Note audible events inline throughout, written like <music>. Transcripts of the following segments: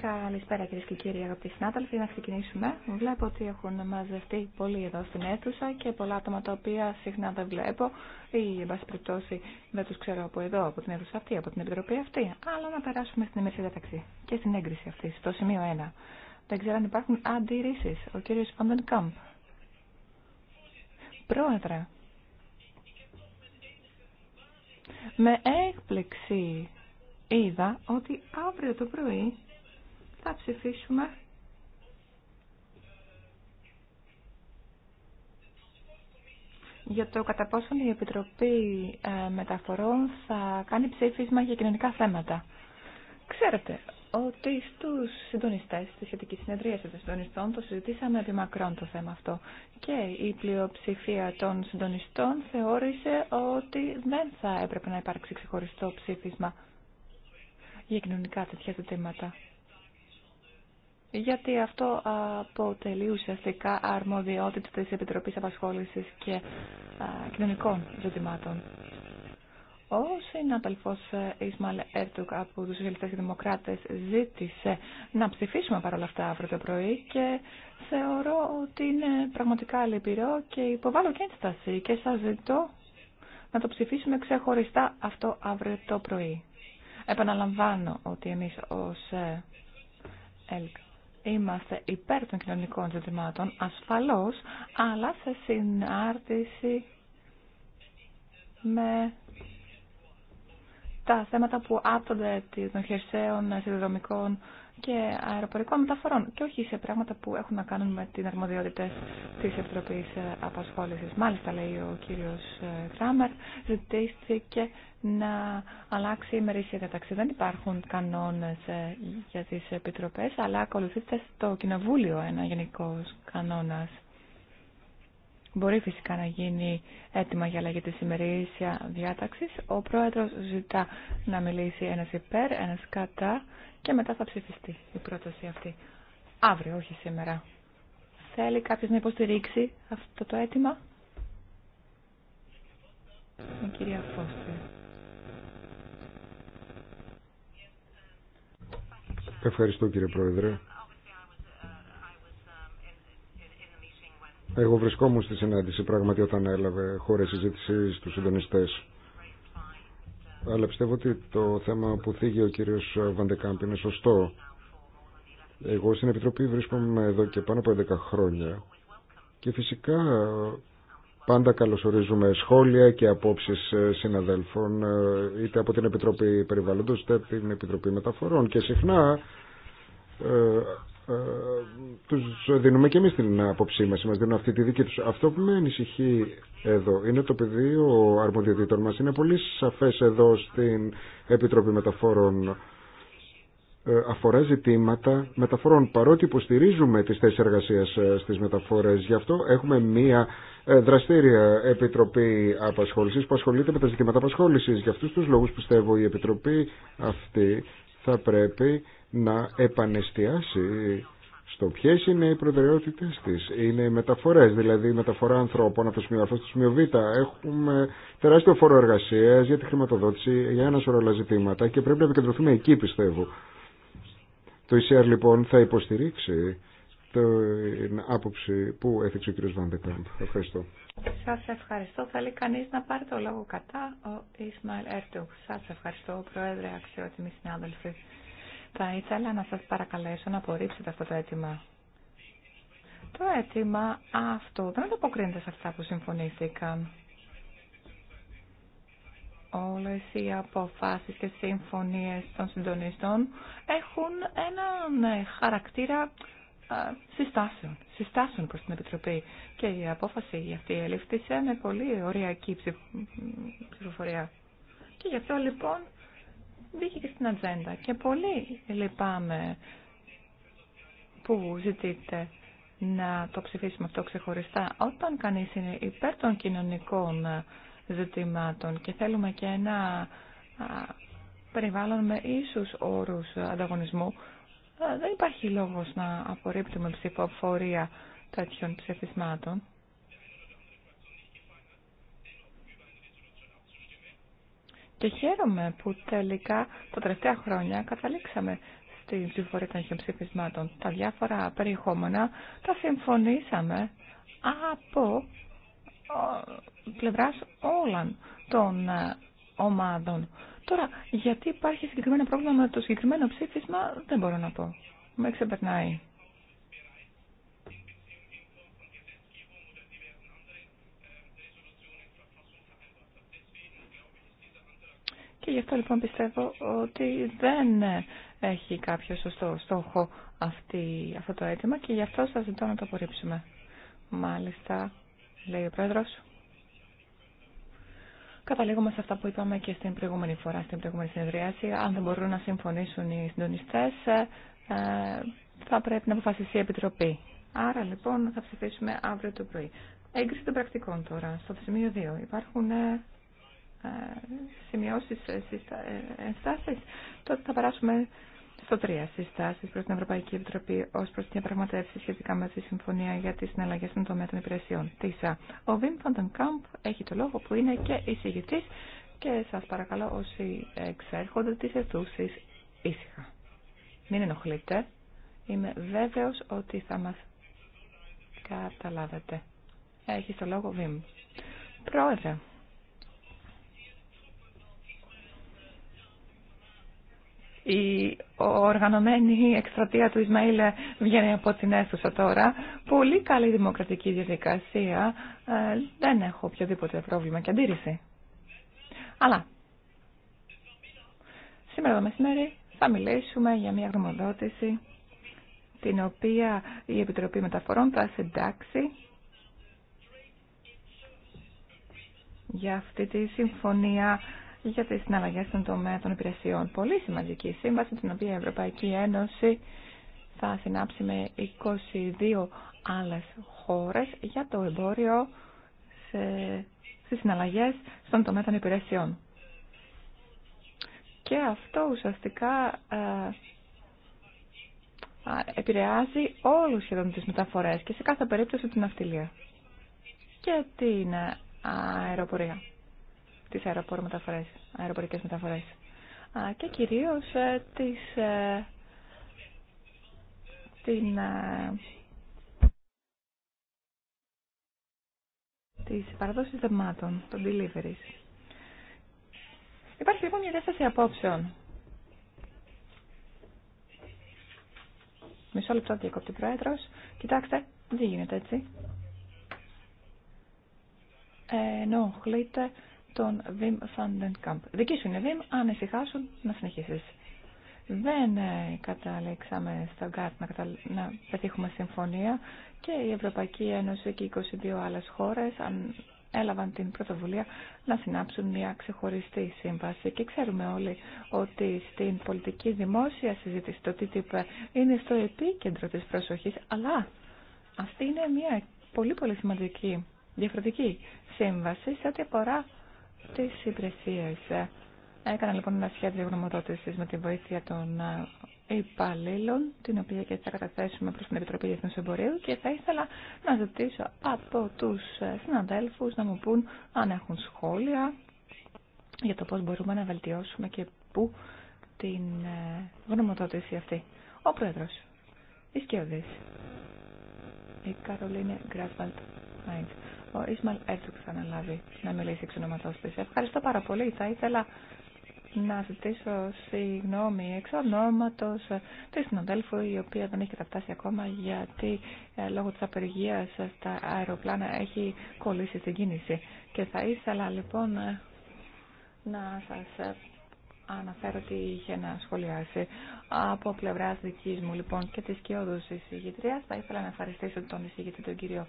Καλησπέρα κυρίε και κύριοι αγαπητοί συνάδελφοι. Να ξεκινήσουμε. Βλέπω ότι έχουν μαζευτεί πολλοί εδώ στην αίθουσα και πολλά άτομα τα οποία συχνά δεν βλέπω ή, εν πάση περιπτώσει, δεν του ξέρω από εδώ, από την αίθουσα αυτή, από την επιτροπή αυτή. Αλλά να περάσουμε στην ημερήσια διάταξη και στην έγκριση αυτή, στο σημείο 1. Δεν ξέρω αν υπάρχουν αντιρρήσει. Ο κύριο Καμπ, Πρόεδρε, με έκπληξη είδα ότι αύριο το πρωί θα ψηφίσουμε για το κατά πόσον η Επιτροπή ε, Μεταφορών θα κάνει ψήφισμα για κοινωνικά θέματα. Ξέρετε ότι στου συντονιστές, τη σχετική συνεδρία των συντονιστών, το συζητήσαμε επί το θέμα αυτό. Και η πλειοψηφία των συντονιστών θεώρησε ότι δεν θα έπρεπε να υπάρξει ξεχωριστό ψήφισμα για κοινωνικά τέτοια ζητήματα. Γιατί αυτό αποτελεί ουσιαστικά αρμοδιότητα της Επιτροπής Απασχόλησης και Κοινωνικών Ζητημάτων. Ο συνάδελφο Ισμαλ Έρτουκ από του Σοσιαλιστέ και Δημοκράτε ζήτησε να ψηφίσουμε παρόλα αυτά αύριο το πρωί και θεωρώ ότι είναι πραγματικά λυπηρό και υποβάλλω και ένσταση και σα ζητώ να το ψηφίσουμε ξεχωριστά αυτό αύριο το πρωί. Επαναλαμβάνω ότι εμεί ω ε, ΕΛΚ είμαστε υπέρ των κοινωνικών ζητημάτων ασφαλώ, αλλά σε συνάρτηση με τα θέματα που άπτονται των χερσαίων, σιδηροδρομικών και αεροπορικών μεταφορών και όχι σε πράγματα που έχουν να κάνουν με την αρμοδιότητα τη Επιτροπή Απασχόληση. Μάλιστα, λέει ο κύριο ε, Κράμερ, ζητήθηκε να αλλάξει η μερίσια καταξύ. Δεν υπάρχουν κανόνε ε, για τι επιτροπέ, αλλά ακολουθείται στο Κοινοβούλιο ένα γενικό κανόνα. Μπορεί φυσικά να γίνει έτοιμα για αλλαγή της ημερήσια διάταξης. Ο πρόεδρος ζητά να μιλήσει ένας υπέρ, ένας κατά και μετά θα ψηφιστεί η πρόταση αυτή. Αύριο, όχι σήμερα. Θέλει κάποιος να υποστηρίξει αυτό το αίτημα. κυρία Φώστη. Ευχαριστώ κύριε Πρόεδρε. Εγώ βρισκόμουν στη συνάντηση πράγματι όταν έλαβε χώρα συζήτηση στους συντονιστές. Αλλά πιστεύω ότι το θέμα που θίγει ο κύριος Βαντεκάμπ είναι σωστό. Εγώ στην Επιτροπή βρίσκομαι εδώ και πάνω από 11 χρόνια και φυσικά πάντα καλωσορίζουμε σχόλια και απόψεις συναδέλφων είτε από την Επιτροπή Περιβάλλοντος είτε από την Επιτροπή Μεταφορών και συχνά ε, ε, τους δίνουμε και εμείς την άποψή μας, μας δίνουν αυτή τη δική τους. Αυτό που με ανησυχεί εδώ είναι το πεδίο αρμοδιοτήτων μας. Είναι πολύ σαφές εδώ στην Επιτροπή Μεταφόρων ε, αφορά ζητήματα μεταφορών. Παρότι υποστηρίζουμε τις θέσεις εργασίας ε, στις μεταφορές, γι' αυτό έχουμε μία δραστήρια Επιτροπή Απασχόλησης που ασχολείται με τα ζητήματα απασχόλησης. Γι' αυτούς τους λόγους πιστεύω η Επιτροπή αυτή θα πρέπει να επανεστιάσει στο ποιε είναι οι προτεραιότητε τη. Είναι οι μεταφορέ, δηλαδή η μεταφορά ανθρώπων από το σημείο Α στο σημείο Β. Έχουμε τεράστιο φόρο εργασία για τη χρηματοδότηση, για ένα σωρό άλλα ζητήματα και πρέπει να επικεντρωθούμε εκεί, πιστεύω. Το ECR λοιπόν θα υποστηρίξει την άποψη που έθιξε ο κ. Βαντεκάμπ. Ευχαριστώ. Σας ευχαριστώ. Θέλει κανείς να πάρει το λόγο κατά ο Ισμαήλ Ερτούχ. Σας ευχαριστώ, Πρόεδρε, αξιότιμοι συνάδελφοι. Θα ήθελα να σας παρακαλέσω να απορρίψετε αυτό το αίτημα. Το αίτημα αυτό δεν αποκρίνεται σε αυτά που συμφωνήθηκαν. Όλες οι αποφάσεις και συμφωνίες των συντονιστών έχουν έναν ε, χαρακτήρα συστάσεων, συστάσεων προς την Επιτροπή. Και η απόφαση αυτή η σε με πολύ ωριακή ψηφοφορία. Και γι' αυτό λοιπόν βγήκε και στην ατζέντα. Και πολύ λυπάμαι που ζητείτε να το ψηφίσουμε αυτό ξεχωριστά. Όταν κανείς είναι υπέρ των κοινωνικών ζητημάτων και θέλουμε και ένα περιβάλλον με ίσους όρους ανταγωνισμού, δεν υπάρχει λόγος να απορρίπτουμε ψηφοφορία τέτοιων ψηφισμάτων. Και χαίρομαι που τελικά τα τελευταία χρόνια καταλήξαμε στην ψηφοφορία των ψηφισμάτων. Τα διάφορα περιεχόμενα τα συμφωνήσαμε από πλευράς όλων των ε, ομάδων. Τώρα, γιατί υπάρχει συγκεκριμένο πρόβλημα με το συγκεκριμένο ψήφισμα, δεν μπορώ να πω. Με ξεπερνάει. Και γι' αυτό λοιπόν πιστεύω ότι δεν έχει κάποιο σωστό στόχο αυτή, αυτό το αίτημα και γι' αυτό σας ζητώ να το απορρίψουμε. Μάλιστα, λέει ο Πρόεδρος. Καταλήγουμε σε αυτά που είπαμε και στην προηγούμενη φορά, στην προηγούμενη συνεδρίαση. Αν δεν μπορούν να συμφωνήσουν οι συντονιστέ, ε, ε, θα πρέπει να αποφασιστεί η Επιτροπή. Άρα λοιπόν θα ψηφίσουμε αύριο το πρωί. Έγκριση των πρακτικών τώρα, στο σημείο 2. Υπάρχουν ε, ε σημειώσει, ενστάσει. Τότε θα περάσουμε στο τρία, Συστάσει προ την Ευρωπαϊκή Επιτροπή ω προ την διαπραγματεύση σχετικά με τη Συμφωνία για τι Συναλλαγέ των Τομέα των Υπηρεσιών. ΤΙΣΑ. Ο Βιμ Κάμπ έχει το λόγο που είναι και εισηγητή και σα παρακαλώ όσοι εξέρχονται τι αιθούσει ήσυχα. Μην ενοχλείτε. Είμαι βέβαιο ότι θα μα καταλάβετε. Έχει το λόγο Βιμ. Πρόεδρε. Η οργανωμένη εκστρατεία του Ισμαήλ βγαίνει από την αίθουσα τώρα. Πολύ καλή δημοκρατική διαδικασία. Ε, δεν έχω οποιοδήποτε πρόβλημα και αντίρρηση. Αλλά σήμερα το μεσημέρι θα μιλήσουμε για μια γνωμοδότηση την οποία η Επιτροπή Μεταφορών θα συντάξει για αυτή τη συμφωνία για τις συναλλαγές στον τομέα των υπηρεσιών. Πολύ σημαντική σύμβαση την οποία η Ευρωπαϊκή Ένωση θα συνάψει με 22 άλλες χώρες για το εμπόριο σε, στις συναλλαγές στον τομέα των υπηρεσιών. Και αυτό ουσιαστικά ε, επηρεάζει όλους σχεδόν τις μεταφορές και σε κάθε περίπτωση την αυτιλία και την ε, αεροπορία τις μεταφορές, αεροπορικές μεταφορές και κυρίως ε, τις, ε, την, ε, της παραδόσης δεμάτων, των deliveries. Υπάρχει λοιπόν μια διάσταση απόψεων. Μισό λεπτό διακόπτει ο Πρόεδρος. Κοιτάξτε, δεν γίνεται έτσι. Ε, τον Βιμ Φαντενκάμπ. Δική σου είναι Βιμ, αν εσυχάσουν, να συνεχίσεις. Δεν ε, καταλήξαμε στον ΚΑΤ να, καταλ... να πετύχουμε συμφωνία και η Ευρωπαϊκή Ένωση και 22 άλλες χώρες έλαβαν την πρωτοβουλία να συνάψουν μια ξεχωριστή σύμβαση. Και ξέρουμε όλοι ότι στην πολιτική δημόσια συζήτηση το TTIP είναι στο επίκεντρο της προσοχής, αλλά αυτή είναι μια πολύ πολύ σημαντική διαφορετική σύμβαση σε ό,τι αφορά Τη υπηρεσία. Έκανα λοιπόν ένα σχέδιο γνωμοδότηση με τη βοήθεια των ε, υπαλλήλων, την οποία και θα καταθέσουμε προ την Επιτροπή Διεθνού Εμπορίου και θα ήθελα να ζητήσω από του ε, συναδέλφου να μου πούν αν έχουν σχόλια για το πώ μπορούμε να βελτιώσουμε και πού την ε, γνωμοδότηση αυτή. Ο Πρόεδρο, η Σκιωδή, η Καρολίνε Γκράσβαλτ Μάιντ. Ο Ισμαλ Έρτσουκ θα αναλάβει να μιλήσει εξ ονόματός τη. Ευχαριστώ πάρα πολύ. Θα ήθελα να ζητήσω συγγνώμη εξ ονόματο τη συναδέλφου η οποία δεν έχει καταφτάσει ακόμα γιατί ε, λόγω τη απεργία στα αεροπλάνα έχει κολλήσει στην κίνηση. Και θα ήθελα λοιπόν ε, να σα ε, αναφέρω τι είχε να σχολιάσει από πλευρά δική μου λοιπόν και τη κοιόδουση εισηγητρία, Θα ήθελα να ευχαριστήσω τον εισηγητή τον κύριο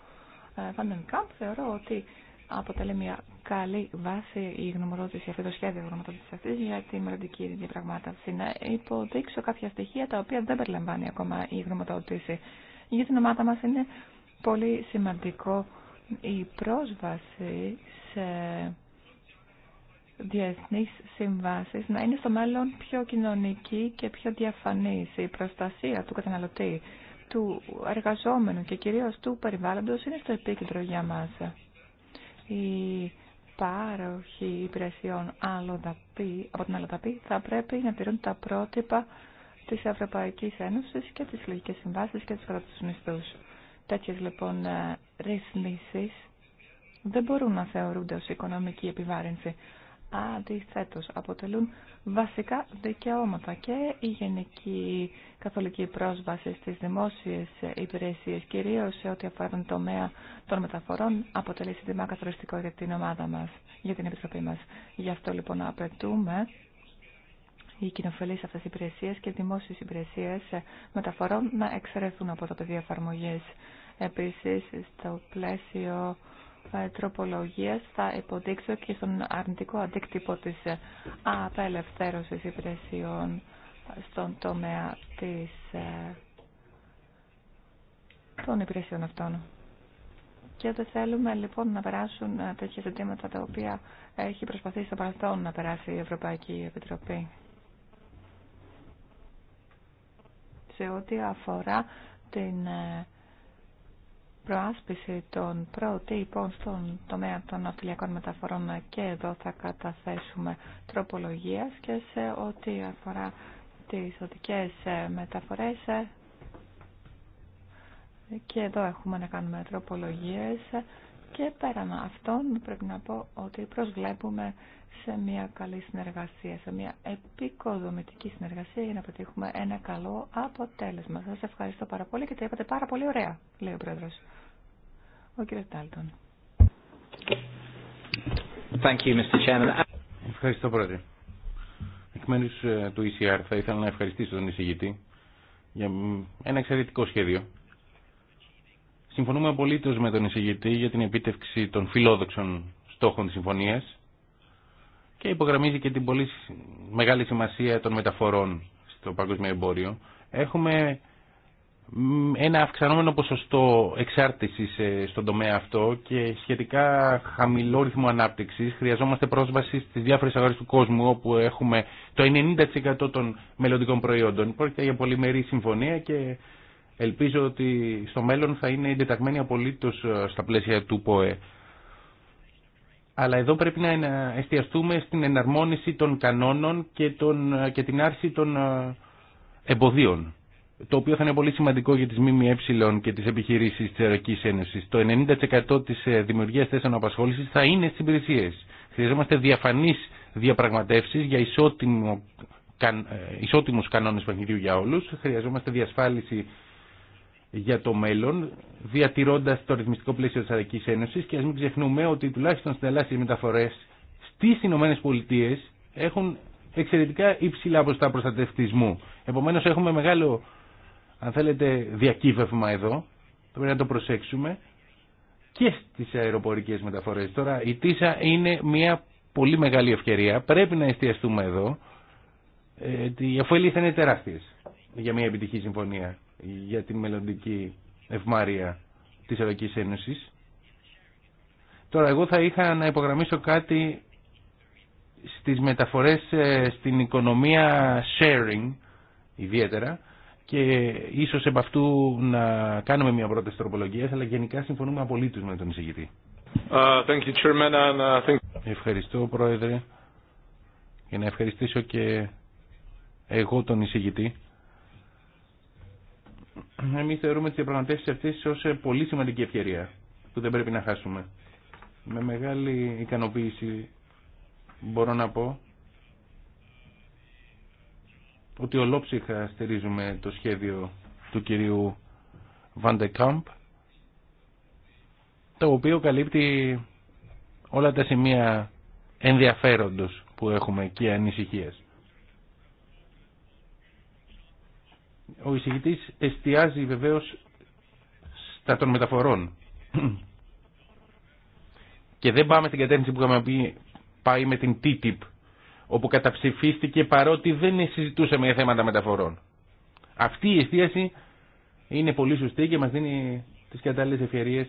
Κάμπ θεωρώ ότι αποτελεί μια καλή βάση η γνωμοδότηση, αυτή το σχέδιο γνωμοδότηση αυτή για τη μελλοντική διαπραγμάτευση. Να υποδείξω κάποια στοιχεία τα οποία δεν περιλαμβάνει ακόμα η γνωμοδότηση. Για την ομάδα μα είναι πολύ σημαντικό η πρόσβαση σε διεθνεί συμβάσει να είναι στο μέλλον πιο κοινωνική και πιο διαφανή η προστασία του καταναλωτή του εργαζόμενου και κυρίως του περιβάλλοντος είναι στο επίκεντρο για μας. Οι πάροχοι υπηρεσιών αλλοδαπή, από την αλλοδαπή θα πρέπει να τηρούν τα πρότυπα της Ευρωπαϊκή Ένωση και τις λογικές συμβάσεις και τους κρατούς μισθούς. Τέτοιες λοιπόν ρυθμίσεις δεν μπορούν να θεωρούνται ως οικονομική επιβάρυνση αντιθέτως αποτελούν βασικά δικαιώματα και η γενική καθολική πρόσβαση στις δημόσιες υπηρεσίες, κυρίως σε ό,τι αφορά τον τομέα των μεταφορών, αποτελεί σύντημα καθοριστικό για την ομάδα μας, για την Επιτροπή μας. Γι' αυτό λοιπόν απαιτούμε οι κοινοφελείς αυτές οι υπηρεσίες και οι δημόσιες υπηρεσίες μεταφορών να εξαιρεθούν από το πεδίο εφαρμογή. Επίσης, στο πλαίσιο ε, τροπολογίας θα υποδείξω και στον αρνητικό αντίκτυπο της ε, απελευθέρωσης υπηρεσιών στον τομέα της, ε, των υπηρεσιών αυτών. Και δεν θέλουμε λοιπόν να περάσουν τέτοια ζητήματα τα οποία έχει προσπαθήσει στο παρελθόν να περάσει η Ευρωπαϊκή Επιτροπή. Σε ό,τι αφορά την προάσπιση των προτύπων στον τομέα των αυτιλιακών μεταφορών και εδώ θα καταθέσουμε τροπολογίας και σε ό,τι αφορά τις οδικές ε, μεταφορές ε, και εδώ έχουμε να κάνουμε τροπολογίες και πέραν αυτών πρέπει να πω ότι προσβλέπουμε σε μια καλή συνεργασία, σε μια επικοδομητική συνεργασία για να πετύχουμε ένα καλό αποτέλεσμα. Σας ευχαριστώ πάρα πολύ και τα είπατε πάρα πολύ ωραία, λέει ο Πρόεδρος. Ο κ. Τάλτον. Ευχαριστώ, Πρόεδρε. Εκ μέρου ε, του ECR θα ήθελα να ευχαριστήσω τον εισηγητή για ένα εξαιρετικό σχέδιο. Συμφωνούμε απολύτω με τον εισηγητή για την επίτευξη των φιλόδοξων στόχων τη συμφωνία και υπογραμμίζει και την πολύ μεγάλη σημασία των μεταφορών στο παγκόσμιο εμπόριο. Έχουμε ένα αυξανόμενο ποσοστό εξάρτησης ε, στον τομέα αυτό και σχετικά χαμηλό ρυθμό ανάπτυξης χρειαζόμαστε πρόσβαση στις διάφορες αγορές του κόσμου όπου έχουμε το 90% των μελλοντικών προϊόντων. Πρόκειται για πολυμερή συμφωνία και ελπίζω ότι στο μέλλον θα είναι εντεταγμένη απολύτως ε, στα πλαίσια του ΠΟΕ. Αλλά εδώ πρέπει να εστιαστούμε στην εναρμόνιση των κανόνων και, ε, και την άρση των εμποδίων το οποίο θα είναι πολύ σημαντικό για τις ΜΜΕ και τις επιχειρήσεις της Ευρωπαϊκής Ένωσης. Το 90% της ε, δημιουργίας θέσεων απασχόλησης θα είναι στις υπηρεσίες. Χρειαζόμαστε διαφανείς διαπραγματεύσεις για ισότιμο, κανόνε ισότιμους κανόνες παιχνιδιού για όλους. Χρειαζόμαστε διασφάλιση για το μέλλον, διατηρώντας το ρυθμιστικό πλαίσιο της Ευρωπαϊκής Ένωσης και ας μην ξεχνούμε ότι τουλάχιστον στην οι μεταφορές στις ΗΠΑ έχουν εξαιρετικά υψηλά ποσοστά προστατευτισμού. Επομένως έχουμε μεγάλο αν θέλετε, διακύβευμα εδώ. Πρέπει να το προσέξουμε και στις αεροπορικές μεταφορές. Τώρα η ΤΙΣΑ είναι μια πολύ μεγάλη ευκαιρία. Πρέπει να εστιαστούμε εδώ. Οι η θα είναι τεράστιες για μια επιτυχή συμφωνία για τη μελλοντική ευμάρεια της Ευρωπαϊκής Ένωσης. Τώρα εγώ θα είχα να υπογραμμίσω κάτι στις μεταφορές ε, στην οικονομία sharing ιδιαίτερα και ίσως επ' αυτού να κάνουμε μια πρώτη τροπολογία, αλλά γενικά συμφωνούμε απολύτως με τον εισηγητή. Uh, Ευχαριστώ, Πρόεδρε, για να ευχαριστήσω και εγώ τον εισηγητή. Εμεί θεωρούμε τις διαπραγματεύσεις αυτές ως ε, πολύ σημαντική ευκαιρία που δεν πρέπει να χάσουμε. Με μεγάλη ικανοποίηση μπορώ να πω ότι ολόψυχα στηρίζουμε το σχέδιο του κυρίου Βαντεκάμπ το οποίο καλύπτει όλα τα σημεία ενδιαφέροντος που έχουμε και ανησυχίες. Ο εισηγητής εστιάζει βεβαίως στα των μεταφορών και δεν πάμε στην κατεύθυνση που είχαμε πει πάει με την TTIP όπου καταψηφίστηκε παρότι δεν συζητούσαμε για θέματα μεταφορών. Αυτή η εστίαση είναι πολύ σωστή και μας δίνει τις κατάλληλες ευκαιρίες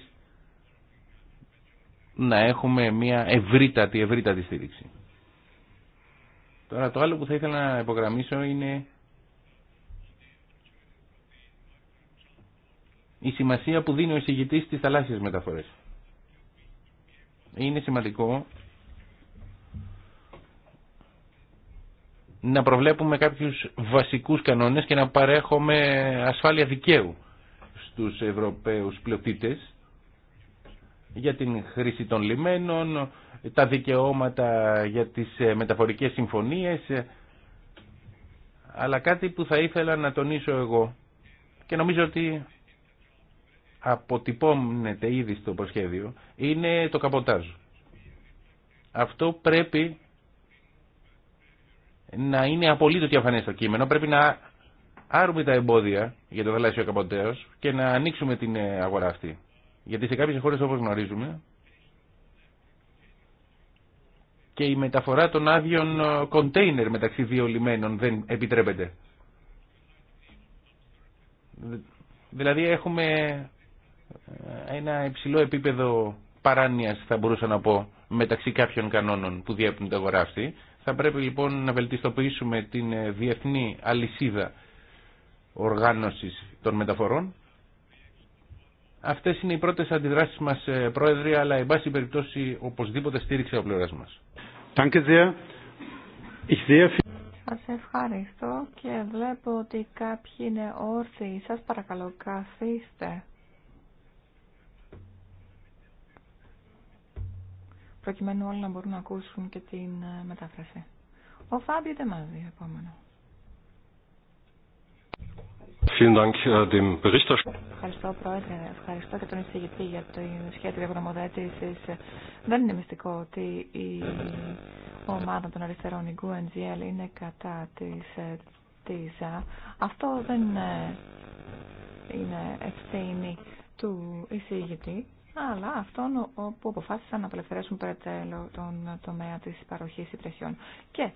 να έχουμε μια ευρύτατη, ευρύτατη στήριξη. Τώρα το άλλο που θα ήθελα να υπογραμμίσω είναι η σημασία που δίνει ο εισηγητής στις θαλάσσιες μεταφορές. Είναι σημαντικό να προβλέπουμε κάποιους βασικούς κανόνες και να παρέχουμε ασφάλεια δικαίου στους Ευρωπαίους πλειοτήτες για την χρήση των λιμένων, τα δικαιώματα για τις ε, μεταφορικές συμφωνίες, αλλά κάτι που θα ήθελα να τονίσω εγώ και νομίζω ότι αποτυπώνεται ήδη στο προσχέδιο, είναι το καποτάζ. Αυτό πρέπει να είναι απολύτως διαφανές το κείμενο. Πρέπει να άρουμε τα εμπόδια για το θαλάσσιο καποτέως και να ανοίξουμε την ε, αγορά αυτή. Γιατί σε κάποιες χώρες όπως γνωρίζουμε και η μεταφορά των άδειων ε, κοντέινερ μεταξύ δύο λιμένων δεν επιτρέπεται. Δηλαδή έχουμε ε, ένα υψηλό επίπεδο παράνοιας θα μπορούσα να πω μεταξύ κάποιων κανόνων που διέπνουν τα αγορά αυτή θα πρέπει λοιπόν να βελτιστοποιήσουμε την ε, διεθνή αλυσίδα οργάνωσης των μεταφορών. Αυτές είναι οι πρώτες αντιδράσεις μας, ε, Πρόεδρε, αλλά εν πάση περιπτώσει οπωσδήποτε στήριξε ο πλευράς μας. Σας ευχαριστώ και βλέπω ότι κάποιοι είναι όρθιοι. Σας παρακαλώ, καθίστε. προκειμένου όλοι να μπορούν να ακούσουν και την ε, μετάφραση. Ο Φάμπιο Τεμάζη, επόμενο. Äh, Ευχαριστώ, Πρόεδρε. Ευχαριστώ και τον εισηγητή για το σχέδιο γνωμοδέτηση. Δεν είναι μυστικό ότι η ομάδα των αριστερών, η GUNGL, είναι κατά τη ε, ΤΙΖΑ. Ε, Αυτό δεν είναι ευθύνη του εισηγητή, αλλά αυτών που αποφάσισαν να απελευθερέσουν περαιτέρω τον τομέα της παροχής υπηρεσιών. Και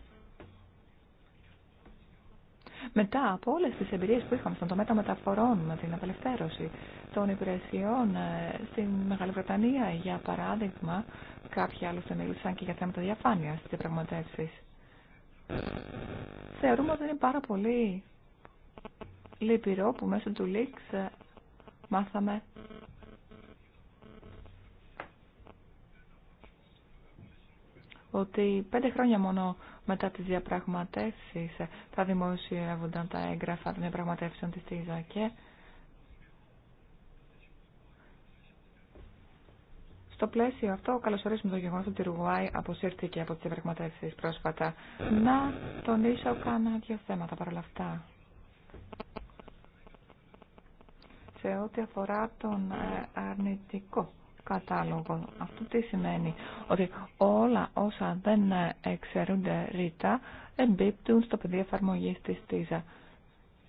μετά από όλε τι εμπειρίε που είχαμε στον τομέα των μεταφορών με την απελευθέρωση των υπηρεσιών ε, στην Μεγάλη Βρετανία, για παράδειγμα, κάποιοι άλλωστε μίλησαν και για θέματα διαφάνεια στι Θεωρούμε ότι είναι πάρα πολύ λυπηρό που μέσω του Leaks ε, μάθαμε ότι πέντε χρόνια μόνο μετά τις διαπραγματεύσεις ε, θα δημοσιεύονταν τα έγγραφα των διαπραγματεύσεων της ΤΙΖΑ και στο πλαίσιο αυτό καλωσορίζουμε το γεγονός ότι η Ρουγουάη αποσύρθηκε από τις διαπραγματεύσεις πρόσφατα. Να τονίσω κάνα δύο θέματα παρόλα αυτά σε ό,τι αφορά τον ε, αρνητικό κατάλογο. Αυτό τι σημαίνει, ότι όλα όσα δεν ε, εξαιρούνται ρήτα εμπίπτουν στο πεδίο εφαρμογή της ΤΙΖΑ.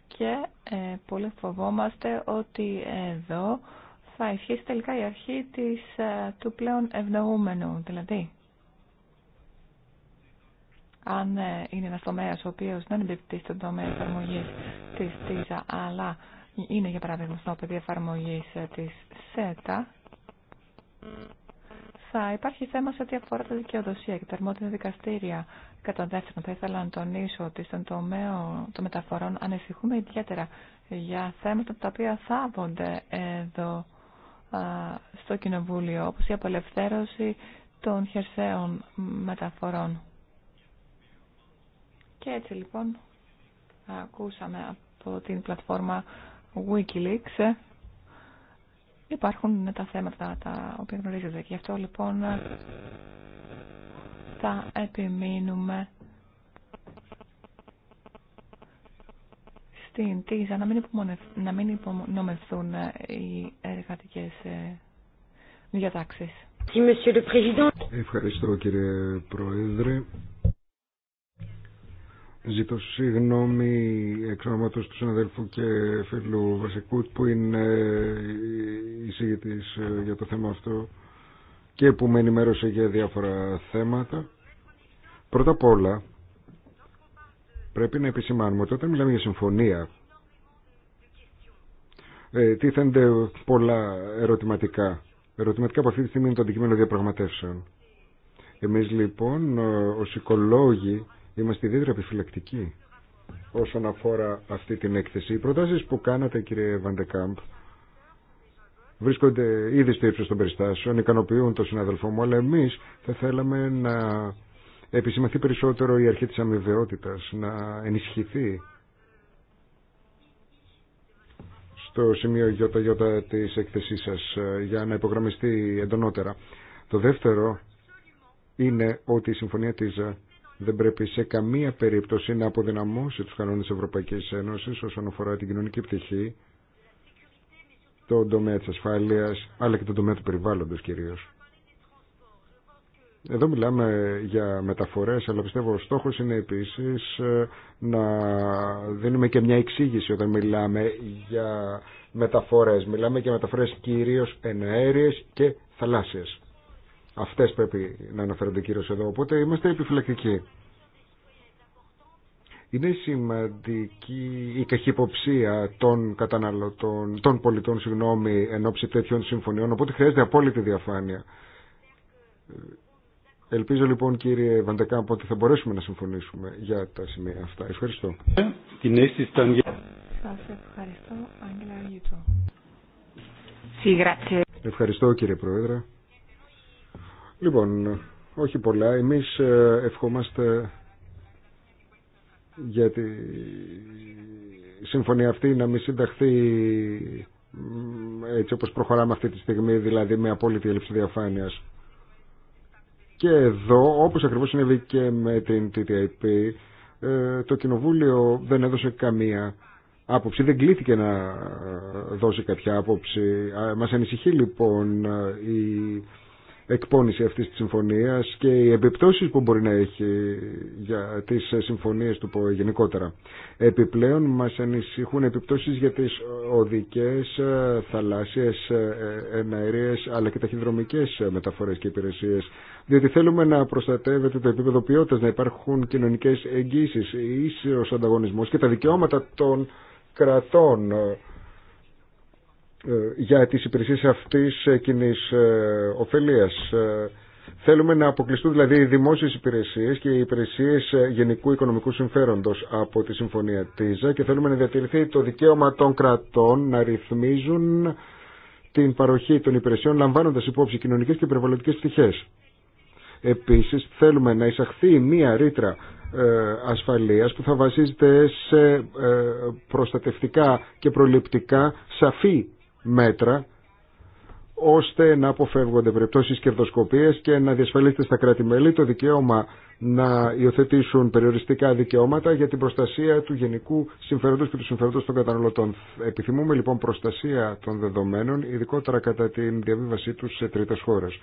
Και ε, πολύ φοβόμαστε ότι εδώ θα ισχύσει τελικά η αρχή της, ε, του πλέον ευνοούμενου, δηλαδή αν είναι ένα τομέα ο οποίο δεν εμπιπτεί στον τομέα εφαρμογή τη ΤΙΖΑ, αλλά είναι για παράδειγμα στο πεδίο εφαρμογή ε, τη ΣΕΤΑ, θα υπάρχει θέμα σε ό,τι αφορά τη δικαιοδοσία και τα αρμόδια δικαστήρια. Κατά δεύτερον, θα ήθελα να τονίσω ότι στον τομέα των μεταφορών ανησυχούμε ιδιαίτερα για θέματα τα οποία θάβονται εδώ στο Κοινοβούλιο, όπως η απελευθέρωση των χερσαίων μεταφορών. Και έτσι λοιπόν ακούσαμε από την πλατφόρμα Wikileaks υπάρχουν τα θέματα τα οποία γνωρίζετε και γι' αυτό λοιπόν θα επιμείνουμε στην τίζα να μην, να μην υπονομευθούν οι εργατικές ε, διατάξεις. Ευχαριστώ κύριε Πρόεδρε. Ζητώ συγγνώμη εξ ονόματος του συναδέλφου και φίλου Βασικού που είναι εισηγητής ε, για το θέμα αυτό και που με ενημέρωσε για διάφορα θέματα. Πρώτα απ' όλα πρέπει να επισημάνουμε ότι όταν μιλάμε για συμφωνία ε, τίθενται πολλά ερωτηματικά. Ερωτηματικά από αυτή τη στιγμή είναι το αντικείμενο διαπραγματεύσεων. Εμείς λοιπόν ε, ως οικολόγοι Είμαστε ιδιαίτερα επιφυλακτικοί όσον αφορά αυτή την έκθεση. Οι προτάσει που κάνατε κύριε Βαντεκάμπ βρίσκονται ήδη στο ύψος των περιστάσεων, ικανοποιούν τον συναδελφό μου, αλλά εμείς θα θέλαμε να επισημαθεί περισσότερο η αρχή της αμοιβαιότητα, να ενισχυθεί στο σημείο ΙΙ της έκθεσή σας για να υπογραμμιστεί εντονότερα. Το δεύτερο είναι ότι η Συμφωνία της δεν πρέπει σε καμία περίπτωση να αποδυναμώσει τους κανόνες Ευρωπαϊκής Ένωσης όσον αφορά την κοινωνική πτυχή, τον τομέα της ασφάλειας, αλλά και τον τομέα του περιβάλλοντος κυρίως. Εδώ μιλάμε για μεταφορές, αλλά πιστεύω ο στόχος είναι επίσης ε, να δίνουμε και μια εξήγηση όταν μιλάμε για μεταφορές. Μιλάμε για μεταφορές κυρίως εναέριες και θαλάσσιες. Αυτές πρέπει να αναφέρονται κύριος εδώ, οπότε είμαστε επιφυλακτικοί. Είναι σημαντική η καχυποψία των καταναλωτών, των πολιτών, συγγνώμη, εν ώψη τέτοιων συμφωνιών, οπότε χρειάζεται απόλυτη διαφάνεια. Ελπίζω λοιπόν κύριε Βαντεκάμπο ότι θα μπορέσουμε να συμφωνήσουμε για τα σημεία αυτά. Ευχαριστώ. ευχαριστώ, Ευχαριστώ κύριε Πρόεδρε. Λοιπόν, όχι πολλά. Εμείς ε, ευχόμαστε για τη συμφωνία αυτή να μην συνταχθεί έτσι όπως προχωράμε αυτή τη στιγμή, δηλαδή με απόλυτη έλλειψη διαφάνειας. Και εδώ, όπως ακριβώς συνέβη και με την TTIP, ε, το Κοινοβούλιο δεν έδωσε καμία άποψη, δεν κλείθηκε να ε, δώσει κάποια άποψη. Μας ανησυχεί λοιπόν η εκπόνηση αυτής της συμφωνίας και οι επιπτώσεις που μπορεί να έχει για τις συμφωνίες του ΠΟΕ γενικότερα. Επιπλέον μας ανησυχούν επιπτώσεις για τις οδικές, θαλάσσιες, εναερίες αλλά και ταχυδρομικές μεταφορές και υπηρεσίες διότι θέλουμε να προστατεύεται το επίπεδο ποιότητας, να υπάρχουν κοινωνικές εγγύσεις, ανταγωνισμός και τα δικαιώματα των κρατών ε, για τις υπηρεσίες αυτής ε, κοινή ε, ωφελίας. Θέλουμε να αποκλειστούν δηλαδή οι δημόσιες υπηρεσίες και οι υπηρεσίες γενικού οικονομικού συμφέροντος από τη Συμφωνία ΤΙΖΑ και θέλουμε να διατηρηθεί το δικαίωμα των κρατών να ρυθμίζουν την παροχή των υπηρεσιών λαμβάνοντας υπόψη κοινωνικές και περιβαλλοντικές πτυχές. Επίσης θέλουμε να εισαχθεί μία ρήτρα ασφαλείας που θα βασίζεται σε προστατευτικά και προληπτικά σαφή μέτρα ώστε να αποφεύγονται περιπτώσεις κερδοσκοπίας και να διασφαλίσετε στα κράτη-μέλη το δικαίωμα να υιοθετήσουν περιοριστικά δικαιώματα για την προστασία του γενικού συμφέροντος και του συμφέροντος των καταναλωτών. Επιθυμούμε λοιπόν προστασία των δεδομένων, ειδικότερα κατά την διαβίβασή τους σε τρίτες χώρες.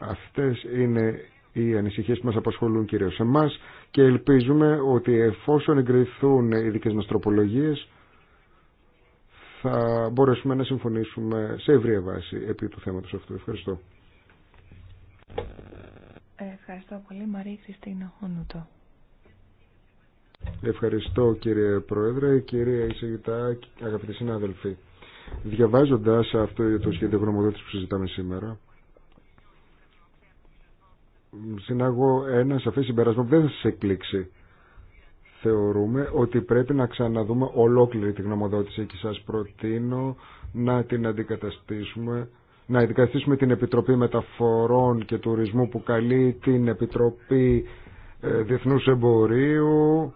Αυτές είναι οι ανησυχίε που μα απασχολούν κυρίως εμά και ελπίζουμε ότι εφόσον εγκριθούν οι δικές μας τροπολογίες, θα μπορέσουμε να συμφωνήσουμε σε ευρία βάση επί του θέματος αυτού. Ευχαριστώ. Ευχαριστώ πολύ Μαρή Χριστίνα Ευχαριστώ κύριε Πρόεδρε, κύριε Ισηγητά, αγαπητοί συνάδελφοι. Διαβάζοντας αυτό το σχέδιο γνωμοδότηση που συζητάμε σήμερα, συνάγω ένα σαφές συμπεράσμα που δεν θα σας εκπλήξει θεωρούμε ότι πρέπει να ξαναδούμε ολόκληρη τη γνωμοδότηση και σας προτείνω να την αντικαταστήσουμε να αντικαταστήσουμε την Επιτροπή Μεταφορών και Τουρισμού που καλεί την Επιτροπή ε, Διεθνούς Εμπορίου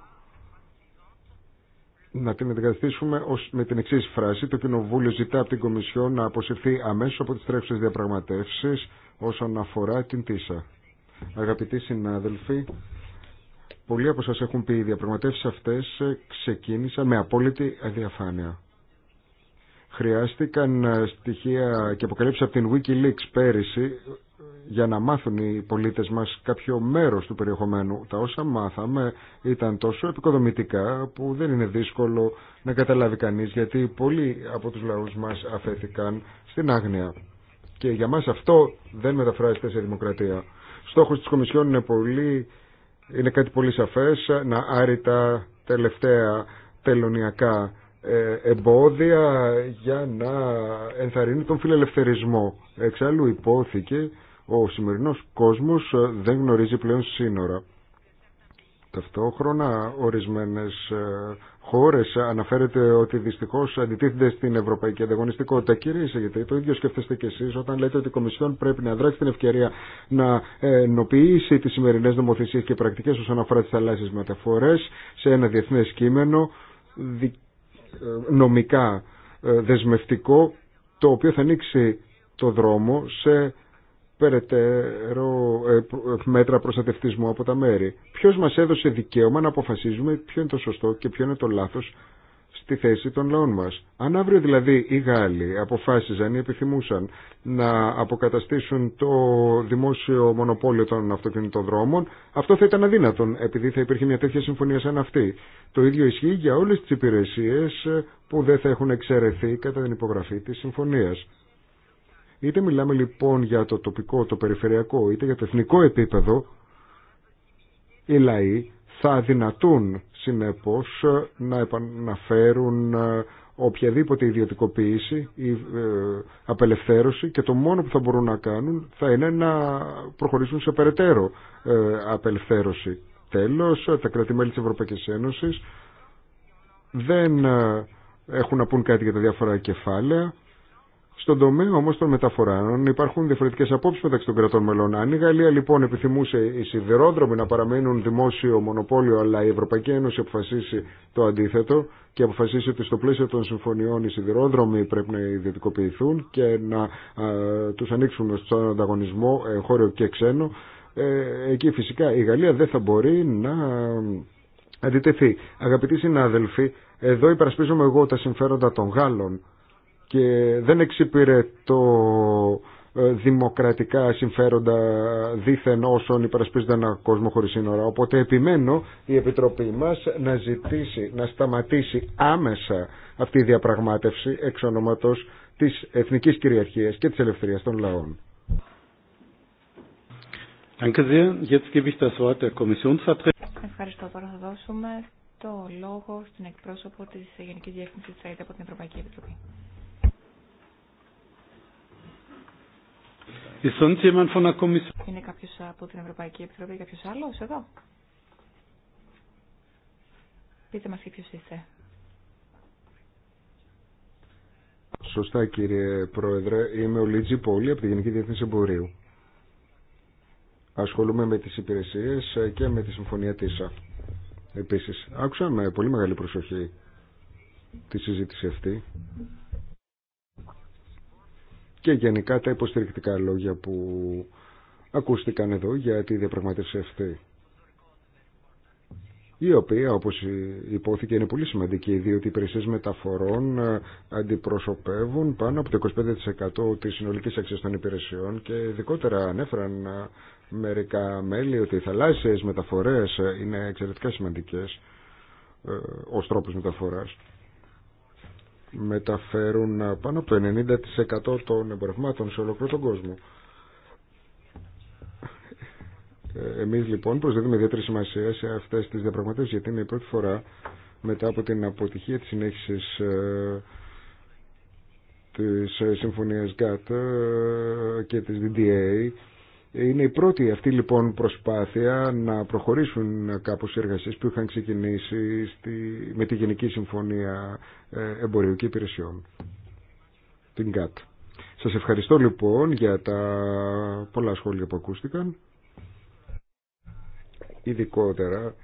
να την αντικαταστήσουμε ως, με την εξή φράση το Κοινοβούλιο ζητά από την Κομισιόν να αποσυρθεί αμέσως από τις τρέχουσες διαπραγματεύσεις όσον αφορά την ΤΙΣΑ. Αγαπητοί συνάδελφοι, Πολλοί από σας έχουν πει οι διαπραγματεύσεις αυτές ξεκίνησαν με απόλυτη αδιαφάνεια. Χρειάστηκαν ε, στοιχεία και αποκαλύψει από την Wikileaks πέρυσι ε, για να μάθουν οι πολίτες μας κάποιο μέρος του περιεχομένου. Τα όσα μάθαμε ήταν τόσο επικοδομητικά που δεν είναι δύσκολο να καταλάβει κανείς γιατί πολλοί από τους λαούς μας αφέθηκαν στην άγνοια. Και για μας αυτό δεν μεταφράζεται σε δημοκρατία. Στόχος της Κομισιόν είναι πολύ είναι κάτι πολύ σαφές να άρει τα τελευταία τελωνιακά ε, εμπόδια για να ενθαρρύνει τον φιλελευθερισμό. Εξάλλου υπόθηκε ο σημερινός κόσμος δεν γνωρίζει πλέον σύνορα. Ταυτόχρονα ορισμένες ε, χώρες αναφέρεται ότι δυστυχώς αντιτίθενται στην ευρωπαϊκή ανταγωνιστικότητα. Κύριε γιατί το ίδιο σκέφτεστε και εσείς όταν λέτε ότι η Κομισιόν πρέπει να δράξει την ευκαιρία να ενοποιήσει τις σημερινές νομοθεσίες και πρακτικές όσον αφορά τις θαλάσσιες μεταφορές σε ένα διεθνές κείμενο ε, νομικά ε, δεσμευτικό το οποίο θα ανοίξει το δρόμο σε περαιτέρω ε, ε, μέτρα προστατευτισμού από τα μέρη. Ποιο μα έδωσε δικαίωμα να αποφασίζουμε ποιο είναι το σωστό και ποιο είναι το λάθο στη θέση των λαών μα. Αν αύριο δηλαδή οι Γάλλοι αποφάσιζαν ή επιθυμούσαν να αποκαταστήσουν το δημόσιο μονοπόλιο των αυτοκινητοδρόμων, αυτό θα ήταν αδύνατον επειδή θα υπήρχε μια τέτοια συμφωνία σαν αυτή. Το ίδιο ισχύει για όλε τι υπηρεσίε που δεν θα έχουν εξαιρεθεί κατά την υπογραφή τη συμφωνία. Είτε μιλάμε λοιπόν για το τοπικό, το περιφερειακό, είτε για το εθνικό επίπεδο, οι λαοί θα δυνατούν συνεπώς να επαναφέρουν ε, οποιαδήποτε ιδιωτικοποίηση ή ε, απελευθέρωση και το μόνο που θα μπορούν να κάνουν θα είναι να προχωρήσουν σε περαιτέρω ε, απελευθέρωση. Τέλος, τα κράτη-μέλη της Ευρωπαϊκής Ένωσης δεν έχουν να πούν κάτι για τα διάφορα κεφάλαια στον τομέα όμω των μεταφοράνων υπάρχουν διαφορετικέ απόψει μεταξύ των κρατών μελών. Αν η Γαλλία λοιπόν επιθυμούσε οι σιδηρόδρομοι να παραμείνουν δημόσιο μονοπόλιο, αλλά η Ευρωπαϊκή Ένωση αποφασίσει το αντίθετο και αποφασίσει ότι στο πλαίσιο των συμφωνιών οι σιδηρόδρομοι πρέπει να ιδιωτικοποιηθούν και να του ανοίξουν στον ανταγωνισμό ε, χώριο και ξένο, ε, εκεί φυσικά η Γαλλία δεν θα μπορεί να αντιτεθεί. Αγαπητοί συνάδελφοι, εδώ υπερασπίζομαι εγώ τα συμφέροντα των Γάλλων και δεν εξυπηρετώ ε, δημοκρατικά συμφέροντα δίθεν όσων υπερασπίζονται ένα κόσμο χωρίς σύνορα. Οπότε επιμένω η Επιτροπή μας να ζητήσει, να σταματήσει άμεσα αυτή η διαπραγμάτευση εξ ονόματος της εθνικής κυριαρχίας και της ελευθερίας των λαών. Ευχαριστώ. Τώρα θα δώσουμε το λόγο στην εκπρόσωπο της Γενικής Διεύθυνσης ΑΕΤ από την Ευρωπαϊκή Επιτροπή. Είναι κάποιο από την Ευρωπαϊκή Επιτροπή, κάποιο άλλο εδώ. Πείτε μα και ποιο είστε. Σωστά κύριε Πρόεδρε, είμαι ο Λίτζι Πόλη από τη Γενική Διεθνή Εμπορίου. Ασχολούμαι με τις υπηρεσίες και με τη Συμφωνία ΤΙΣΑ. Επίσης, άκουσα με πολύ μεγάλη προσοχή τη συζήτηση αυτή και γενικά τα υποστηρικτικά λόγια που ακούστηκαν εδώ για τη διαπραγματεύση αυτή η οποία όπως υπόθηκε είναι πολύ σημαντική διότι οι υπηρεσίες μεταφορών ε, αντιπροσωπεύουν πάνω από το 25% της συνολικής αξίας των υπηρεσιών και ειδικότερα ανέφεραν ε, μερικά μέλη ότι οι θαλάσσιες μεταφορές ε, είναι εξαιρετικά σημαντικές ως τρόπους μεταφοράς μεταφέρουν πάνω από το 90% των εμπορευμάτων σε ολόκληρο τον κόσμο. Εμείς λοιπόν προσδίδουμε ιδιαίτερη σημασία σε αυτές τις διαπραγματεύσεις γιατί είναι η πρώτη φορά μετά από την αποτυχία της συνέχισης ε, της ε, συμφωνίας GATT ε, και της DDA είναι η πρώτη αυτή λοιπόν προσπάθεια να προχωρήσουν κάπως οι εργασίες που είχαν ξεκινήσει στη, με τη Γενική Συμφωνία ε, Εμπορίου και Υπηρεσιών, την ΚΑΤ. Σας ευχαριστώ λοιπόν για τα πολλά σχόλια που ακούστηκαν, ειδικότερα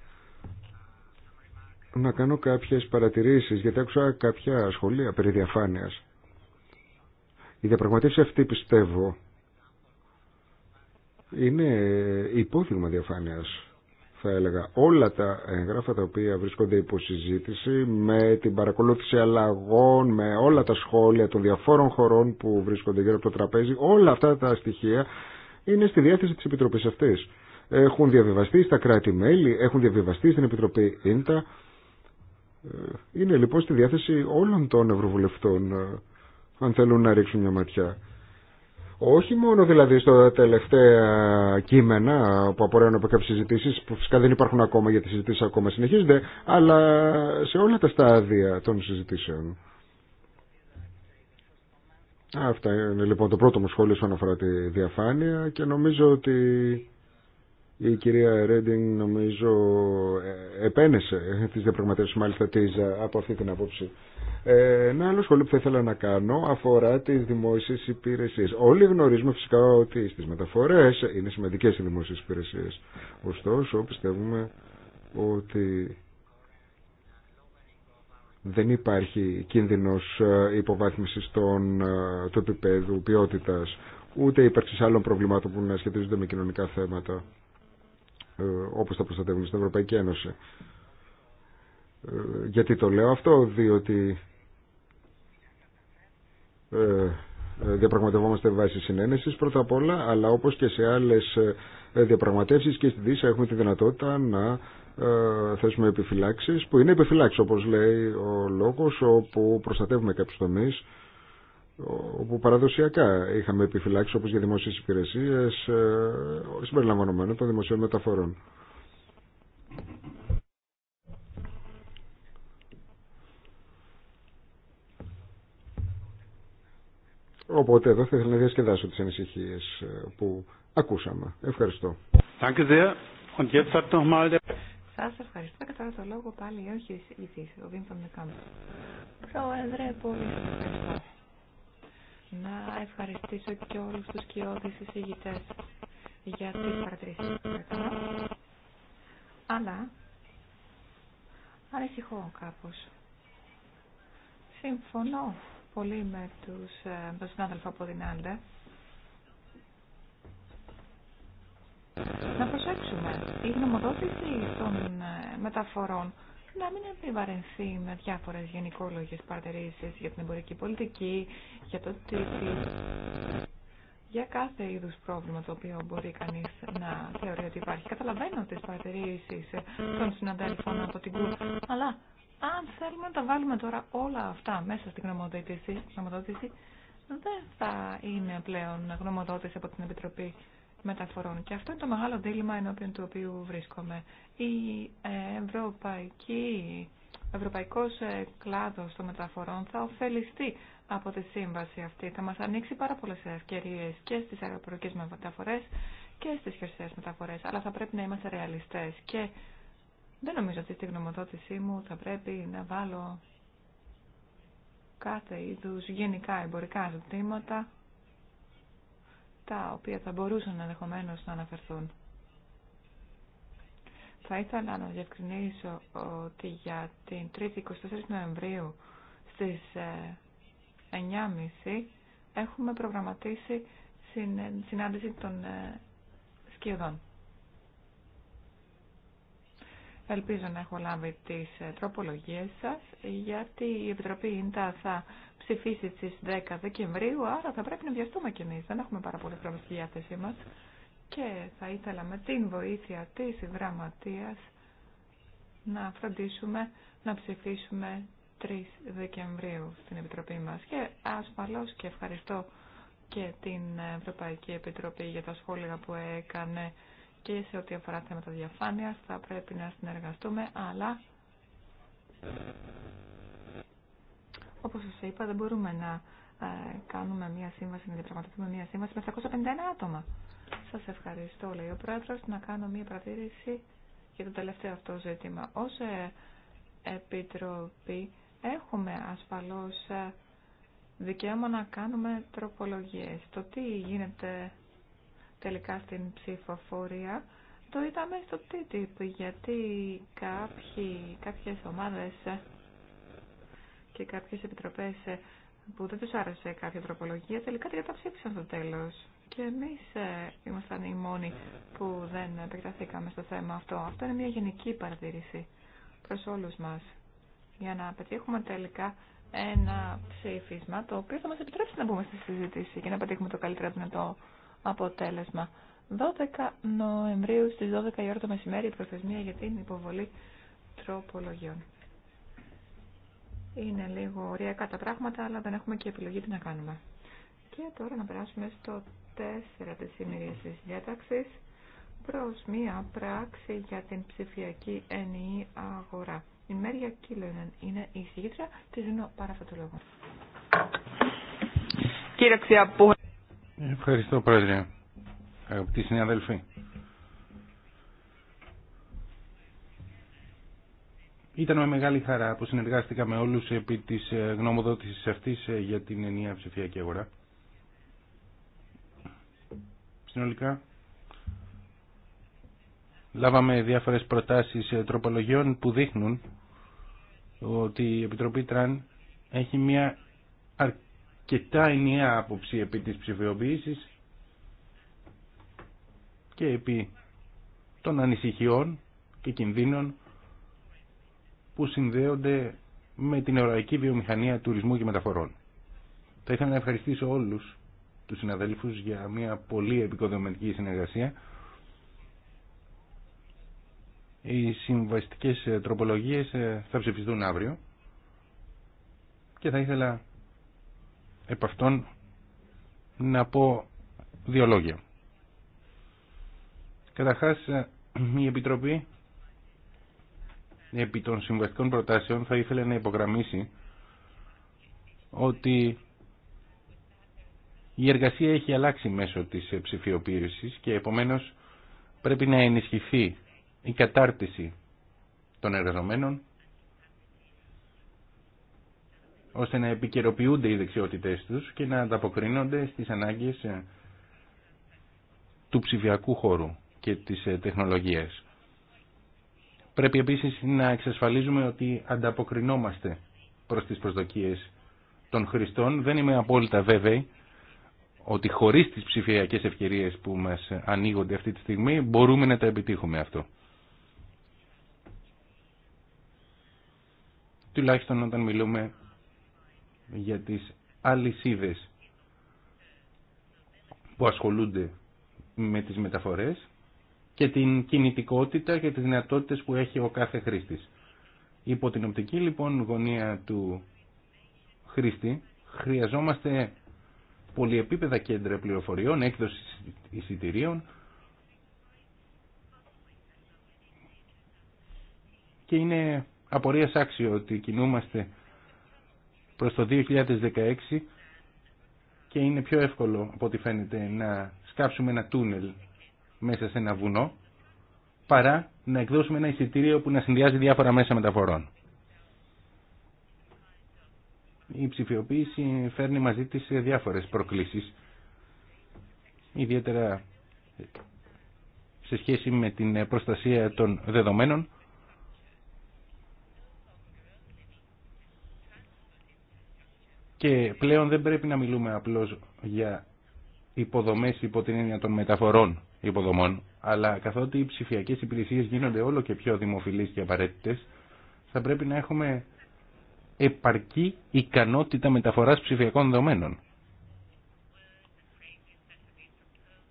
να κάνω κάποιες παρατηρήσεις, γιατί άκουσα κάποια σχολεία περί διαφάνειας. Η διαπραγματεύση αυτή πιστεύω είναι υπόθυγμα διαφάνειας θα έλεγα όλα τα έγγραφα τα οποία βρίσκονται υπό συζήτηση με την παρακολούθηση αλλαγών, με όλα τα σχόλια των διαφόρων χωρών που βρίσκονται γύρω από το τραπέζι, όλα αυτά τα στοιχεία είναι στη διάθεση της Επιτροπής αυτή. Έχουν διαβιβαστεί στα κράτη-μέλη, έχουν διαβιβαστεί στην Επιτροπή ΙΝΤΑ. Ε, είναι λοιπόν στη διάθεση όλων των Ευρωβουλευτών ε, αν θέλουν να ρίξουν μια ματιά. Όχι μόνο δηλαδή στα τελευταία κείμενα που απορρέουν από κάποιε συζητήσει, που φυσικά δεν υπάρχουν ακόμα γιατί οι συζητήσει ακόμα συνεχίζονται, αλλά σε όλα τα στάδια των συζητήσεων. Αυτά είναι λοιπόν το πρώτο μου σχόλιο όσον αφορά τη διαφάνεια και νομίζω ότι η κυρία Ρέντιν νομίζω ε, επένεσε τις διαπραγματεύσεις μάλιστα της ε, από αυτή την απόψη. Ε, ένα άλλο σχόλιο που θα ήθελα να κάνω αφορά τις δημόσιες υπηρεσίες. Όλοι γνωρίζουμε φυσικά ότι στις μεταφορές είναι σημαντικές οι δημόσιες υπηρεσίες. Ωστόσο πιστεύουμε ότι δεν υπάρχει κίνδυνος υποβάθμισης των, του επίπεδου ποιότητας ούτε ύπαρξης άλλων προβλημάτων που να σχετίζονται με κοινωνικά θέματα. Ε, όπως τα προστατεύουν στην Ευρωπαϊκή Ένωση. Ε, γιατί το λέω αυτό, διότι ε, διαπραγματευόμαστε βάσει συνένεσης πρώτα απ' όλα, αλλά όπως και σε άλλες διαπραγματεύσεις και στη Δύση έχουμε τη δυνατότητα να θέσουμε επιφυλάξεις, που είναι επιφυλάξεις όπως λέει ο λόγος, όπου προστατεύουμε κάποιους τομείς όπου παραδοσιακά είχαμε επιφυλάξει όπως για δημόσιες υπηρεσίες ε, συμπεριλαμβανομένων των δημοσίων μεταφορών. Οπότε εδώ θα ήθελα να διασκεδάσω τις ανησυχίες ε, που ακούσαμε. Ευχαριστώ. Σας ευχαριστώ και τώρα το λόγο πάλι όχι εσείς, ο Βίμπτον Νεκάμπ. Πρόεδρε, πολύ ευχαριστώ να ευχαριστήσω και όλους τους κοιόδης εισηγητές για τις παρατηρήσεις που έκανα. Αλλά ανησυχώ κάπως. Συμφωνώ πολύ με τους, ε, τον συνάδελφο από την Να προσέξουμε, η γνωμοδότηση των ε, μεταφορών να μην επιβαρυνθεί με διάφορες γενικόλογε παρατηρήσει για την εμπορική πολιτική, για το τι. για κάθε είδους πρόβλημα το οποίο μπορεί κανείς να θεωρεί ότι υπάρχει. Καταλαβαίνω τις παρατηρήσει των συναντέλφων από την Κούρ, αλλά αν θέλουμε να τα βάλουμε τώρα όλα αυτά μέσα στην γνωμοδότηση, δεν θα είναι πλέον γνωμοδότηση από την Επιτροπή μεταφορών. Και αυτό είναι το μεγάλο δίλημα ενώπιον του οποίου βρίσκομαι. Η ε, ευρωπαϊκή, ευρωπαϊκός ε, κλάδος των μεταφορών θα ωφεληστεί από τη σύμβαση αυτή. Θα μας ανοίξει πάρα πολλές ευκαιρίες και στις αεροπορικές μεταφορές και στις χερσαίες μεταφορές. Αλλά θα πρέπει να είμαστε ρεαλιστές και δεν νομίζω ότι στη γνωμοδότησή μου θα πρέπει να βάλω κάθε είδους γενικά εμπορικά ζητήματα τα οποία θα μπορούσαν ενδεχομένω να αναφερθούν. Θα ήθελα να διευκρινίσω ότι για την 3η 24 Νοεμβρίου στις 9.30 ε, έχουμε προγραμματίσει συνάντηση των ε, σκιωδών. Ελπίζω να έχω λάβει τις ε, τροπολογίες σας, γιατί η Επιτροπή ΙΝΤΑ θα ψηφίσει στις 10 Δεκεμβρίου, άρα θα πρέπει να βιαστούμε κι εμεί, Δεν έχουμε πάρα πολύ χρόνο στη διάθεσή μας και θα ήθελα με την βοήθεια της γραμματεία να φροντίσουμε να ψηφίσουμε 3 Δεκεμβρίου στην Επιτροπή μας. Και ασφαλώς και ευχαριστώ και την Ευρωπαϊκή Επιτροπή για τα σχόλια που έκανε και σε ό,τι αφορά θέματα διαφάνεια, θα πρέπει να συνεργαστούμε, αλλά όπως σας είπα, δεν μπορούμε να ε, κάνουμε μια σύμβαση, να διαπραγματευτούμε μια σύμβαση με 751 άτομα. Σας ευχαριστώ, λέει ο Πρόεδρος, να κάνω μια παρατήρηση για το τελευταίο αυτό ζήτημα. Ως ε, Επιτροπή έχουμε ασφαλώς ε, δικαίωμα να κάνουμε τροπολογίες. Το τι γίνεται τελικά στην ψηφοφορία το είδαμε στο TTIP γιατί κάποιοι, κάποιες ομάδες και κάποιε επιτροπέ ε, που δεν του άρεσε κάποια τροπολογία, τελικά την ψήφισαν στο τέλο. Και εμεί ε, ήμασταν οι μόνοι που δεν επεκταθήκαμε στο θέμα αυτό. Αυτό είναι μια γενική παρατήρηση προ όλου μα. Για να πετύχουμε τελικά ένα ψήφισμα το οποίο θα μα επιτρέψει να μπούμε στη συζήτηση και να πετύχουμε το καλύτερο δυνατό αποτέλεσμα. 12 Νοεμβρίου στις 12 η ώρα το μεσημέρι η προθεσμία για την υποβολή τροπολογιών. Είναι λίγο ωριακά τα πράγματα, αλλά δεν έχουμε και επιλογή τι να κάνουμε. Και τώρα να περάσουμε στο 4 της ημερίας της διάταξης προς μία πράξη για την ψηφιακή ενιαία αγορά. Η Μέρια Κίλονεν είναι η συγκήτρια, της δίνω πάρα αυτό το λόγο. Κύριε Ευχαριστώ Πρόεδρε, αγαπητοί συνάδελφοι. Ήταν με μεγάλη χαρά που συνεργάστηκα με όλους επί της ε, γνωμοδότηση αυτή ε, για την ενιαία ψηφιακή αγορά. Συνολικά, λάβαμε διάφορες προτάσεις ε, τροπολογιών που δείχνουν ότι η Επιτροπή Τραν έχει μια αρκετά ενιαία άποψη επί της ψηφιοποίησης και επί των ανησυχιών και κινδύνων που συνδέονται με την ευρωπαϊκή βιομηχανία τουρισμού και μεταφορών. Θα ήθελα να ευχαριστήσω όλους τους συναδέλφους για μια πολύ επικοδομητική συνεργασία. Οι συμβαστικές ε, τροπολογίες ε, θα ψηφιστούν αύριο και θα ήθελα επ' αυτών να πω δύο λόγια. Καταρχάς ε, η Επιτροπή επί των συμβαστικών προτάσεων θα ήθελε να υπογραμμίσει ότι η εργασία έχει αλλάξει μέσω της ε, ψηφιοποίησης και επομένως πρέπει να ενισχυθεί η κατάρτιση των εργαζομένων ώστε να επικαιροποιούνται οι δεξιότητές τους και να ανταποκρίνονται στις ανάγκες ε, του ψηφιακού χώρου και της ε, τεχνολογίας. Πρέπει επίσης να εξασφαλίζουμε ότι ανταποκρινόμαστε προς τις προσδοκίες των χρηστών. Δεν είμαι απόλυτα βέβαιη ότι χωρίς τις ψηφιακές ευκαιρίες που μας ανοίγονται αυτή τη στιγμή μπορούμε να τα επιτύχουμε αυτό. Τουλάχιστον όταν μιλούμε για τις αλυσίδες που ασχολούνται με τις μεταφορές και την κινητικότητα και τις δυνατότητες που έχει ο κάθε χρήστης. Υπό την οπτική λοιπόν γωνία του χρήστη χρειαζόμαστε πολυεπίπεδα κέντρα πληροφοριών, έκδοση εισιτηρίων και είναι απορίας άξιο ότι κινούμαστε προς το 2016 και είναι πιο εύκολο από ό,τι φαίνεται να σκάψουμε ένα τούνελ μέσα σε ένα βουνό παρά να εκδώσουμε ένα εισιτήριο που να συνδυάζει διάφορα μέσα μεταφορών. Η ψηφιοποίηση φέρνει μαζί της διάφορες προκλήσεις, ιδιαίτερα σε σχέση με την προστασία των δεδομένων, Και πλέον δεν πρέπει να μιλούμε απλώς για υποδομές υπό την έννοια των μεταφορών υποδομών, αλλά καθότι οι ψηφιακέ υπηρεσίε γίνονται όλο και πιο δημοφιλείς και απαραίτητες, θα πρέπει να έχουμε επαρκή ικανότητα μεταφοράς ψηφιακών δεδομένων.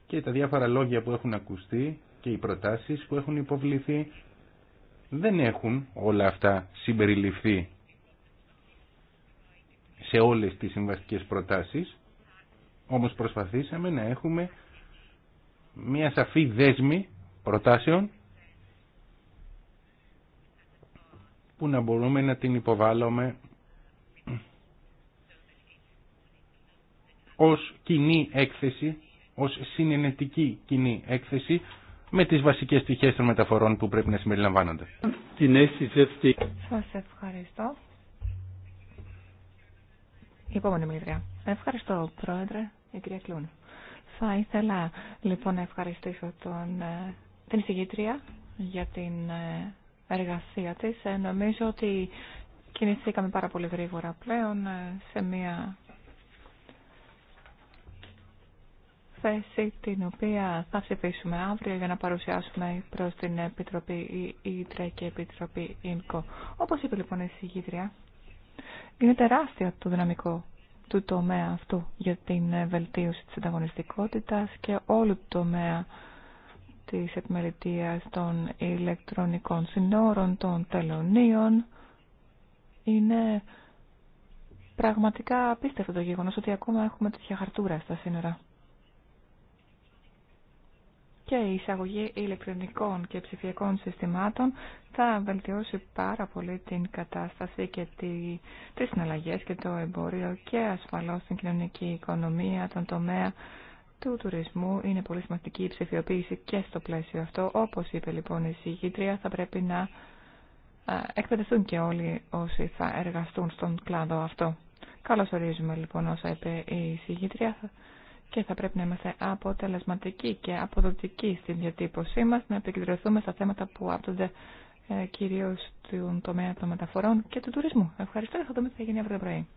Και τα διάφορα λόγια που έχουν ακουστεί και οι προτάσεις που έχουν υποβληθεί δεν έχουν όλα αυτά συμπεριληφθεί σε όλες τις συμβαστικές προτάσεις, όμως προσπαθήσαμε να έχουμε μια σαφή δέσμη προτάσεων που να μπορούμε να την υποβάλλουμε ως κοινή έκθεση, ως συνενετική κοινή έκθεση με τις βασικές στοιχείες των μεταφορών που πρέπει να συμπεριλαμβάνονται. Σας ευχαριστώ. Η επόμενη Ευχαριστώ, Πρόεδρε, η κυρία θα ήθελα λοιπόν να ευχαριστήσω τον, ε, την εισηγήτρια για την ε, εργασία της. Ε, νομίζω ότι κινηθήκαμε πάρα πολύ γρήγορα πλέον σε μια θέση την οποία θα ψηφίσουμε αύριο για να παρουσιάσουμε προς την Επιτροπή ΙΤΡΕ και Επιτροπή ΙΝΚΟ. Όπως είπε λοιπόν η εισηγήτρια, είναι τεράστια το δυναμικό του τομέα αυτού για την ε, βελτίωση της ανταγωνιστικότητας και όλου του τομέα της επιμελητίας των ηλεκτρονικών συνόρων, των τελωνίων. Είναι πραγματικά απίστευτο το γεγονός ότι ακόμα έχουμε τέτοια χαρτούρα στα σύνορα και η εισαγωγή ηλεκτρονικών και ψηφιακών συστημάτων θα βελτιώσει πάρα πολύ την κατάσταση και τη, τις και το εμπόριο και ασφαλώς την κοινωνική οικονομία, τον τομέα του τουρισμού. Είναι πολύ σημαντική η ψηφιοποίηση και στο πλαίσιο αυτό. Όπως είπε λοιπόν η συγκήτρια, θα πρέπει να εκπαιδευτούν και όλοι όσοι θα εργαστούν στον κλάδο αυτό. Καλώς ορίζουμε λοιπόν όσα είπε η συγκήτρια και θα πρέπει να είμαστε αποτελεσματικοί και αποδοτικοί στην διατύπωσή μας, να επικεντρωθούμε στα θέματα που άπτονται ε, κυρίως στον τομέα των μεταφορών και του τουρισμού. Ευχαριστώ και θα δούμε τι θα γίνει αύριο το πρωί.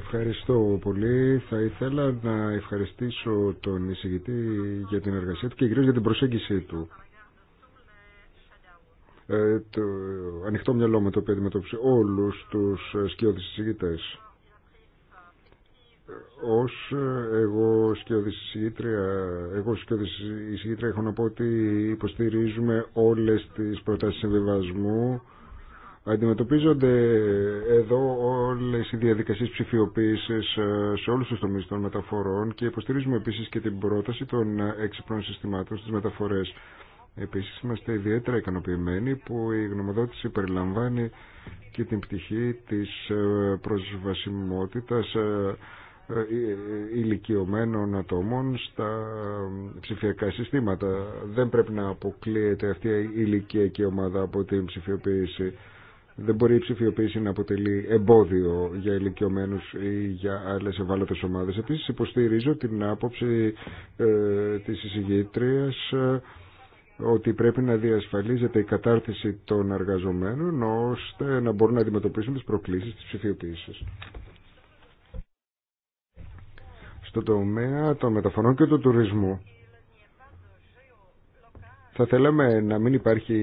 Ευχαριστώ πολύ. Θα ήθελα να ευχαριστήσω τον εισηγητή για την εργασία του και κυρίω για την προσέγγιση του. Ε, το ανοιχτό μυαλό με το οποίο αντιμετώπισε όλους τους ε, σκιώδεις συζητητέ. Ως ε, εγώ σκιώδης εισηγήτρια, εγώ εισηγήτρια έχω να πω ότι υποστηρίζουμε όλες τις προτάσεις συμβιβασμού. Αντιμετωπίζονται εδώ όλες οι διαδικασίες ψηφιοποίησης σε όλους τους τομείς των μεταφορών και υποστηρίζουμε επίσης και την πρόταση των έξυπνων συστημάτων στις μεταφορές. Επίσης είμαστε ιδιαίτερα ικανοποιημένοι που η γνωμοδότηση περιλαμβάνει και την πτυχή της ε, προσβασιμότητας ε, ε, ηλικιωμένων ατόμων στα ψηφιακά συστήματα. Δεν πρέπει να αποκλείεται αυτή η ηλικιακή ομάδα από την ψηφιοποίηση. Δεν μπορεί η ψηφιοποίηση να αποτελεί εμπόδιο για ηλικιωμένου ή για άλλε ευάλωτε ομάδε. Επίση, υποστηρίζω την άποψη ε, τη εισηγήτρια ότι πρέπει να διασφαλίζεται η κατάρτιση των εργαζομένων ώστε να μπορούν να αντιμετωπίσουν τις προκλήσεις της ψηφιοποίησης. Στο τομέα των μεταφορών και του τουρισμού θα θέλαμε να μην υπάρχει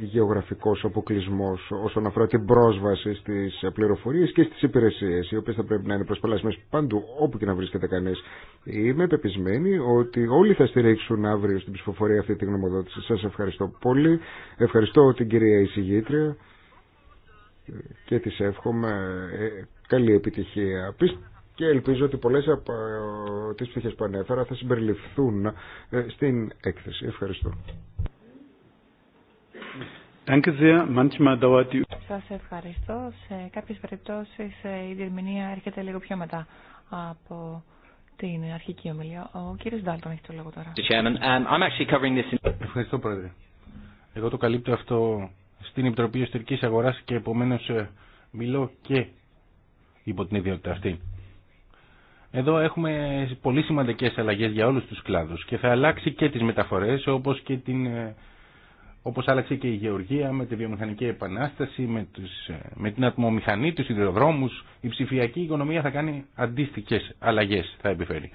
γεωγραφικός αποκλεισμό όσον αφορά την πρόσβαση στις πληροφορίες και στις υπηρεσίες, οι οποίες θα πρέπει να είναι προσπελασμένες παντού, όπου και να βρίσκεται κανείς. Είμαι πεπισμένη ότι όλοι θα στηρίξουν αύριο στην ψηφοφορία αυτή τη γνωμοδότηση. Σας ευχαριστώ πολύ. Ευχαριστώ την κυρία εισηγήτρια και της εύχομαι ε, καλή επιτυχία και ελπίζω ότι πολλές από ε, τις πτυχέ που ανέφερα θα συμπεριληφθούν ε, στην έκθεση. Ευχαριστώ. Σας ευχαριστώ. Σε κάποιες περιπτώσεις ε, η διερμηνία έρχεται λίγο πιο μετά από την αρχική ομιλία. Ο κύριος Ντάλτον έχει το λόγο τώρα. Um, ευχαριστώ πρόεδρε. Εγώ το καλύπτω αυτό στην Επιτροπή Ιστορικής Αγοράς και επομένως μιλώ και υπό την ιδιότητα αυτή. Εδώ έχουμε πολύ σημαντικές αλλαγές για όλους τους κλάδους και θα αλλάξει και τις μεταφορές όπως, και την, ε, όπως άλλαξε και η γεωργία με τη βιομηχανική επανάσταση, με, τους, ε, με την ατμομηχανή, τους ιδεοδρόμους. Η ψηφιακή οικονομία θα κάνει αντίστοιχες αλλαγές θα επιφέρει.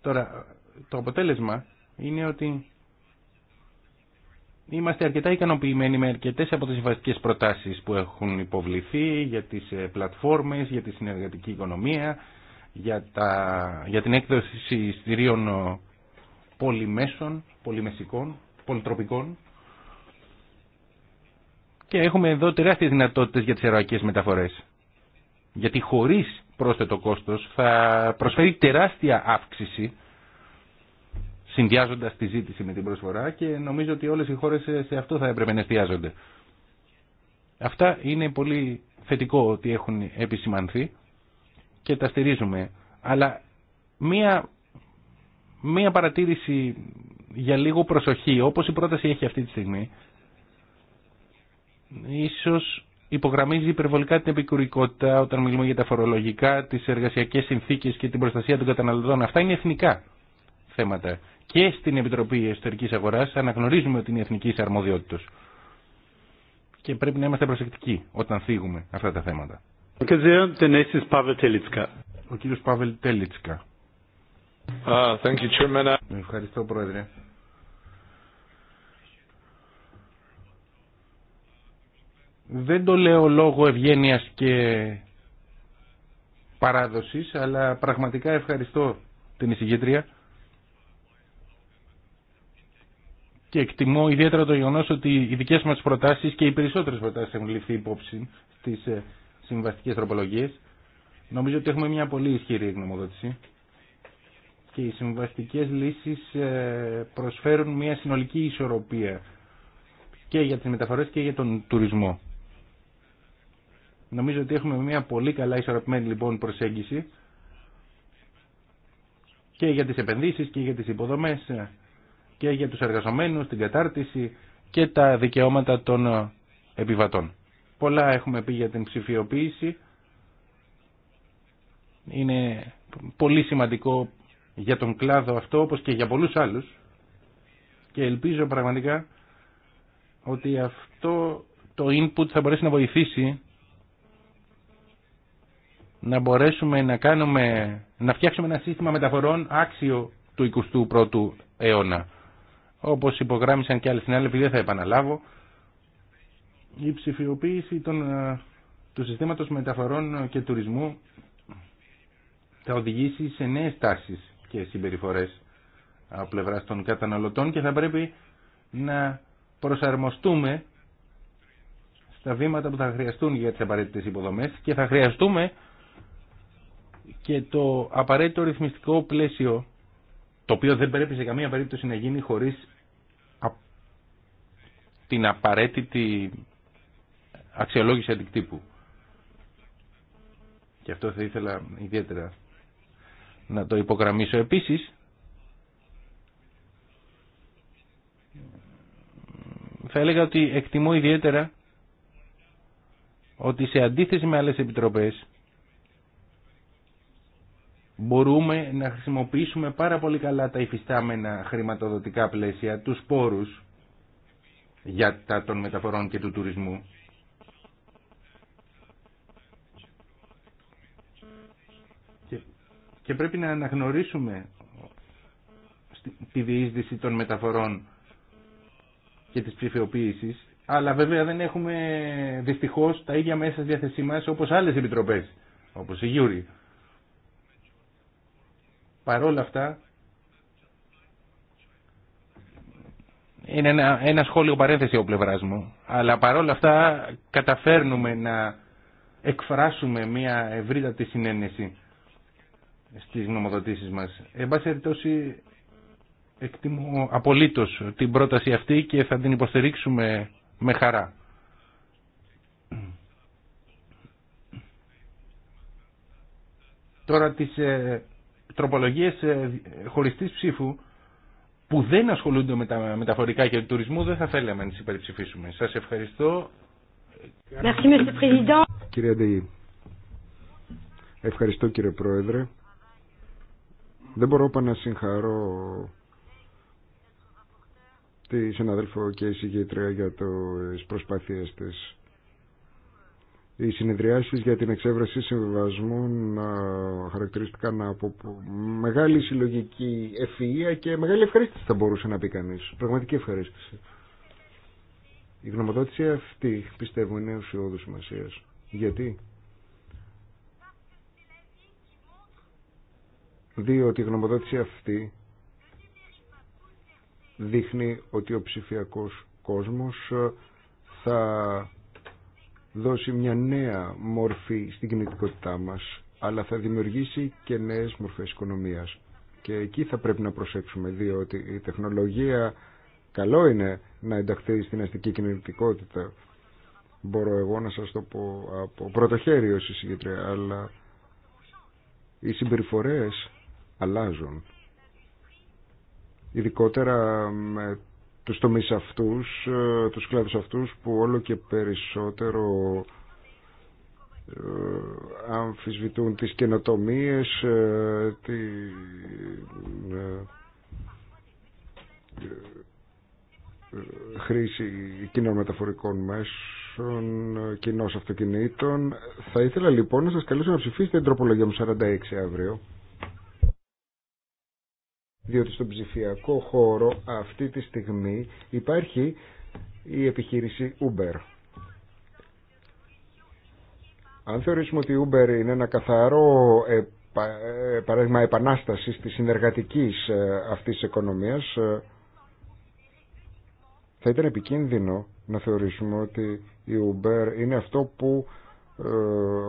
Τώρα το αποτέλεσμα είναι ότι είμαστε αρκετά ικανοποιημένοι με αρκετέ από τις συμβαστικέ προτάσεις που έχουν υποβληθεί για τις ε, πλατφόρμες, για τη συνεργατική οικονομία, για, τα, για την έκδοση εισιτηρίων ε, πολυμέσων, πολυμεσικών, πολυτροπικών. Και έχουμε εδώ τεράστιες δυνατότητες για τις αεροπορικές μεταφορές. Γιατί χωρίς πρόσθετο κόστος θα προσφέρει τεράστια αύξηση συνδυάζοντας τη ζήτηση με την προσφορά και νομίζω ότι όλες οι χώρες σε αυτό θα έπρεπε να εστιάζονται. Αυτά είναι πολύ θετικό ότι έχουν επισημανθεί και τα στηρίζουμε. Αλλά μία, μία παρατήρηση για λίγο προσοχή, όπως η πρόταση έχει αυτή τη στιγμή, ίσως υπογραμμίζει υπερβολικά την επικουρικότητα όταν μιλούμε για τα φορολογικά, τις εργασιακές συνθήκες και την προστασία των καταναλωτών. Αυτά είναι εθνικά θέματα. Και στην Επιτροπή εσωτερική Αγοράς αναγνωρίζουμε ότι είναι εθνικής Και πρέπει να είμαστε προσεκτικοί όταν θίγουμε αυτά τα θέματα. Ο κύριος Τελίτσκα. thank Ευχαριστώ, Πρόεδρε. Δεν το λέω λόγω ευγένεια και παράδοση, αλλά πραγματικά ευχαριστώ την εισηγήτρια και εκτιμώ ιδιαίτερα το γεγονός ότι οι δικές μας προτάσει και οι περισσότερες προτάσει έχουν ληφθεί υπόψη στις ε, συμβαστικές τροπολογίες. Νομίζω ότι έχουμε μια πολύ ισχυρή γνωμοδότηση και οι συμβαστικές λύσεις ε, προσφέρουν μια συνολική ισορροπία και για τις μεταφορές και για τον τουρισμό. Νομίζω ότι έχουμε μια πολύ καλά ισορροπημένη λοιπόν προσέγγιση και για τις επενδύσεις και για τις υποδομές και για τους εργαζομένους, την κατάρτιση και τα δικαιώματα των επιβατών. Πολλά έχουμε πει για την ψηφιοποίηση. Είναι πολύ σημαντικό για τον κλάδο αυτό όπως και για πολλούς άλλους και ελπίζω πραγματικά ότι αυτό το input θα μπορέσει να βοηθήσει να μπορέσουμε να κάνουμε, να φτιάξουμε ένα σύστημα μεταφορών άξιο του 21ου αιώνα. Όπως υπογράμμισαν και άλλοι επειδή δεν θα επαναλάβω η ψηφιοποίηση των, ε, του συστήματος μεταφορών και τουρισμού θα οδηγήσει σε νέες τάσεις και συμπεριφορές από πλευράς των καταναλωτών και θα πρέπει να προσαρμοστούμε στα βήματα που θα χρειαστούν για τις απαραίτητες υποδομές και θα χρειαστούμε και το απαραίτητο ρυθμιστικό πλαίσιο το οποίο δεν πρέπει σε καμία περίπτωση να γίνει χωρίς την απαραίτητη αξιολόγηση αντικτύπου. Και αυτό θα ήθελα ιδιαίτερα να το υπογραμμίσω. Επίσης, θα έλεγα ότι εκτιμώ ιδιαίτερα ότι σε αντίθεση με άλλες επιτροπές μπορούμε να χρησιμοποιήσουμε πάρα πολύ καλά τα υφιστάμενα χρηματοδοτικά πλαίσια, τους πόρους για τα των μεταφορών και του τουρισμού και πρέπει να αναγνωρίσουμε τη διείσδυση των μεταφορών και της ψηφιοποίηση, αλλά βέβαια δεν έχουμε δυστυχώς τα ίδια μέσα στη διάθεσή μας όπως άλλες επιτροπές, όπως η Γιούρη. Παρόλα αυτά, είναι ένα, ένα σχόλιο παρένθεση ο πλευράς μου, αλλά παρόλα αυτά καταφέρνουμε να εκφράσουμε μια ευρύτατη συνένεση στις γνωμοδοτήσεις μας. Εν πάση περιπτώσει εκτιμώ απολύτως την πρόταση αυτή και θα την υποστηρίξουμε με χαρά. Τώρα τις ε, τροπολογίες ε, χωριστής ψήφου που δεν ασχολούνται με τα μεταφορικά και του τουρισμού δεν θα θέλαμε να τις υπερψηφίσουμε. Σας ευχαριστώ. Ευχαριστώ κύριε Πρόεδρε. Δεν μπορώ πάνω να συγχαρώ τη συναδέλφο και η εισηγήτρια για τις προσπάθειες της. Οι συνεδριάσεις για την εξέβραση συμβιβασμών χαρακτηρίστηκαν από μεγάλη συλλογική ευφυΐα και μεγάλη ευχαρίστηση θα μπορούσε να πει κανείς. Πραγματική ευχαρίστηση. Η γνωμοδότηση αυτή πιστεύω είναι ουσιώδου σημασία. Γιατί διότι η γνωμοδότηση αυτή δείχνει ότι ο ψηφιακός κόσμος ε, θα δώσει μια νέα μορφή στην κινητικότητά μας αλλά θα δημιουργήσει και νέες μορφές οικονομίας και εκεί θα πρέπει να προσέξουμε διότι η τεχνολογία καλό είναι να ενταχθεί στην αστική κινητικότητα μπορώ εγώ να σας το πω από πρώτο αλλά οι συμπεριφορές αλλάζουν. Ειδικότερα με τους τομείς αυτούς, ε, τους κλάδους αυτούς που όλο και περισσότερο ε, αμφισβητούν τις καινοτομίες, ε, τη χρήση κοινών μεταφορικών μέσων, κοινών αυτοκινήτων. Θα ήθελα λοιπόν να σας καλέσω να ψηφίσετε την τροπολογία μου 46 αύριο διότι στον ψηφιακό χώρο αυτή τη στιγμή υπάρχει η επιχείρηση Uber. Αν θεωρήσουμε ότι Uber είναι ένα καθαρό ε, παράδειγμα επανάστασης της συνεργατικής ε, αυτής της οικονομίας, ε, θα ήταν επικίνδυνο να θεωρήσουμε ότι η Uber είναι αυτό που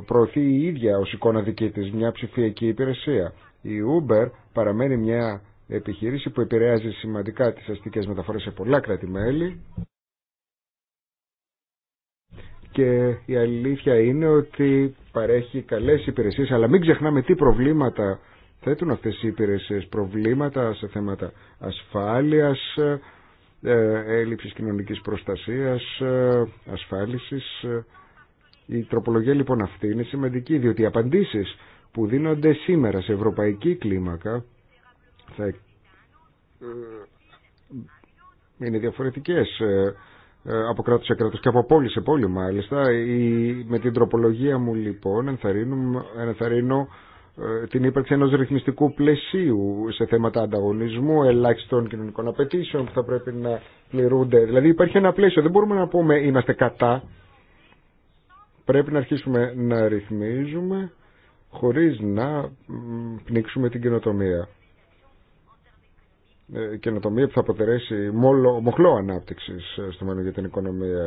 προωθεί η ίδια ως εικόνα δική της μια ψηφιακή υπηρεσία. Η Uber παραμένει μια επιχείρηση που επηρεάζει σημαντικά τις αστικές μεταφορές σε πολλά κράτη-μέλη και η αλήθεια είναι ότι παρέχει καλές υπηρεσίες αλλά μην ξεχνάμε τι προβλήματα θέτουν αυτές οι υπηρεσίες προβλήματα σε θέματα ασφάλειας ε, έλλειψης κοινωνικής προστασίας ε, ασφάλισης η τροπολογία λοιπόν αυτή είναι σημαντική διότι οι απαντήσεις που δίνονται σήμερα σε ευρωπαϊκή κλίμακα θα ε, είναι διαφορετικές ε, ε, από κράτος σε κράτος και από πόλη σε πόλη μάλιστα. Η, με την τροπολογία μου λοιπόν ενθαρρύνω την ύπαρξη ενός ρυθμιστικού πλαισίου σε θέματα ανταγωνισμού, ελάχιστων κοινωνικών απαιτήσεων που θα πρέπει να πληρούνται. Δηλαδή υπάρχει ένα πλαίσιο, δεν μπορούμε να πούμε είμαστε κατά. Πρέπει να αρχίσουμε να ρυθμίζουμε χωρίς να πνίξουμε την κοινοτομία ε, καινοτομία που θα αποτελέσει μοχλό ανάπτυξη ε, στο μέλλον για την οικονομία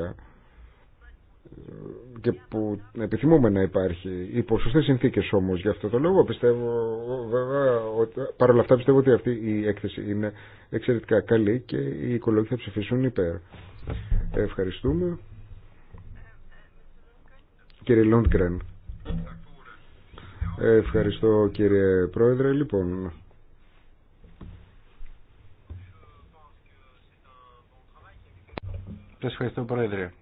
ε, και που επιθυμούμε να υπάρχει υπό σωστέ συνθήκες όμως για αυτό το λόγο πιστεύω βέβαια ότι, παρόλα αυτά πιστεύω ότι αυτή η έκθεση είναι εξαιρετικά καλή και οι οικολόγοι θα ψηφίσουν υπέρ ευχαριστούμε κύριε Λόντγκρεν ευχαριστώ κύριε Πρόεδρε λοιπόν Σας ευχαριστώ Πρόεδρε.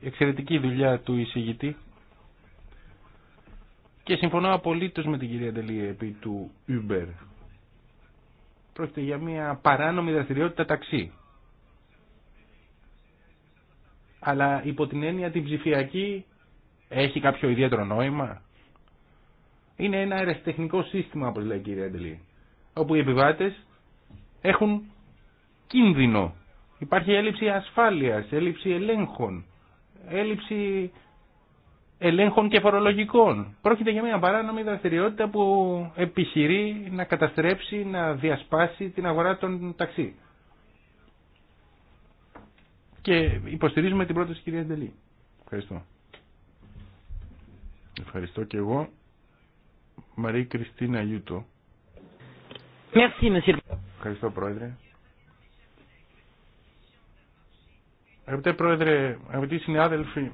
Εξαιρετική δουλειά του εισηγητή και συμφωνώ απολύτως με την κυρία Ντελή επί του Uber. Πρόκειται για μια παράνομη δραστηριότητα ταξί. Αλλά υπό την έννοια την ψηφιακή έχει κάποιο ιδιαίτερο νόημα. Είναι ένα αεραστεχνικό σύστημα, όπως λέει η κυρία Ντελή, όπου οι επιβάτες έχουν κίνδυνο Υπάρχει έλλειψη ασφάλειας, έλλειψη ελέγχων, έλλειψη ελέγχων και φορολογικών. Πρόκειται για μια παράνομη δραστηριότητα που επιχειρεί να καταστρέψει, να διασπάσει την αγορά των ταξί. Και υποστηρίζουμε την πρόταση κυρία Ντελή. Ευχαριστώ. Ευχαριστώ και εγώ. Μαρή Κριστίνα Γιούτο. Ευχαριστώ πρόεδρε. Αγαπητέ Πρόεδρε, αγαπητοί συνάδελφοι,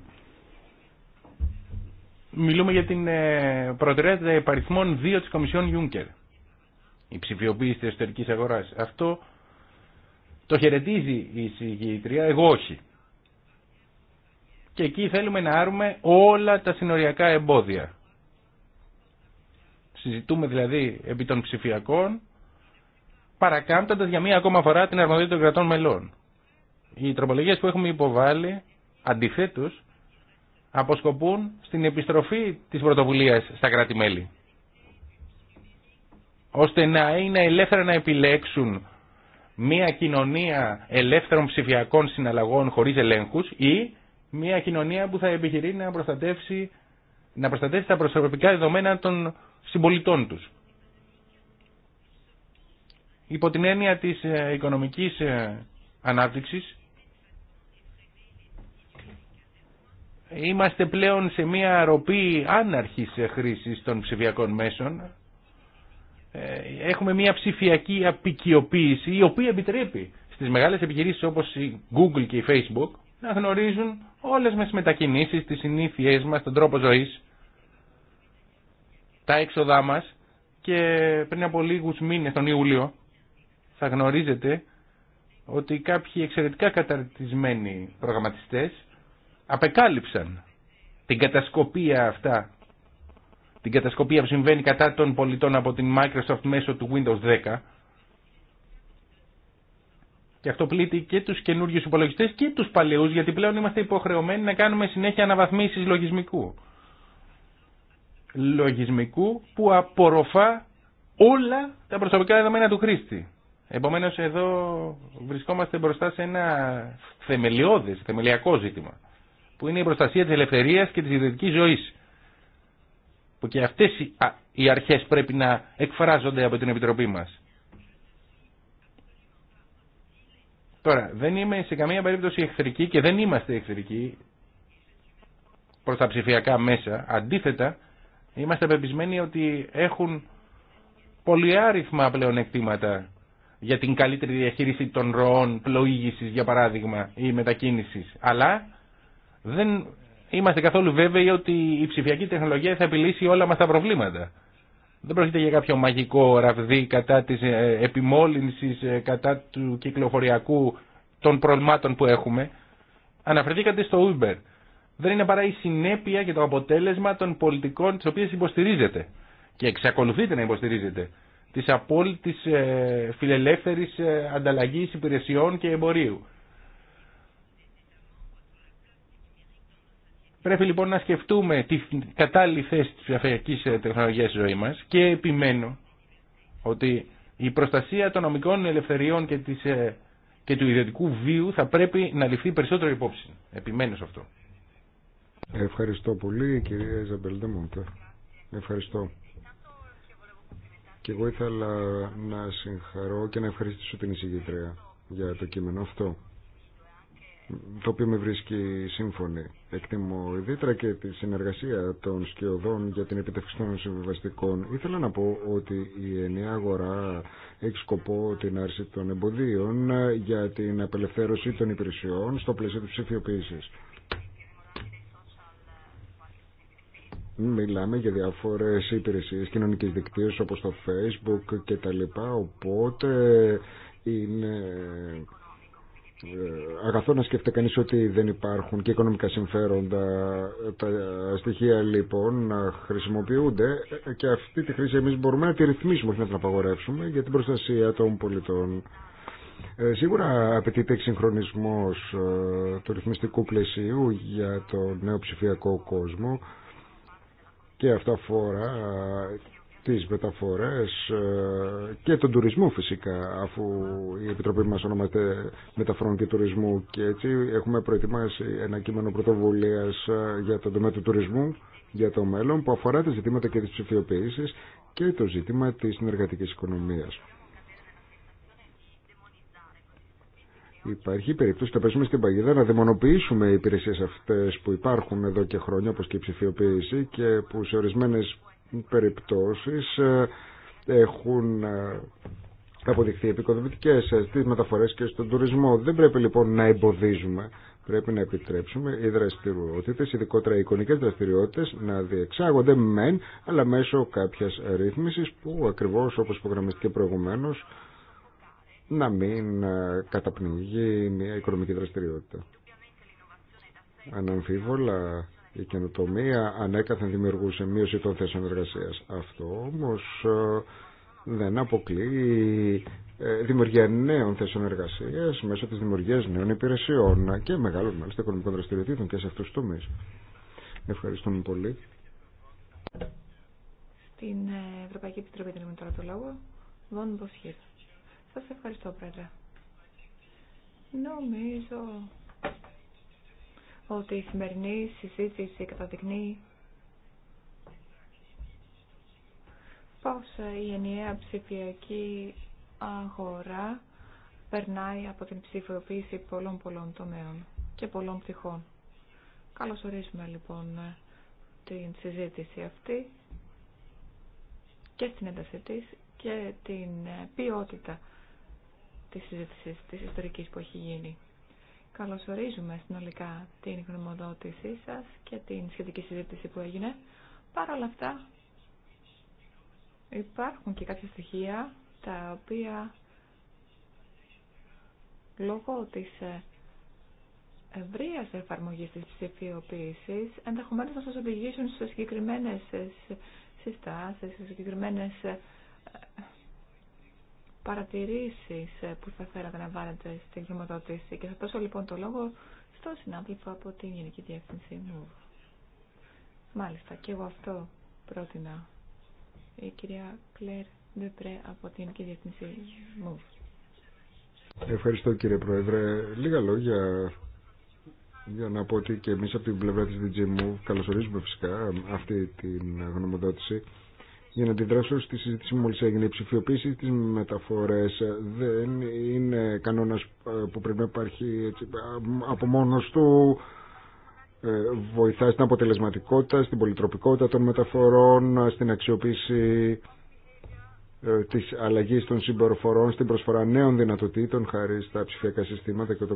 μιλούμε για την ε, προτεραιότητα υπαριθμών 2 της Κομισιόν Juncker. Η ψηφιοποίηση της εσωτερικής αγοράς. Αυτό το χαιρετίζει η συγκεκριτρία, εγώ όχι. Και εκεί θέλουμε να άρουμε όλα τα συνοριακά εμπόδια. Συζητούμε δηλαδή επί των ψηφιακών, παρακάμπτοντας για μία ακόμα φορά την αρμοδία των κρατών μελών. Οι τροπολογίες που έχουμε υποβάλει αντιθέτω, αποσκοπούν στην επιστροφή της πρωτοβουλία στα κράτη-μέλη ώστε να είναι ελεύθερα να επιλέξουν μια κοινωνία ελεύθερων ψηφιακών συναλλαγών χωρίς ελέγχους ή μια κοινωνία που θα επιχειρεί να προστατεύσει, να τα προσωπικά δεδομένα των συμπολιτών τους. Υπό την έννοια της ε, οικονομικής ε, ανάπτυξης Είμαστε πλέον σε μια ροπή άναρχης χρήσης των ψηφιακών μέσων. Ε, έχουμε μια ψηφιακή απικιοποίηση η οποία επιτρέπει στις μεγάλες επιχειρήσεις όπως η Google και η Facebook να γνωρίζουν όλες μας τις μετακινήσεις, τις συνήθειές μας, τον τρόπο ζωής, τα έξοδά μας και πριν από λίγους μήνες, τον Ιούλιο, θα γνωρίζετε ότι κάποιοι εξαιρετικά καταρτισμένοι προγραμματιστές απεκάλυψαν την κατασκοπία αυτά, την κατασκοπία που συμβαίνει κατά των πολιτών από την Microsoft μέσω του Windows 10 και αυτό πλήττει και τους καινούριου υπολογιστές και τους παλαιούς γιατί πλέον είμαστε υποχρεωμένοι να κάνουμε συνέχεια αναβαθμίσεις λογισμικού. Λογισμικού που απορροφά όλα τα προσωπικά δεδομένα του χρήστη. Επομένως εδώ βρισκόμαστε μπροστά σε ένα θεμελιώδες, θεμελιακό ζήτημα που είναι η προστασία της ελευθερίας και της ιδιωτικής ζωής. Που και αυτές οι αρχές πρέπει να εκφράζονται από την Επιτροπή μας. Τώρα, δεν είμαι σε καμία περίπτωση εχθρική και δεν είμαστε εχθρικοί προς τα ψηφιακά μέσα. Αντίθετα, είμαστε πεπισμένοι ότι έχουν πολυάριθμα πλέον εκτήματα για την καλύτερη διαχείριση των ροών πλοήγησης, για παράδειγμα, ή μετακίνησης. Αλλά δεν είμαστε καθόλου βέβαιοι ότι η ψηφιακή τεχνολογία θα επιλύσει όλα μας τα προβλήματα. Δεν πρόκειται για κάποιο μαγικό ραβδί κατά της ε, επιμόλυνσης, ε, κατά του κυκλοφοριακού των προβλημάτων που έχουμε. Αναφερθήκατε στο Uber. Δεν είναι παρά η συνέπεια και το αποτέλεσμα των πολιτικών τις οποίες υποστηρίζετε και εξακολουθείτε να υποστηρίζετε της απόλυτης ε, φιλελεύθερης ανταλλαγής υπηρεσιών και εμπορίου. Πρέπει λοιπόν να σκεφτούμε τη κατάλληλη θέση της ψηφιακής ε, τεχνολογίας στη ζωή μας και επιμένω ότι η προστασία των νομικών ελευθεριών και, της, ε, και του ιδιωτικού βίου θα πρέπει να ληφθεί περισσότερο υπόψη. Επιμένω σε αυτό. Ευχαριστώ πολύ κυρία Ιζαμπέλ Ευχαριστώ. Και εγώ ήθελα να συγχαρώ και να ευχαριστήσω την εισηγήτρια για το κείμενο αυτό το οποίο με βρίσκει σύμφωνη. Εκτιμώ ιδιαίτερα και τη συνεργασία των σκιωδών για την επιτευχή των συμβιβαστικών. Ήθελα να πω ότι η ενιαία αγορά έχει σκοπό την άρση των εμποδίων για την απελευθέρωση των υπηρεσιών στο πλαίσιο της ψηφιοποίησης. Μιλάμε για διάφορες υπηρεσίες κοινωνικής δικτύωσης όπως το Facebook και τα λοιπά, οπότε είναι ε, αγαθό να σκέφτεται κανείς ότι δεν υπάρχουν και οικονομικά συμφέροντα. Τα στοιχεία λοιπόν να χρησιμοποιούνται και αυτή τη χρήση εμείς μπορούμε να τη ρυθμίσουμε, όχι να την απαγορεύσουμε, για την προστασία των πολιτών. Ε, σίγουρα απαιτείται εξυγχρονισμός ε, του ρυθμιστικού πλαισίου για τον νέο ψηφιακό κόσμο και αυτό αφορά τις μεταφορές ε, και τον τουρισμό φυσικά αφού η Επιτροπή μας ονομάζεται Μεταφορών και Τουρισμού και έτσι έχουμε προετοιμάσει ένα κείμενο πρωτοβουλίας ε, για τον τομέα του τουρισμού για το μέλλον που αφορά τα ζητήματα και της ψηφιοποίησης και το ζήτημα της συνεργατικής οικονομίας. Υπάρχει περίπτωση να πέσουμε στην παγίδα να δαιμονοποιήσουμε οι υπηρεσίε αυτέ που υπάρχουν εδώ και χρόνια, όπω και η ψηφιοποίηση, και που σε ορισμένε περιπτώσεις ε, έχουν ε, αποδειχθεί επικοδομητικές ε, στις μεταφορές και στον τουρισμό. Δεν πρέπει λοιπόν να εμποδίζουμε, πρέπει να επιτρέψουμε οι δραστηριότητες, ειδικότερα οι εικονικές δραστηριότητες, να διεξάγονται μεν, αλλά μέσω κάποιας ρύθμισης που ακριβώς όπως υπογραμμιστήκε προηγουμένω να μην καταπνιγεί μια οικονομική δραστηριότητα. Αναμφίβολα η καινοτομία ανέκαθεν δημιουργούσε μείωση των θέσεων εργασίας. Αυτό όμως ε, δεν αποκλείει ε, δημιουργία νέων θέσεων εργασίας μέσω της δημιουργίας νέων υπηρεσιών και μεγάλων μάλιστα οικονομικών δραστηριοτήτων και σε αυτού του τομεί. Ευχαριστούμε πολύ. Στην ε, Ευρωπαϊκή Επιτροπή δίνουμε τώρα το λόγο. Βον Σας ευχαριστώ, Πρόεδρε. Νομίζω ότι η σημερινή συζήτηση καταδεικνύει πώς η ενιαία ψηφιακή αγορά περνάει από την ψηφιοποίηση πολλών πολλών τομέων και πολλών πτυχών. Καλώς ορίζουμε λοιπόν την συζήτηση αυτή και στην ένταση της και την ποιότητα της συζήτησης της ιστορικής που έχει γίνει. Καλωσορίζουμε συνολικά την γνωμοδότησή σας και την σχετική συζήτηση που έγινε. Παρ' όλα αυτά υπάρχουν και κάποια στοιχεία τα οποία λόγω της ε, ευρεία εφαρμογή της ψηφιοποίηση ενδεχομένω να σα οδηγήσουν σε συγκεκριμένε ε, συστάσει, σε συγκεκριμένες... Ε, παρατηρήσεις ε, που θα θέλατε να βάλετε στην χρηματοδότηση και θα δώσω λοιπόν το λόγο στον συνάδελφο από την Γενική Διεύθυνση μου. Μάλιστα, και εγώ αυτό πρότεινα. Η κυρία Κλέρ Ντεπρέ από την Γενική Διεύθυνση μου. Ευχαριστώ κύριε Πρόεδρε. Λίγα λόγια για να πω ότι και εμείς από την πλευρά της DG Move καλωσορίζουμε φυσικά αυτή την γνωμοδότηση για να αντιδράσω στη συζήτηση που έγινε. Η ψηφιοποίηση τη μεταφορές δεν είναι κανόνα ε, που πρέπει να υπάρχει έτσι, ε, από μόνο του. Ε, βοηθά στην αποτελεσματικότητα, στην πολυτροπικότητα των μεταφορών, στην αξιοποίηση της αλλαγής των συμπεριφορών, στην προσφορά νέων δυνατοτήτων χάρη στα ψηφιακά συστήματα και το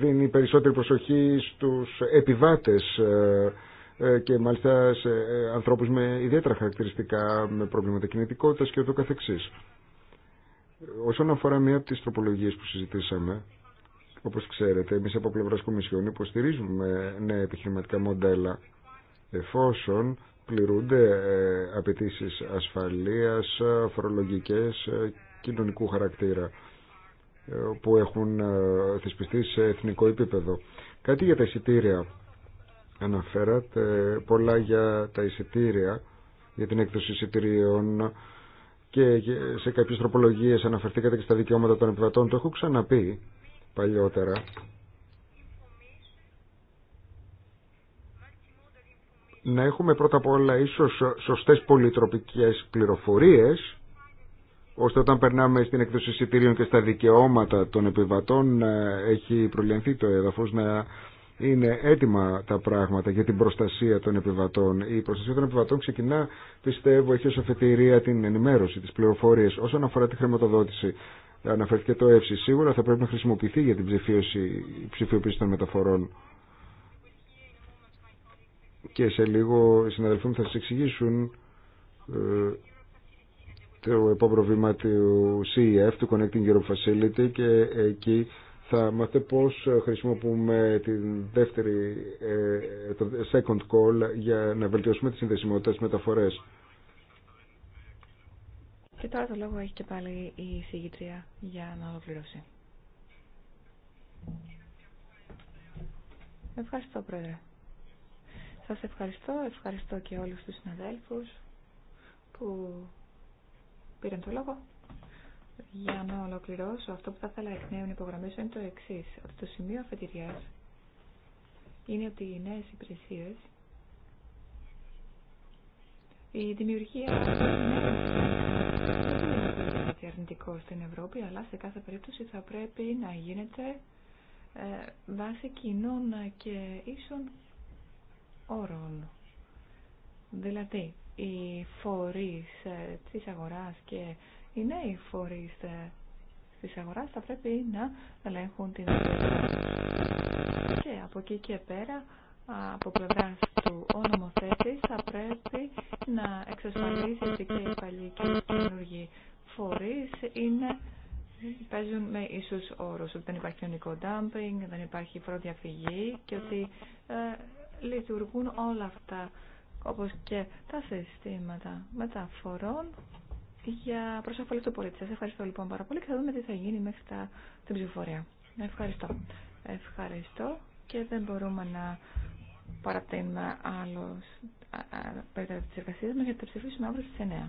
δίνει περισσότερη προσοχή στους επιβάτες ε, ε, και μάλιστα σε ε, ανθρώπους με ιδιαίτερα χαρακτηριστικά, με προβλήματα κινητικότητας και ούτω καθεξής. Όσον αφορά μία από τις τροπολογίες που συζητήσαμε, όπως ξέρετε, εμείς από πλευράς Κομισιόν υποστηρίζουμε νέα επιχειρηματικά μοντέλα εφόσον πληρούνται απαιτήσει ασφαλείας, φορολογικές, κοινωνικού χαρακτήρα που έχουν ε, θεσπιστεί σε εθνικό επίπεδο. Κάτι για τα εισιτήρια. Αναφέρατε πολλά για τα εισιτήρια, για την έκδοση εισιτηρίων και σε κάποιες τροπολογίες αναφερθήκατε και στα δικαιώματα των επιβατών. Το έχω ξαναπεί παλιότερα. Να έχουμε πρώτα απ' όλα ίσως σωστές πολυτροπικές πληροφορίες ώστε όταν περνάμε στην έκδοση εισιτήριων και στα δικαιώματα των επιβατών να έχει προλυνθεί το έδαφος να είναι έτοιμα τα πράγματα για την προστασία των επιβατών. Η προστασία των επιβατών ξεκινά, πιστεύω, έχει ως αφετηρία την ενημέρωση, τις πληροφορίες. Όσον αφορά τη χρηματοδότηση, αναφέρθηκε το ΕΦΣΙ, σίγουρα θα πρέπει να χρησιμοποιηθεί για την ψηφίωση, ψηφιοποίηση των μεταφορών. Και σε λίγο οι συναδελφοί μου θα σας εξηγήσουν ε, το επόμενο βήμα του CEF, του Connecting Europe Facility και εκεί θα μάθετε πώς χρησιμοποιούμε την δεύτερη, ε, το second call για να βελτιώσουμε τις συνδεσιμότητα μεταφορές. Και τώρα το λόγο έχει και πάλι η συγγητρία για να ολοκληρώσει. Ευχαριστώ, Πρόεδρε. Σας ευχαριστώ, ευχαριστώ και όλους τους συναδέλφους που πήραν το λόγο. Για να ολοκληρώσω, αυτό που θα ήθελα εκ νέου να υπογραμμίσω είναι το εξή. Ότι το σημείο αφετηρία είναι ότι οι νέε υπηρεσίε, η δημιουργία είναι αρνητικό στην Ευρώπη, αλλά σε κάθε περίπτωση θα πρέπει να γίνεται ε, βάσει κοινών και ίσων όρων. Δηλαδή, οι φορείς ε, της αγοράς και οι νέοι φορείς ε, της αγοράς θα πρέπει να ελέγχουν την αγορά. Και από εκεί και πέρα, από πλευρά του ο θα πρέπει να εξασφαλίσει ότι και οι παλιοί και οι καινούργοι φορείς είναι παίζουν με ίσους όρους, ότι δεν υπάρχει ονικό ντάμπινγκ, δεν υπάρχει φοροδιαφυγή και ότι ε, λειτουργούν όλα αυτά όπως και τα συστήματα μεταφορών για προσαφαλή του πολίτη. Σας ευχαριστώ λοιπόν πάρα πολύ και θα δούμε τι θα γίνει μέχρι τα... την ψηφοφορία. Ευχαριστώ. Ευχαριστώ και δεν μπορούμε να παρατείνουμε άλλο περίπτωση της εργασίας μας γιατί θα ψηφίσουμε αύριο στις 9.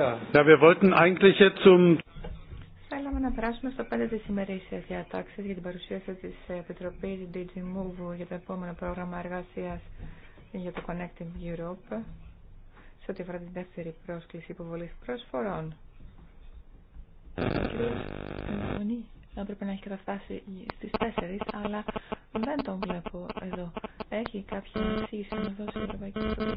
eigentlich jetzt zum... Θέλαμε να περάσουμε στο πέντε της ημερήσιας διατάξης για την παρουσίαση της Επιτροπής DG Move για το επόμενο πρόγραμμα εργασίας για το Connecting Europe σε ό,τι αφορά την δεύτερη πρόσκληση υποβολής προσφορών. Θα έπρεπε να έχει καταφτάσει στις 4, αλλά δεν τον βλέπω εδώ. Έχει κάποια εξήγηση να δώσει η Ευρωπαϊκή Επιτροπή.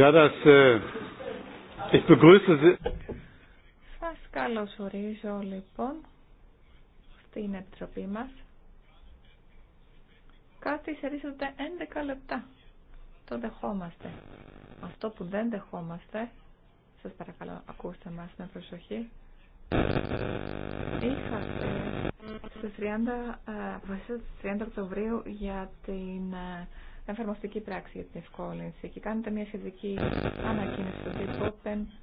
Ja, das, äh, Σας καλωσορίζω λοιπόν στην επιτροπή μας. Κάτι σε 11 λεπτά. Το δεχόμαστε. Αυτό που δεν δεχόμαστε, σας παρακαλώ ακούστε μας με προσοχή, είχατε στις 30, ε, στις 30 Οκτωβρίου για την ε, εφαρμοστική πράξη για την ευκόλυνση και κάνετε μια σχετική ανακοίνωση στον τύπο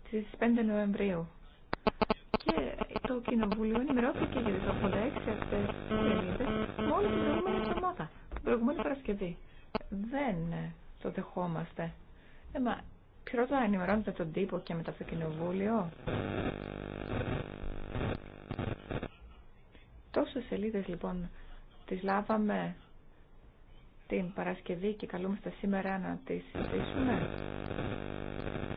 στι 5 Νοεμβρίου. Και το Κοινοβούλιο ενημερώθηκε για τι 86 αυτές σελίδε μόλις την προηγούμενη εβδομάδα, την προηγούμενη Παρασκευή. Δεν ε, το δεχόμαστε. Ε, μα, πρώτα ενημερώνετε τον τύπο και μετά το Κοινοβούλιο. Τόσε σελίδε, λοιπόν τι λάβαμε την Παρασκευή και καλούμαστε σήμερα να τη συζητήσουμε.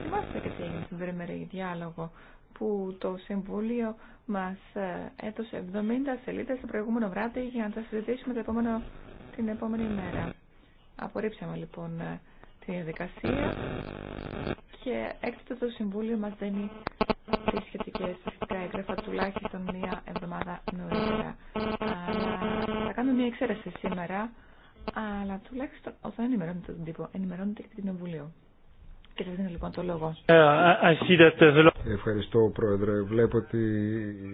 Θυμάστε και τι έγινε στον τριμερή διάλογο που το Συμβούλιο μας ε, έδωσε 70 σελίδες το προηγούμενο βράδυ για να τα συζητήσουμε το επόμενο, την επόμενη μέρα. Απορρίψαμε λοιπόν ε, τη διαδικασία και έκτοτε το Συμβούλιο μας δίνει τι σχετικές τα έγγραφα τουλάχιστον μία εβδομάδα νωρίτερα. θα κανουμε μία εξαίρεση σήμερα αλλά τουλάχιστον όταν ενημερώνεται τον τύπο, ενημερώνεται και την κοινοβούλιο. Και σα δίνω λοιπόν το λόγο. Ε, Ευχαριστώ Πρόεδρε. Βλέπω ότι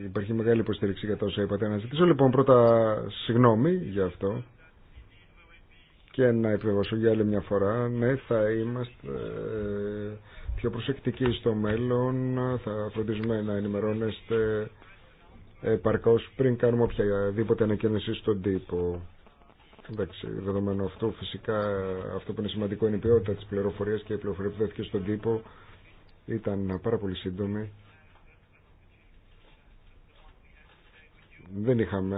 υπάρχει μεγάλη υποστήριξη για τα όσα είπατε. Να ζητήσω λοιπόν πρώτα συγγνώμη για αυτό και να επιβεβαιώσω για άλλη μια φορά. Ναι, θα είμαστε ε, πιο προσεκτικοί στο μέλλον. Θα φροντίζουμε να ενημερώνεστε επαρκώς πριν κάνουμε οποιαδήποτε ανακαίνιση στον τύπο. Εντάξει, δεδομένου αυτό φυσικά αυτό που είναι σημαντικό είναι η ποιότητα της πληροφορία και η πληροφορία που δόθηκε στον τύπο ήταν πάρα πολύ σύντομη. Δεν είχαμε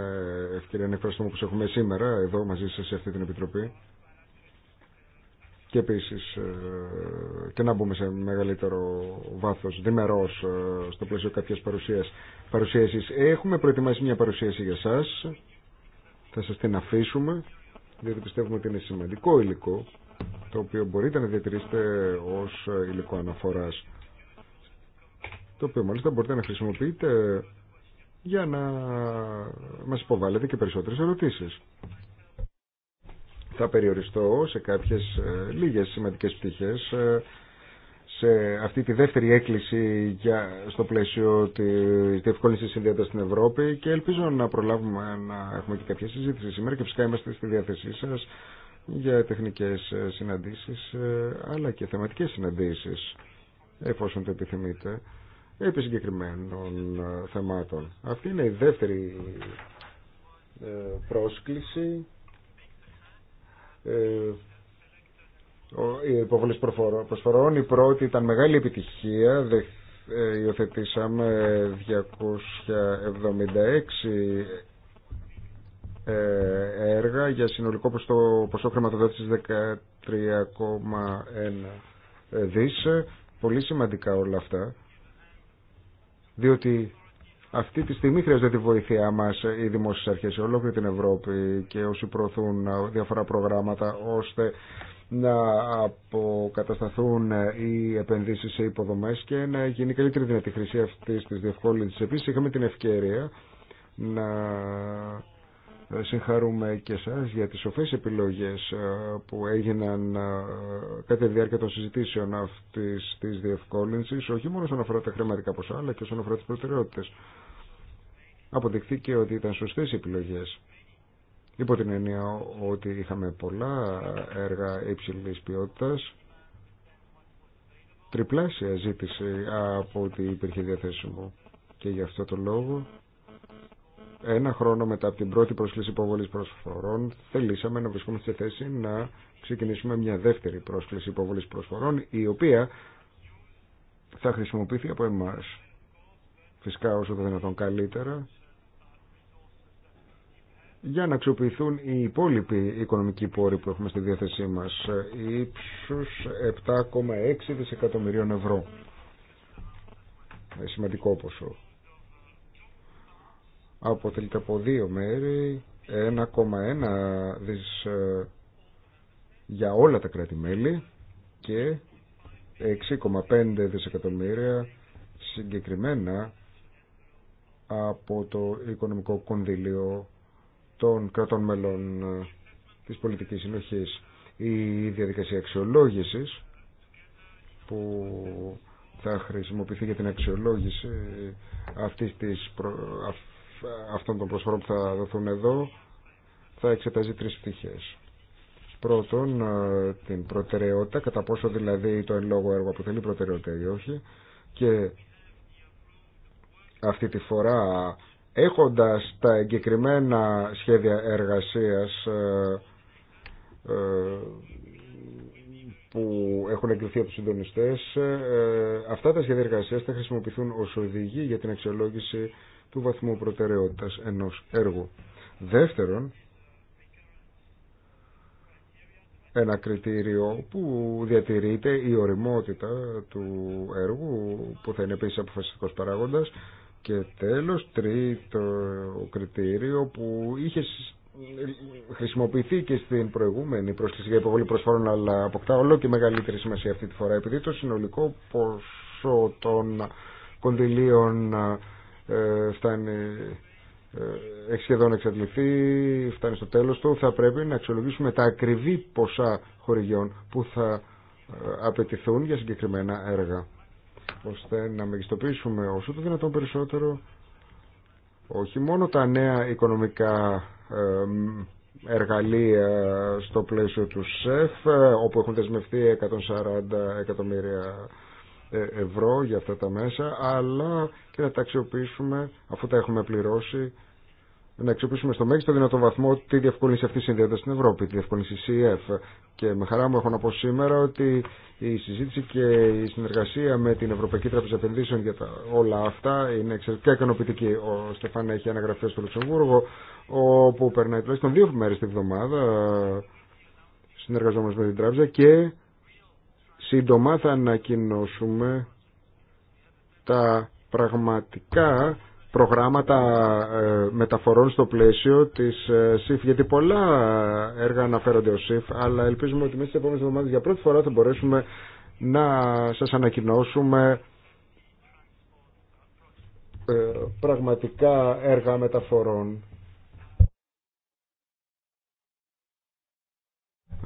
ευκαιρία να εκφραστούμε όπως έχουμε σήμερα εδώ μαζί σας σε αυτή την Επιτροπή και επίση ε, και να μπούμε σε μεγαλύτερο βάθος διμερό ε, στο πλαίσιο κάποιας παρουσίαση. Έχουμε προετοιμάσει μια παρουσίαση για εσά. θα σας την αφήσουμε διότι πιστεύουμε ότι είναι σημαντικό υλικό το οποίο μπορείτε να διατηρήσετε ως υλικό αναφοράς το οποίο μάλιστα μπορείτε να χρησιμοποιείτε για να μας υποβάλλετε και περισσότερες ερωτήσεις. Θα περιοριστώ σε κάποιες ε, λίγες σημαντικές πτυχές ε, σε αυτή τη δεύτερη έκκληση για, στο πλαίσιο τη διευκόλυνσης συνδέοντας στην Ευρώπη και ελπίζω να προλάβουμε να έχουμε και κάποια συζήτηση σήμερα και φυσικά είμαστε στη διάθεσή σας για τεχνικές συναντήσεις ε, αλλά και θεματικές συναντήσεις εφόσον το επιθυμείτε επί συγκεκριμένων ε, θεμάτων. Αυτή είναι η δεύτερη ε, πρόσκληση η υποβολή προσφορών. Η πρώτη ήταν μεγάλη επιτυχία. Ε, υιοθετήσαμε 276 ε, έργα για συνολικό ποσό, ποσό χρηματοδότησης 13,1 δις. Πολύ σημαντικά όλα αυτά, διότι αυτή τη στιγμή χρειάζεται τη βοήθειά μας οι δημόσιες αρχές σε ολόκληρη την Ευρώπη και όσοι προωθούν διάφορα προγράμματα ώστε να αποκατασταθούν οι επενδύσεις σε υποδομές και να γίνει καλύτερη δυνατή χρήση αυτής της διευκόλυνσης. Επίσης είχαμε την ευκαιρία να συγχαρούμε και εσά για τις σοφές επιλογές που έγιναν κατά τη διάρκεια των συζητήσεων αυτής της διευκόλυνσης, όχι μόνο όσον αφορά τα χρηματικά ποσά, αλλά και όσον αφορά τις προτεραιότητες. Αποδειχθήκε ότι ήταν σωστές οι επιλογές υπό την έννοια ότι είχαμε πολλά έργα υψηλή ποιότητα, τριπλάσια ζήτηση από ό,τι υπήρχε διαθέσιμο και γι' αυτό το λόγο ένα χρόνο μετά από την πρώτη πρόσκληση υποβολή προσφορών θελήσαμε να βρισκόμαστε σε θέση να ξεκινήσουμε μια δεύτερη πρόσκληση υποβολή προσφορών η οποία θα χρησιμοποιηθεί από εμά, φυσικά όσο το δυνατόν καλύτερα για να αξιοποιηθούν οι υπόλοιποι οικονομικοί πόροι που έχουμε στη διάθεσή μας ύψους 7,6 δισεκατομμυρίων ευρώ ε, σημαντικό ποσό αποτελείται από δύο μέρη 1,1 δις ε, για όλα τα κράτη-μέλη και 6,5 δισεκατομμύρια συγκεκριμένα από το Οικονομικό Κονδύλιο των κρατών μελών ε, της πολιτικής συνοχής. Η διαδικασία αξιολόγησης που θα χρησιμοποιηθεί για την αξιολόγηση αυτής της αυτών των προσφορών που θα δοθούν εδώ θα εξετάζει τρεις πτυχές. Πρώτον, ε, την προτεραιότητα, κατά πόσο δηλαδή το εν λόγω έργο αποτελεί προτεραιότητα ή όχι και αυτή τη φορά έχοντας τα εγκεκριμένα σχέδια εργασίας ε, ε, που έχουν εκδοθεί από τους συντονιστές, ε, αυτά τα σχέδια εργασίας θα χρησιμοποιηθούν ως οδηγή για την αξιολόγηση του βαθμού προτεραιότητας ενός έργου. Δεύτερον, ένα κριτήριο που διατηρείται η οριμότητα του έργου, που θα είναι επίσης αποφασιστικός παράγοντας, και τέλος, τρίτο κριτήριο που είχε χρησιμοποιηθεί και στην προηγούμενη πρόσκληση για υποβολή προσφόρων αλλά αποκτά όλο και μεγαλύτερη σημασία αυτή τη φορά επειδή το συνολικό ποσό των κοντιλίων ε, φτάνει ε, έχει σχεδόν εξαντληθεί, φτάνει στο τέλος του, θα πρέπει να αξιολογήσουμε τα ακριβή ποσά χορηγιών που θα ε, απαιτηθούν για συγκεκριμένα έργα ώστε να μεγιστοποιήσουμε όσο το δυνατόν περισσότερο όχι μόνο τα νέα οικονομικά ε, εργαλεία στο πλαίσιο του ΣΕΦ ε, όπου έχουν δεσμευτεί 140 εκατομμύρια ε, ευρώ για αυτά τα μέσα αλλά και να τα αξιοποιήσουμε αφού τα έχουμε πληρώσει να αξιοποιήσουμε στο μέγιστο δυνατό βαθμό τη διευκόλυνση αυτή τη συνδέεται στην Ευρώπη, τη διευκόλυνση CEF. Και με χαρά μου έχω να πω σήμερα ότι η συζήτηση και η συνεργασία με την Ευρωπαϊκή Τράπεζα Επενδύσεων για όλα αυτά είναι εξαιρετικά ικανοποιητική. Ο Στεφάν έχει αναγραφεί στο Λουξεμβούργο, όπου περνάει τουλάχιστον δύο μέρε τη βδομάδα συνεργαζόμενο με την τράπεζα και σύντομα θα ανακοινώσουμε τα πραγματικά προγράμματα ε, μεταφορών στο πλαίσιο της ε, ΣΥΦ, γιατί πολλά έργα αναφέρονται ως ΣΥΦ, αλλά ελπίζουμε ότι μέσα στις επόμενες εβδομάδες για πρώτη φορά θα μπορέσουμε να σας ανακοινώσουμε ε, πραγματικά έργα μεταφορών.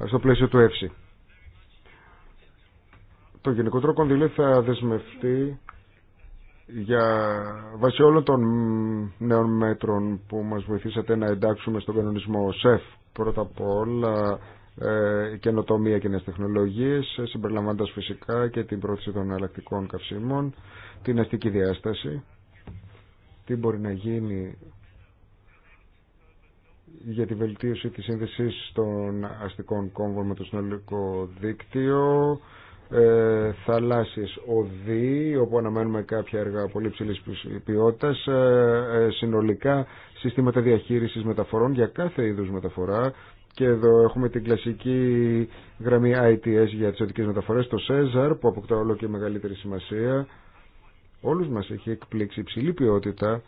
στο πλαίσιο του ΕΦΣΥ. Το Γενικό Τροκονδύλιο θα δεσμευτεί για βάσει όλων των νέων μέτρων που μας βοηθήσατε να εντάξουμε στον κανονισμό ΣΕΦ πρώτα απ' όλα ε, καινοτομία και νέες τεχνολογίες ε, συμπεριλαμβάνοντας φυσικά και την πρόθεση των εναλλακτικών καυσίμων την αστική διάσταση τι μπορεί να γίνει για τη βελτίωση της σύνδεσης των αστικών κόμβων με το συνολικό δίκτυο ε, θαλάσσιες οδοί όπου αναμένουμε κάποια έργα πολύ ψηλής ποιότητας ε, ε, συνολικά συστήματα διαχείρισης μεταφορών για κάθε είδους μεταφορά και εδώ έχουμε την κλασική γραμμή ITS για τις οδικές μεταφορές το CESAR που αποκτά όλο και μεγαλύτερη σημασία όλους μας έχει εκπλήξει ψηλή ποιότητα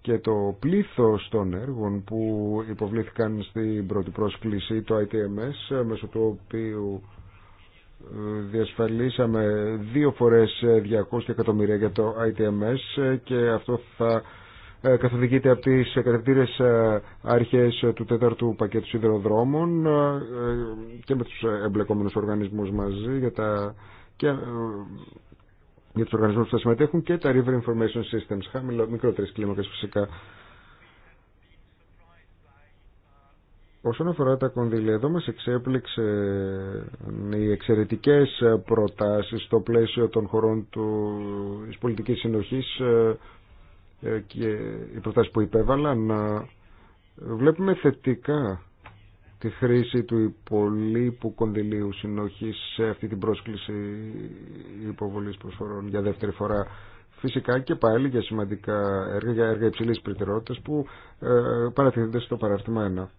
και το πλήθος των έργων που υποβλήθηκαν στην πρώτη πρόσκληση το ITMS ε, μέσω του οποίου διασφαλίσαμε δύο φορές 200 ε, εκατομμύρια για το ITMS ε, και αυτό θα ε, καθοδηγείται από τις κατευθύνες αρχές του τέταρτου πακέτου σιδηροδρόμων και με τους εμπλεκόμενους οργανισμούς μαζί για, τα, και, για τους οργανισμούς που θα συμμετέχουν και τα River Information Systems, χαμηλό, μικρότερες κλίμακες φυσικά. Όσον αφορά τα κονδύλια, εδώ μας εξέπληξε ε, οι εξαιρετικές ε, προτάσεις στο πλαίσιο των χωρών του, της πολιτικής συνοχής ε, και οι προτάσεις που να Βλέπουμε θετικά τη χρήση του υπολείπου κονδυλίου συνοχής σε αυτή την πρόσκληση υποβολής προσφορών για δεύτερη φορά φυσικά και πάλι για σημαντικά έργα, για έργα υψηλής που ε, παρατηρούνται στο παραρτημά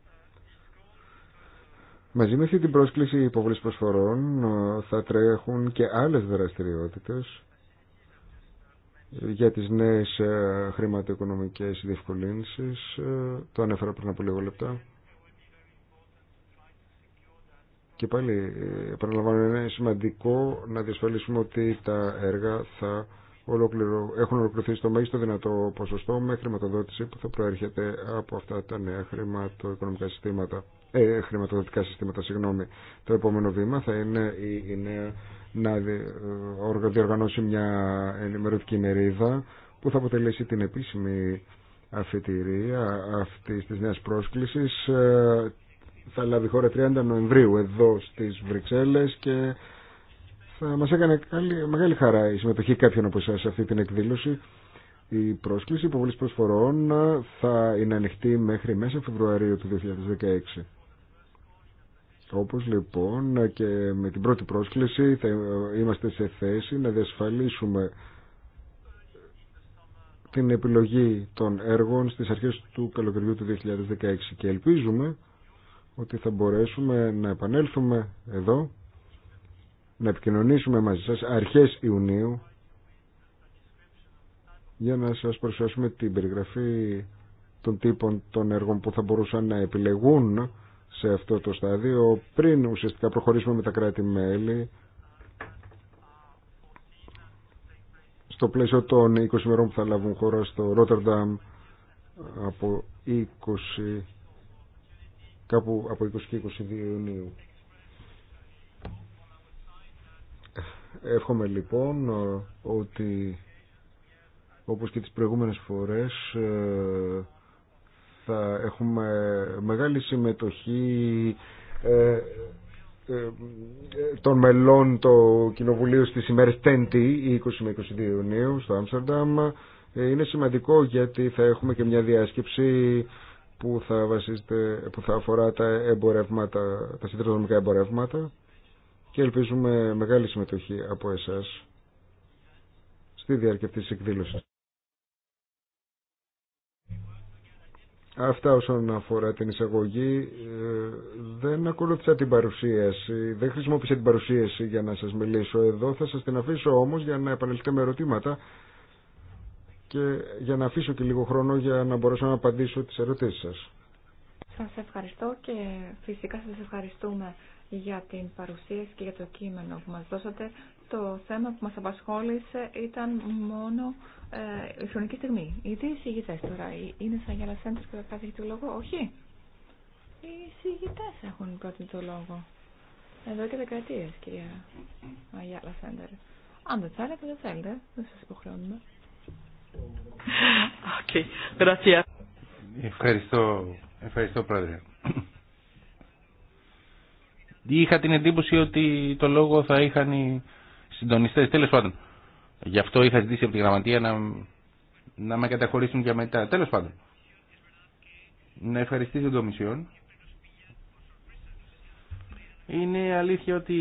Μαζί με αυτή την πρόσκληση υποβολής προσφορών ε, θα τρέχουν και άλλες δραστηριότητες για τις νέες ε, χρηματοοικονομικές διευκολύνσεις. Ε, το ανέφερα πριν από λίγο λεπτά. Και πάλι επαναλαμβάνω είναι σημαντικό να διασφαλίσουμε ότι τα έργα θα έχουν ολοκληρωθεί στο μέγιστο δυνατό ποσοστό με χρηματοδότηση που θα προέρχεται από αυτά τα νέα χρηματοοικονομικά συστήματα ε, χρηματοδοτικά συστήματα, συγγνώμη. Το επόμενο βήμα θα είναι η, να ε, διοργανώσει μια ενημερωτική μερίδα που θα αποτελέσει την επίσημη αφιτηρία αυτή τη νέα πρόσκληση, ε, θα λάβει χώρα 30 Νοεμβρίου εδώ στι Βρυξέλλες και θα μα έκανε καλή, μεγάλη χαρά η συμμετοχή κάποιων από εσά σε αυτή την εκδήλωση. Η πρόσκληση υποβολή προσφορών θα είναι ανοιχτή μέχρι μέσα Φεβρουαρίου του 2016. Όπως, λοιπόν και με την πρώτη πρόσκληση θα είμαστε σε θέση να διασφαλίσουμε την επιλογή των έργων στις αρχές του καλοκαιριού του 2016 και ελπίζουμε ότι θα μπορέσουμε να επανέλθουμε εδώ να επικοινωνήσουμε μαζί σας αρχές Ιουνίου για να σας παρουσιάσουμε την περιγραφή των τύπων των έργων που θα μπορούσαν να επιλεγούν σε αυτό το στάδιο πριν ουσιαστικά προχωρήσουμε με τα κράτη-μέλη στο πλαίσιο των 20 ημερών που θα λάβουν χώρα στο Ρότερνταμ από 20 κάπου από 20 και 22 Ιουνίου. Εύχομαι λοιπόν ότι όπως και τις προηγούμενες φορές ε, θα έχουμε μεγάλη συμμετοχή ε, ε, ε, των μελών του Κοινοβουλίου στις ημέρες 10 ή 20 με 22 Ιουνίου στο Άμστερνταμ είναι σημαντικό γιατί θα έχουμε και μια διάσκεψη που θα, βασίζεται, που θα αφορά τα εμπορεύματα, τα συνδρομικά εμπορεύματα και ελπίζουμε μεγάλη συμμετοχή από εσάς στη διάρκεια της εκδήλωσης. Αυτά όσον αφορά την εισαγωγή, ε, δεν ακολούθησα την παρουσίαση, δεν χρησιμοποίησα την παρουσίαση για να σας μιλήσω εδώ. Θα σας την αφήσω όμως για να επανελθείτε με ερωτήματα και για να αφήσω και λίγο χρόνο για να μπορέσω να απαντήσω τις ερωτήσεις σας. Σας ευχαριστώ και φυσικά σας ευχαριστούμε για την παρουσίαση και για το κείμενο που μας δώσατε. Το θέμα που μας απασχόλησε ήταν μόνο ε, η χρονική στιγμή. Οι δύο εισηγητές τώρα είναι σαν για Σέντρος και θα έχει το λόγο. Όχι. Οι εισηγητές έχουν πρώτη το λόγο. Εδώ και δεκαετίες, κυρία Αγιάλα Σέντερ. Αν δεν θέλετε, δεν θέλετε. Δεν σας υποχρεώνουμε. <laughs> Okay. Ευχαριστώ, ευχαριστώ πρόεδρε. Είχα την εντύπωση ότι το λόγο θα είχαν οι συντονιστέ. Τέλο πάντων. Γι' αυτό είχα ζητήσει από τη γραμματεία να, να με καταχωρήσουν για μετά. Τέλο πάντων. Να ευχαριστήσω το Μισιόν. Είναι αλήθεια ότι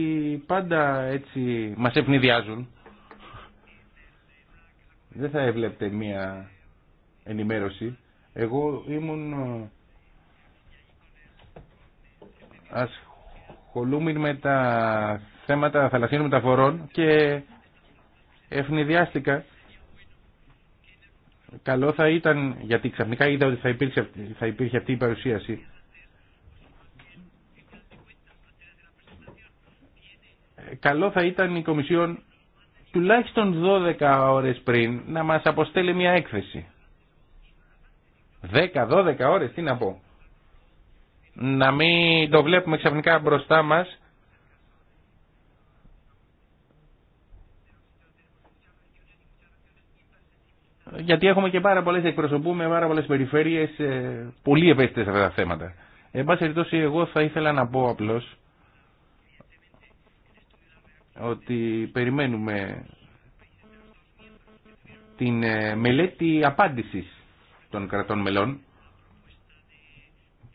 πάντα έτσι μας ευνηδιάζουν. Δεν θα έβλεπτε μία ενημέρωση. Εγώ ήμουν ε, ασχολούμαι με τα θέματα θαλασσίων μεταφορών και ευνηδιάστηκα. Καλό θα ήταν, γιατί ξαφνικά είδα ότι θα υπήρχε, θα υπήρχε αυτή η παρουσίαση. Καλό θα ήταν η Κομισιόν τουλάχιστον 12 ώρες πριν να μας αποστέλει μια έκθεση. 10-12 ώρες, τι να πω να μην το βλέπουμε ξαφνικά μπροστά μας γιατί έχουμε και πάρα πολλές εκπροσωπούμε πάρα πολλές περιφέρειες ε, πολύ ευαίσθητες αυτά τα θέματα εν πάση εγώ θα ήθελα να πω απλώς ότι περιμένουμε την ε, μελέτη απάντησης των κρατών μελών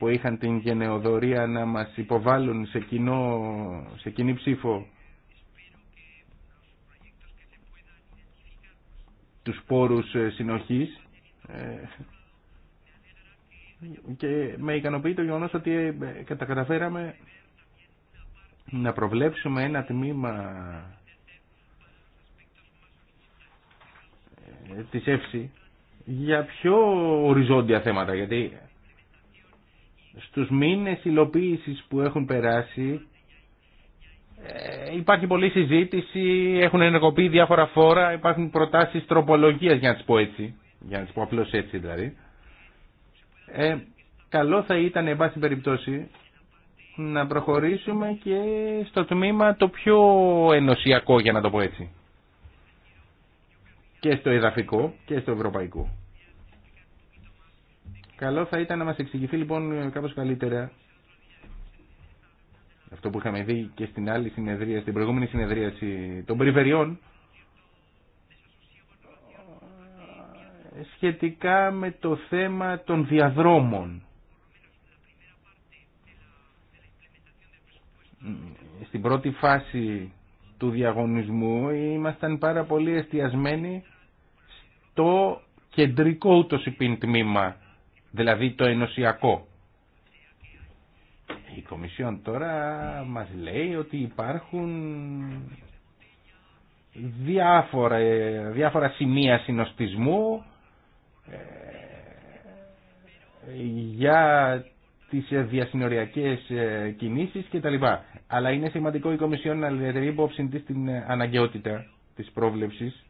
που είχαν την γενεοδορία να μας υποβάλουν σε, κοινό, σε κοινή ψήφο τους πόρους ε, συνοχής ε, και με ικανοποιεί το γεγονός ότι ε, καταφέραμε να προβλέψουμε ένα τμήμα της ΕΦΣΗ για πιο οριζόντια θέματα γιατί στους μήνες υλοποίησης που έχουν περάσει ε, υπάρχει πολλή συζήτηση, έχουν ενεργοποιεί διάφορα φόρα, υπάρχουν προτάσεις τροπολογίας για να τις πω έτσι, για να τις πω δηλαδή. Ε, καλό θα ήταν, εν πάση περιπτώσει, να προχωρήσουμε και στο τμήμα το πιο ενωσιακό, για να το πω έτσι. Και στο εδαφικό και στο ευρωπαϊκό. Καλό θα ήταν να μας εξηγηθεί λοιπόν κάπως καλύτερα αυτό που είχαμε δει και στην άλλη συνεδρία, στην προηγούμενη συνεδρίαση των περιφερειών σχετικά με το θέμα των διαδρόμων. Στην πρώτη φάση του διαγωνισμού ήμασταν πάρα πολύ εστιασμένοι στο κεντρικό ούτως υπήν τμήμα δηλαδή το ενωσιακό. Η Κομισιόν τώρα μας λέει ότι υπάρχουν διάφορα, διάφορα σημεία συνοστισμού ε, για τις διασυνοριακές ε, κινήσεις κτλ. Αλλά είναι σημαντικό η Κομισιόν να διατηρεί υπόψη της την αναγκαιότητα της πρόβλεψης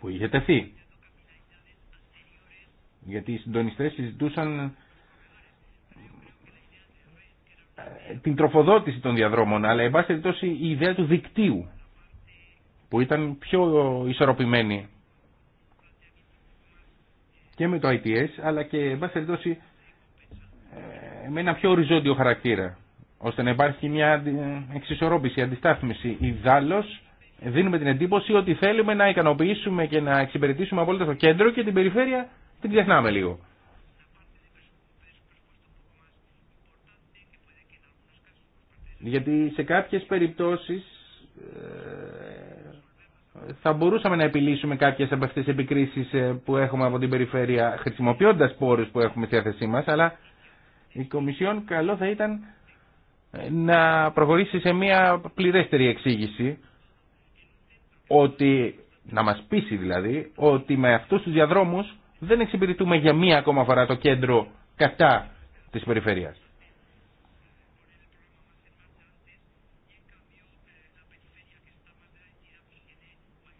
που είχε τεθεί. Γιατί οι συντονιστές συζητούσαν ε, την τροφοδότηση των διαδρόμων, αλλά εν πάση η ιδέα του δικτύου που ήταν πιο ισορροπημένη και με το ITS, αλλά και εν πάση ε, με ένα πιο οριζόντιο χαρακτήρα, ώστε να υπάρχει μια εξισορρόπηση, αντιστάθμιση. Ιδάλλως δίνουμε την εντύπωση ότι θέλουμε να ικανοποιήσουμε και να εξυπηρετήσουμε απόλυτα το κέντρο και την περιφέρεια την ξεχνάμε λίγο. Γιατί σε κάποιες περιπτώσεις ε, θα μπορούσαμε να επιλύσουμε κάποιες από αυτές τις επικρίσεις ε, που έχουμε από την περιφέρεια χρησιμοποιώντας πόρους που έχουμε στη θέση μας, αλλά η Κομισιόν καλό θα ήταν ε, να προχωρήσει σε μια πληρέστερη εξήγηση ότι, να μας πείσει δηλαδή, ότι με αυτούς τους διαδρόμους δεν εξυπηρετούμε για μία ακόμα φορά το κέντρο κατά της περιφέρειας.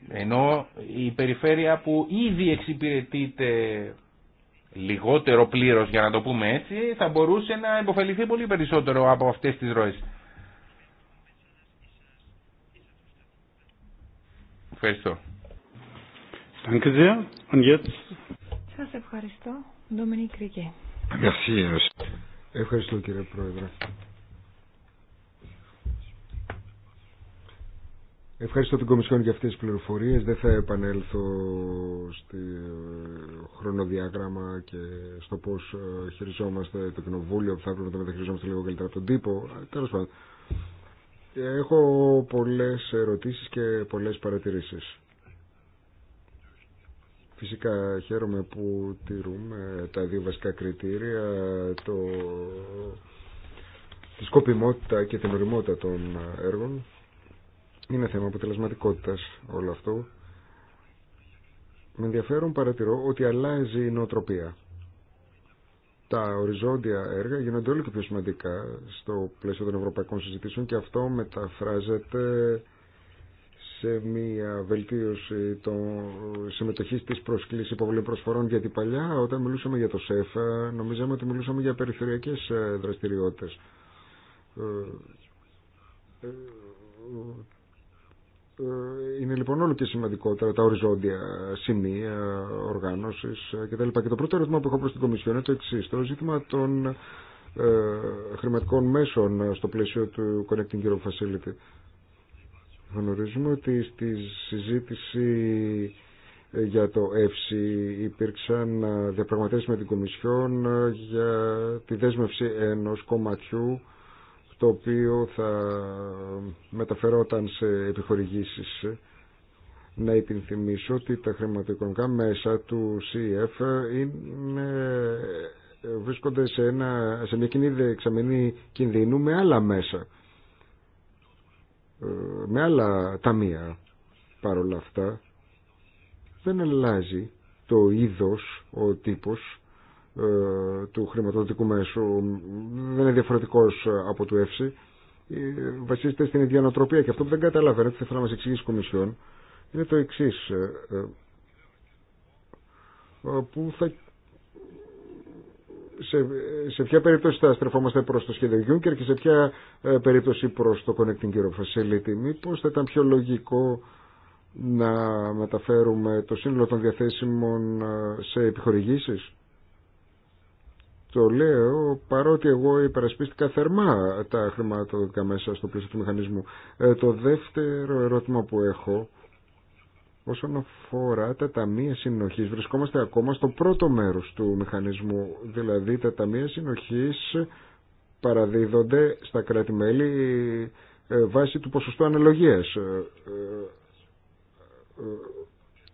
Ενώ η περιφέρεια που ήδη εξυπηρετείται λιγότερο πλήρως για να το πούμε έτσι θα μπορούσε να υποφεληθεί πολύ περισσότερο από αυτές τις ροές. Ευχαριστώ. Danke σας ευχαριστώ. Ντομινί Κρικέ. Ευχαριστώ κύριε Πρόεδρε. Ευχαριστώ την Κομισιόν για αυτές τις πληροφορίες. Δεν θα επανέλθω στη χρονοδιάγραμμα και στο πώς ε, χειριζόμαστε το κοινοβούλιο που θα πρέπει να το μεταχειριζόμαστε λίγο καλύτερα από τον τύπο. Τέλος πάντων. Έχω πολλές ερωτήσεις και πολλές παρατηρήσεις. Φυσικά χαίρομαι που τηρούμε τα δύο βασικά κριτήρια, το... τη σκοπιμότητα και την οριμότητα των έργων. Είναι θέμα αποτελεσματικότητας όλο αυτό. Με ενδιαφέρον παρατηρώ ότι αλλάζει η νοοτροπία. Τα οριζόντια έργα γίνονται όλο και πιο σημαντικά στο πλαίσιο των ευρωπαϊκών συζητήσεων και αυτό μεταφράζεται σε μια βελτίωση των συμμετοχής της προσκλήσης υποβολή προσφορών γιατί παλιά όταν μιλούσαμε για το ΣΕΦ νομίζαμε ότι μιλούσαμε για περιφερειακές ε, δραστηριότητες ε, ε, είναι λοιπόν όλο και σημαντικότερα τα οριζόντια σημεία οργάνωση κτλ. Και το πρώτο ερώτημα που έχω προ την Κομισιόν είναι το εξή. Το ζήτημα των χρηματικών μέσων στο πλαίσιο του Connecting Europe Facility. Γνωρίζουμε ότι στη συζήτηση ε, για το ΕΦΣΥ υπήρξαν ε, διαπραγματεύσεις με την Κομισιόν ε, για τη δέσμευση ενός κομματιού το οποίο θα μεταφερόταν σε επιχορηγήσεις. Να υπενθυμίσω ότι τα χρηματοοικονομικά μέσα του ΣΥΕΦ είναι, βρίσκονται σε, ένα, σε μια κοινή δεξαμενή κινδύνου με άλλα μέσα ε, με άλλα ταμεία παρόλα αυτά δεν αλλάζει το είδος, ο τύπος ε, του χρηματοδοτικού μέσου δεν είναι διαφορετικός ε, από του ΕΦΣΥ βασίζεται στην ίδια νοοτροπία και αυτό που δεν καταλαβαίνω θα θέλω να μας εξηγήσει η Κομισιόν είναι το εξή που θα σε, σε ποια περίπτωση θα στρεφόμαστε προς το σχέδιο Juncker και σε ποια ε, περίπτωση προς το Connecting Europe Facility. Μήπως θα ήταν πιο λογικό να μεταφέρουμε το σύνολο των διαθέσιμων ε, σε επιχορηγήσεις. Το λέω παρότι εγώ υπερασπίστηκα θερμά τα χρηματοδοτικά μέσα στο πλαίσιο του μηχανισμού. Ε, το δεύτερο ερώτημα που έχω Όσον αφορά τα ταμεία συνοχής, βρισκόμαστε ακόμα στο πρώτο μέρος του μηχανισμού, δηλαδή τα ταμεία συνοχής παραδίδονται στα κράτη-μέλη ε, βάσει του ποσοστού αναλογίας. Ε, ε,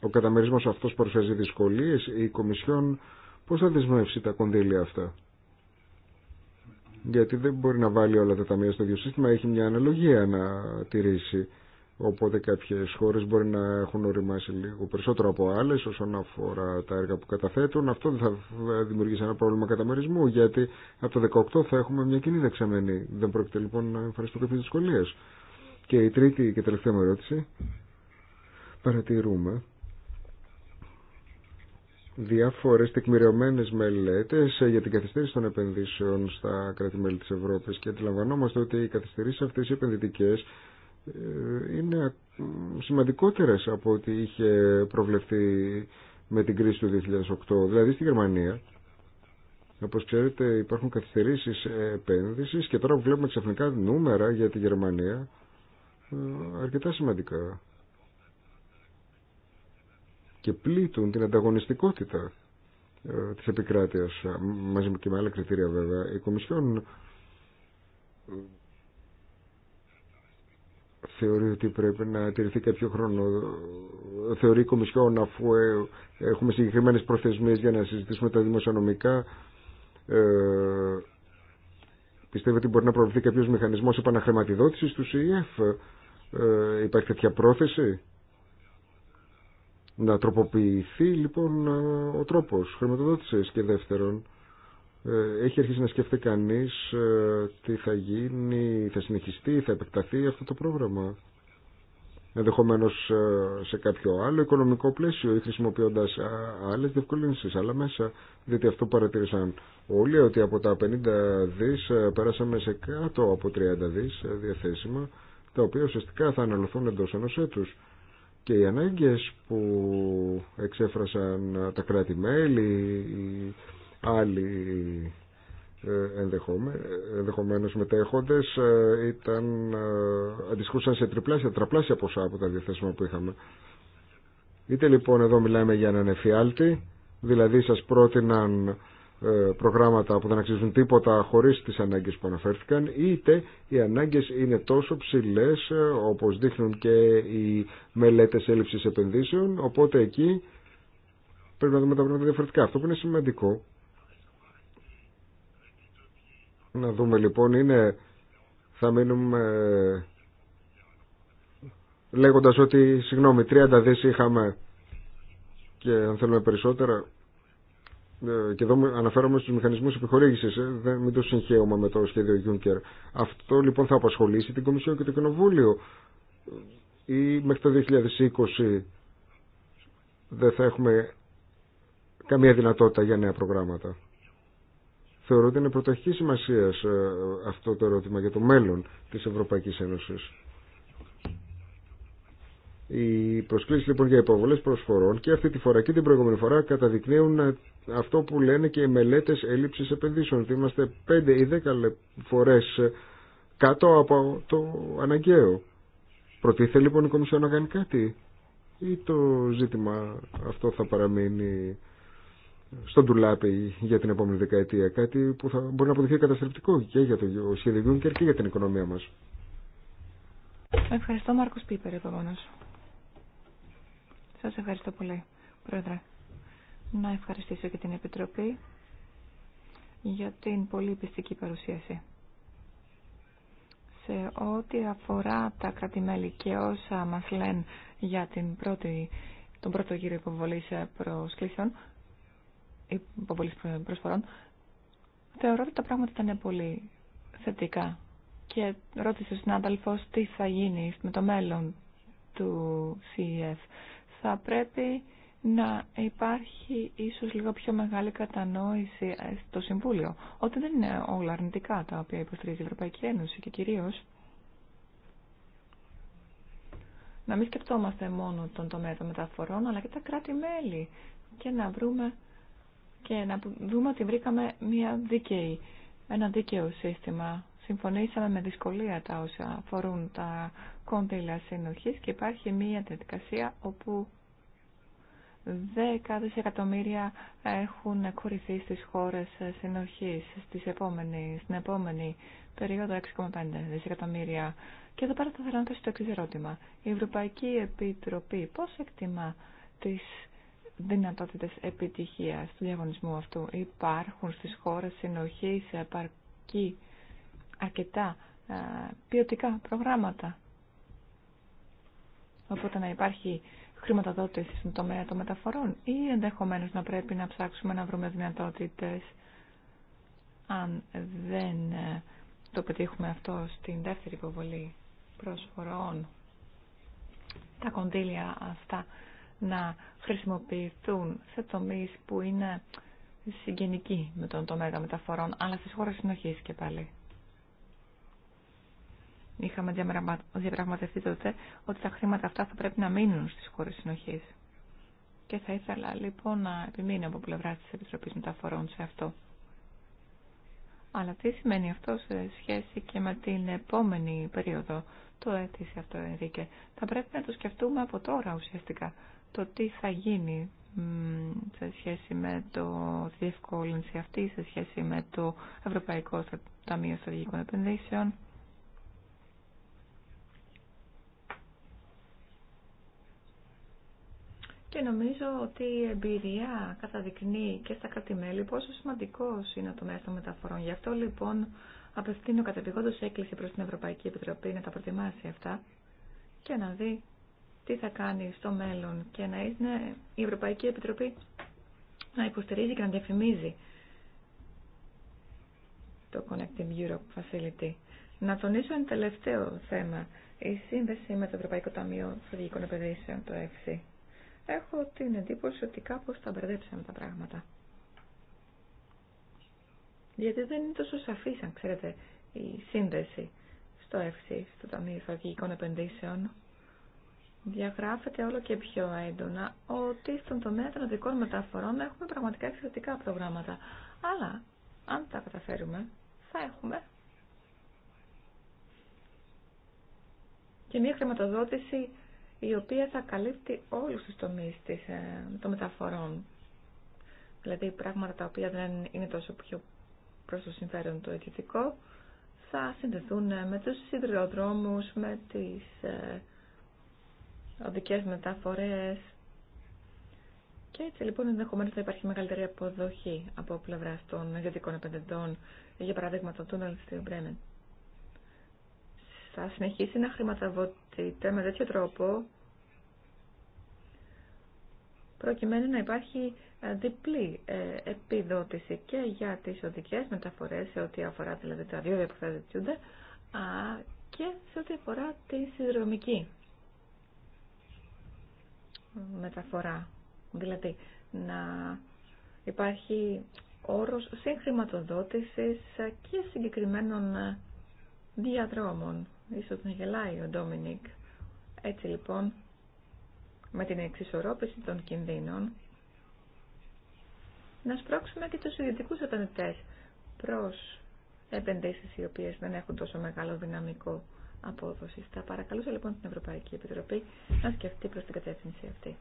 ο καταμερισμός αυτός παρουσιάζει δυσκολίες. Η Κομισιόν πώς θα δεσμεύσει τα κονδύλια αυτά. Γιατί δεν μπορεί να βάλει όλα τα ταμεία στο ίδιο σύστημα. Έχει μια αναλογία να τηρήσει. Οπότε κάποιε χώρε μπορεί να έχουν οριμάσει λίγο περισσότερο από άλλε όσον αφορά τα έργα που καταθέτουν. Αυτό δεν θα δημιουργήσει ένα πρόβλημα καταμερισμού γιατί από το 18 θα έχουμε μια κοινή δεξαμενή. Δεν πρόκειται λοιπόν να εμφανιστούν κάποιε δυσκολίε. Και η τρίτη και τελευταία μου ερώτηση. Παρατηρούμε διάφορε τεκμηριωμένε μελέτε για την καθυστέρηση των επενδύσεων στα κράτη-μέλη τη Ευρώπη και αντιλαμβανόμαστε ότι οι καθυστερήσει αυτέ οι επενδυτικέ. Ε, είναι σημαντικότερες από ό,τι είχε προβλεφθεί με την κρίση του 2008. Δηλαδή στη Γερμανία, όπως ξέρετε, υπάρχουν καθυστερήσεις επένδυσης και τώρα βλέπουμε ξαφνικά νούμερα για τη Γερμανία ε, αρκετά σημαντικά και πλήττουν την ανταγωνιστικότητα ε, της επικράτειας μαζί και με άλλα κριτήρια βέβαια. Η Κομισιόν θεωρεί ότι πρέπει να τηρηθεί κάποιο χρόνο. Θεωρεί η Κομισιόν αφού ε, έχουμε συγκεκριμένες προθεσμίες για να συζητήσουμε τα δημοσιονομικά ε, πιστεύετε ότι μπορεί να προβληθεί κάποιος μηχανισμός επαναχρηματιδότησης του ΣΥΕΦ. E ε, υπάρχει τέτοια πρόθεση να τροποποιηθεί λοιπόν ε, ο τρόπος χρηματοδότησης και δεύτερον ε, έχει αρχίσει να σκεφτεί κανείς ε, τι θα γίνει, θα συνεχιστεί, θα επεκταθεί αυτό το πρόγραμμα. Ενδεχομένω ε, σε κάποιο άλλο οικονομικό πλαίσιο ή χρησιμοποιώντα άλλε διευκολύνσει, άλλα μέσα. Διότι αυτό παρατήρησαν όλοι, ότι από τα 50 δι πέρασαμε σε κάτω από 30 δι διαθέσιμα, τα οποία ουσιαστικά θα αναλωθούν εντό ενό έτου. Και οι ανάγκε που εξέφρασαν τα κράτη-μέλη, άλλοι ε, ενδεχομένως μετέχοντες ε, ήταν, ε, αντισχούσαν σε τριπλάσια, τραπλάσια ποσά από τα διαθέσιμα που είχαμε. Είτε λοιπόν εδώ μιλάμε για έναν εφιάλτη, δηλαδή σας πρότειναν προγράμματα που δεν αξίζουν τίποτα χωρίς τις ανάγκες που αναφέρθηκαν είτε οι ανάγκες είναι τόσο ψηλές όπως δείχνουν και οι μελέτες έλλειψης επενδύσεων οπότε εκεί πρέπει να δούμε τα πράγματα διαφορετικά. Αυτό που είναι σημαντικό να δούμε λοιπόν είναι θα μείνουμε λέγοντας ότι συγγνώμη 30 δις είχαμε και αν θέλουμε περισσότερα ε, και εδώ αναφέρομαι στους μηχανισμούς επιχορήγησης ε, δεν, μην το συγχαίωμα με το σχέδιο Juncker αυτό λοιπόν θα απασχολήσει την Κομισιόν και το Κοινοβούλιο ε, ή μέχρι το 2020 δεν θα έχουμε καμία δυνατότητα για νέα προγράμματα. Θεωρώ ότι είναι πρωταρχή σημασία ε, αυτό το ερώτημα για το μέλλον της Ευρωπαϊκής Ένωσης. Οι προσκλήσει λοιπόν για υποβολέ προσφορών και αυτή τη φορά και την προηγούμενη φορά καταδεικνύουν ε, αυτό που λένε και οι μελέτε έλλειψη επενδύσεων. Ότι είμαστε 5 ή 10 φορέ ε, κάτω από το αναγκαίο. Προτίθε λοιπόν η Κομισιόν να κάνει κάτι ή το αναγκαιο προτιθεται λοιπον η κομισιον να αυτό θα παραμείνει στον τουλάπι για την επόμενη δεκαετία. Κάτι που θα μπορεί να αποδειχθεί καταστρεπτικό και για το σχέδιο και για την οικονομία μας. Ευχαριστώ Μάρκος Πίπερ επόμενος. Σας ευχαριστώ πολύ, Πρόεδρε. Να ευχαριστήσω και την Επιτροπή για την πολύ πιστική παρουσίαση. Σε ό,τι αφορά τα κρατημέλη και όσα μας λένε για την πρώτη, τον πρώτο γύρο υποβολής προσκλήσεων, υποβολή προσφορών, θεωρώ ότι τα πράγματα ήταν πολύ θετικά και ρώτησε ο συνάδελφος τι θα γίνει με το μέλλον του CEF. Θα πρέπει να υπάρχει ίσως λίγο πιο μεγάλη κατανόηση στο Συμβούλιο, ότι δεν είναι όλα αρνητικά τα οποία υποστηρίζει η Ευρωπαϊκή Ένωση και κυρίως να μην σκεφτόμαστε μόνο τον τομέα των μεταφορών, αλλά και τα κράτη-μέλη και να βρούμε και να δούμε ότι βρήκαμε μια δίκαιη, ένα δίκαιο σύστημα. Συμφωνήσαμε με δυσκολία τα όσα αφορούν τα κόντυλα συνοχής και υπάρχει μια διαδικασία όπου δέκα δισεκατομμύρια έχουν κορυφθεί στις χώρες συνοχής στις επόμενη, στην επόμενη περίοδο 6,5 δισεκατομμύρια. Και εδώ πέρα θα ήθελα να θέσω το εξή ερώτημα. Η Ευρωπαϊκή Επιτροπή πώς εκτιμά τις δυνατότητες επιτυχίας του διαγωνισμού αυτού. Υπάρχουν στις χώρες σε επαρκή αρκετά ε, ποιοτικά προγράμματα. Οπότε να υπάρχει χρηματοδότηση στον τομέα των μεταφορών ή ενδεχομένω να πρέπει να ψάξουμε να βρούμε δυνατότητες αν δεν ε, το πετύχουμε αυτό στην δεύτερη υποβολή προσφορών. Τα κοντήλια αυτά να χρησιμοποιηθούν σε τομεί που είναι συγγενικοί με τον τομέα μεταφορών, αλλά στι χώρε συνοχή και πάλι. Είχαμε διαπραγματευτεί τότε ότι τα χρήματα αυτά θα πρέπει να μείνουν στι χώρε συνοχή. Και θα ήθελα λοιπόν να επιμείνω από πλευρά τη Επιτροπή Μεταφορών σε αυτό. Αλλά τι σημαίνει αυτό σε σχέση και με την επόμενη περίοδο, το έτσι αυτό Ενρίκε. Θα πρέπει να το σκεφτούμε από τώρα ουσιαστικά το τι θα γίνει σε σχέση με το τη διευκόλυνση αυτή, σε σχέση με το Ευρωπαϊκό Ταμείο Στρατηγικών Επενδύσεων. Και νομίζω ότι η εμπειρία καταδεικνύει και στα κρατημέλη πόσο σημαντικό είναι το μέσο των μεταφορών. Γι' αυτό λοιπόν απευθύνω κατεπηγόντω έκκληση προ την Ευρωπαϊκή Επιτροπή να τα προετοιμάσει αυτά και να δει τι θα κάνει στο μέλλον και να είναι η Ευρωπαϊκή Επιτροπή να υποστηρίζει και να διαφημίζει το Connecting Europe Facility. Να τονίσω ένα τελευταίο θέμα, η σύνδεση με το Ευρωπαϊκό Ταμείο Στρατηγικών Επενδύσεων, το ΕΦΣΥ. Έχω την εντύπωση ότι κάπως τα μπερδέψαμε τα πράγματα. Γιατί δεν είναι τόσο σαφή, αν ξέρετε, η σύνδεση στο ΕΦΣΥ, στο Ταμείο Στρατηγικών Επενδύσεων διαγράφεται όλο και πιο έντονα ότι στον τομέα των οδικών μεταφορών έχουμε πραγματικά εξαιρετικά προγράμματα. Αλλά αν τα καταφέρουμε θα έχουμε και μια χρηματοδότηση η οποία θα καλύπτει όλους τους τομείς της, ε, των μεταφορών. Δηλαδή πράγματα τα οποία δεν είναι τόσο πιο προς το συμφέρον το ιδιωτικό θα συνδεθούν με τους σιδηροδρόμους, με τις ε, οδικές μεταφορές και έτσι λοιπόν ενδεχομένως θα υπάρχει μεγαλύτερη αποδοχή από πλευρά των ιδιωτικών επενδυτών, για παράδειγμα το τούνελ στη Μπρέμεν. Θα συνεχίσει να χρηματοδοτείται με τέτοιο τρόπο προκειμένου να υπάρχει ε, διπλή ε, επιδότηση και για τις οδικές μεταφορές σε ό,τι αφορά δηλαδή τα δύο που θα ζητούνται και σε ό,τι αφορά τη συνδρομική μεταφορά. Δηλαδή, να υπάρχει όρος συγχρηματοδότησης και συγκεκριμένων διαδρόμων. Ίσως να γελάει ο Ντόμινικ. Έτσι λοιπόν, με την εξισορρόπηση των κινδύνων, να σπρώξουμε και τους ιδιωτικούς επενδυτές προς επενδύσεις οι οποίες δεν έχουν τόσο μεγάλο δυναμικό θα παρακαλούσα λοιπόν την Ευρωπαϊκή Επιτροπή να σκεφτεί προ την κατεύθυνση αυτή.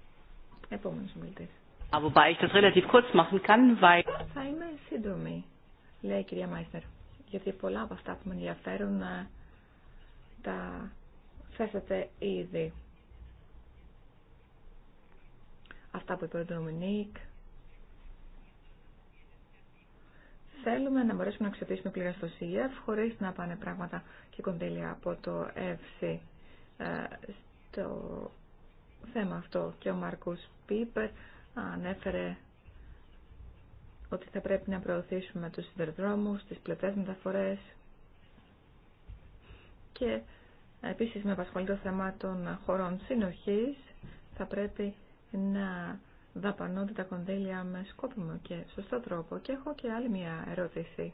Επόμενο ομιλητή. Θα είμαι σύντομη, λέει η κυρία Μάιστερ, γιατί πολλά από αυτά που με ενδιαφέρουν ε, τα θέσατε ήδη. Αυτά που είπε ο Ντομινίκ, θέλουμε να μπορέσουμε να αξιοποιήσουμε πλήρω το χωρί να πάνε πράγματα και κονδύλια από το ΕΦΣΥ στο θέμα αυτό. Και ο Μαρκούς Πίπερ ανέφερε ότι θα πρέπει να προωθήσουμε τους συνδεδρόμους, τις πλευρές μεταφορές και επίσης με απασχολεί το θέμα των χωρών συνοχής. Θα πρέπει να δαπανώνται τα κονδύλια με σκόπιμο και σωστό τρόπο. Και έχω και άλλη μια ερώτηση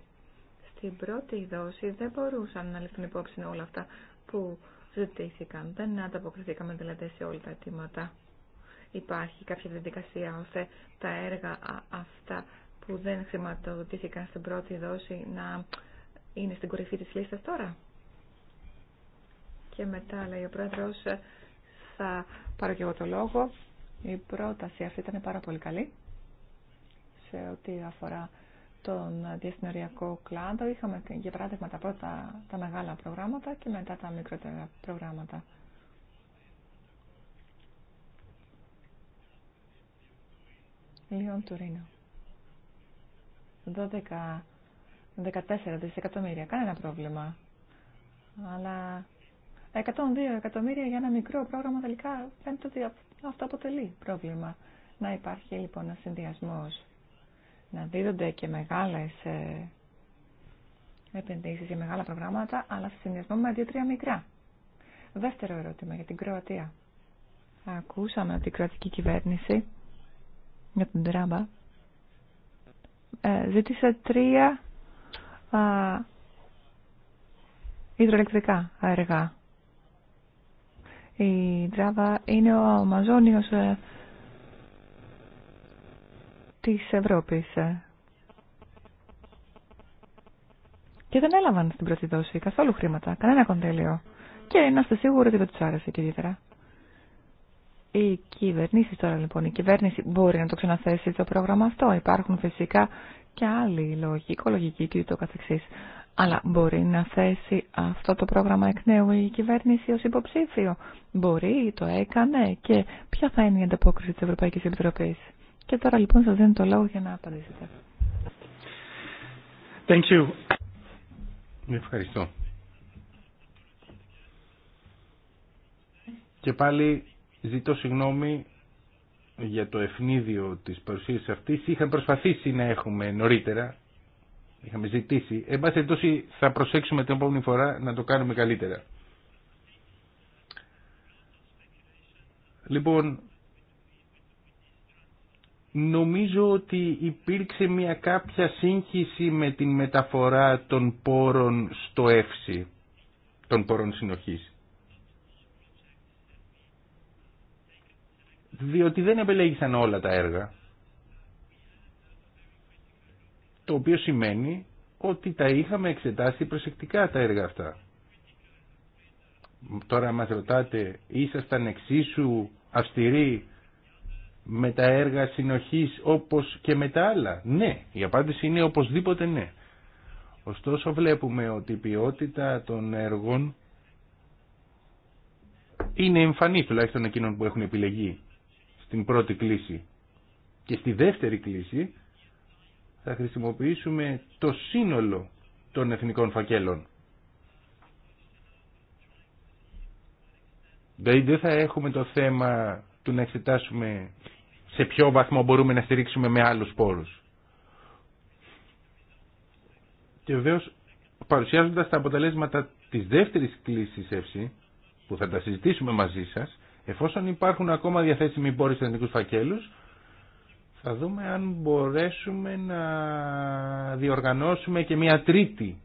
η πρώτη δόση δεν μπορούσαν να ληφθούν υπόψη όλα αυτά που ζητήθηκαν. Δεν ανταποκριθήκαμε δηλαδή σε όλα τα αιτήματα. Υπάρχει κάποια διαδικασία ώστε τα έργα αυτά που δεν χρηματοδοτήθηκαν στην πρώτη δόση να είναι στην κορυφή της λίστας τώρα. Και μετά, λέει ο πρόεδρος, θα πάρω και εγώ το λόγο. Η πρόταση αυτή ήταν πάρα πολύ καλή σε ό,τι αφορά τον διεθνωριακό κλάδο. Είχαμε για παράδειγμα τα πρώτα τα μεγάλα προγράμματα και μετά τα μικρότερα προγράμματα. Λιόν Τουρίνο. 12, 14 δισεκατομμύρια. Κανένα πρόβλημα. Αλλά 102 εκατομμύρια για ένα μικρό πρόγραμμα τελικά φαίνεται ότι αυτό αποτελεί πρόβλημα. Να υπάρχει λοιπόν ένα συνδυασμό να δίδονται και μεγάλες ε, επενδύσεις για μεγάλα προγράμματα, αλλά σε συνδυασμό με δύο-τρία μικρά. Δεύτερο ερώτημα για την Κροατία. Ακούσαμε ότι η κροατική κυβέρνηση για τον Τράμπα ε, ζήτησε τρία α, υδροελεκτρικά αεργά. Η Τράμπα είναι ο Αμαζόνιος ε, της Ευρώπης. Και δεν έλαβαν στην πρώτη δόση καθόλου χρήματα, κανένα κοντέλιο. Και να είστε σίγουροι ότι δεν του άρεσε και ιδιαίτερα. Οι κυβερνήσει τώρα λοιπόν, η κυβέρνηση μπορεί να το ξαναθέσει το πρόγραμμα αυτό. Υπάρχουν φυσικά και άλλοι λόγοι, οικολογικοί και το καθεξής. Αλλά μπορεί να θέσει αυτό το πρόγραμμα εκ νέου η κυβέρνηση ως υποψήφιο. Μπορεί, το έκανε και ποια θα είναι η ανταπόκριση της Ευρωπαϊκής Επιτροπής. Και τώρα λοιπόν σας δίνω το λόγο για να απαντήσετε. Thank you. Ευχαριστώ. Και πάλι ζητώ συγγνώμη για το ευνίδιο της παρουσίας αυτής. Είχαμε προσπαθήσει να έχουμε νωρίτερα, είχαμε ζητήσει. Εν πάση θα προσέξουμε την επόμενη φορά να το κάνουμε καλύτερα. Λοιπόν, Νομίζω ότι υπήρξε μια κάποια σύγχυση με την μεταφορά των πόρων στο έύση των πόρων συνοχής. Διότι δεν επελέγησαν όλα τα έργα. Το οποίο σημαίνει ότι τα είχαμε εξετάσει προσεκτικά τα έργα αυτά. Τώρα μας ρωτάτε, ήσασταν εξίσου αυστηροί με τα έργα συνοχής όπως και με τα άλλα. Ναι, η απάντηση είναι οπωσδήποτε ναι. Ωστόσο βλέπουμε ότι η ποιότητα των έργων είναι εμφανή τουλάχιστον εκείνων που έχουν επιλεγεί στην πρώτη κλίση. Και στη δεύτερη κλίση θα χρησιμοποιήσουμε το σύνολο των εθνικών φακέλων. Δηλαδή, δεν θα έχουμε το θέμα του να εξετάσουμε σε ποιο βαθμό μπορούμε να στηρίξουμε με άλλους πόρους. Και βεβαίω παρουσιάζοντας τα αποτελέσματα της δεύτερης κλίσης ΕΦΣΥ, που θα τα συζητήσουμε μαζί σας, εφόσον υπάρχουν ακόμα διαθέσιμοι πόροι σε εθνικούς φακέλους, θα δούμε αν μπορέσουμε να διοργανώσουμε και μια τρίτη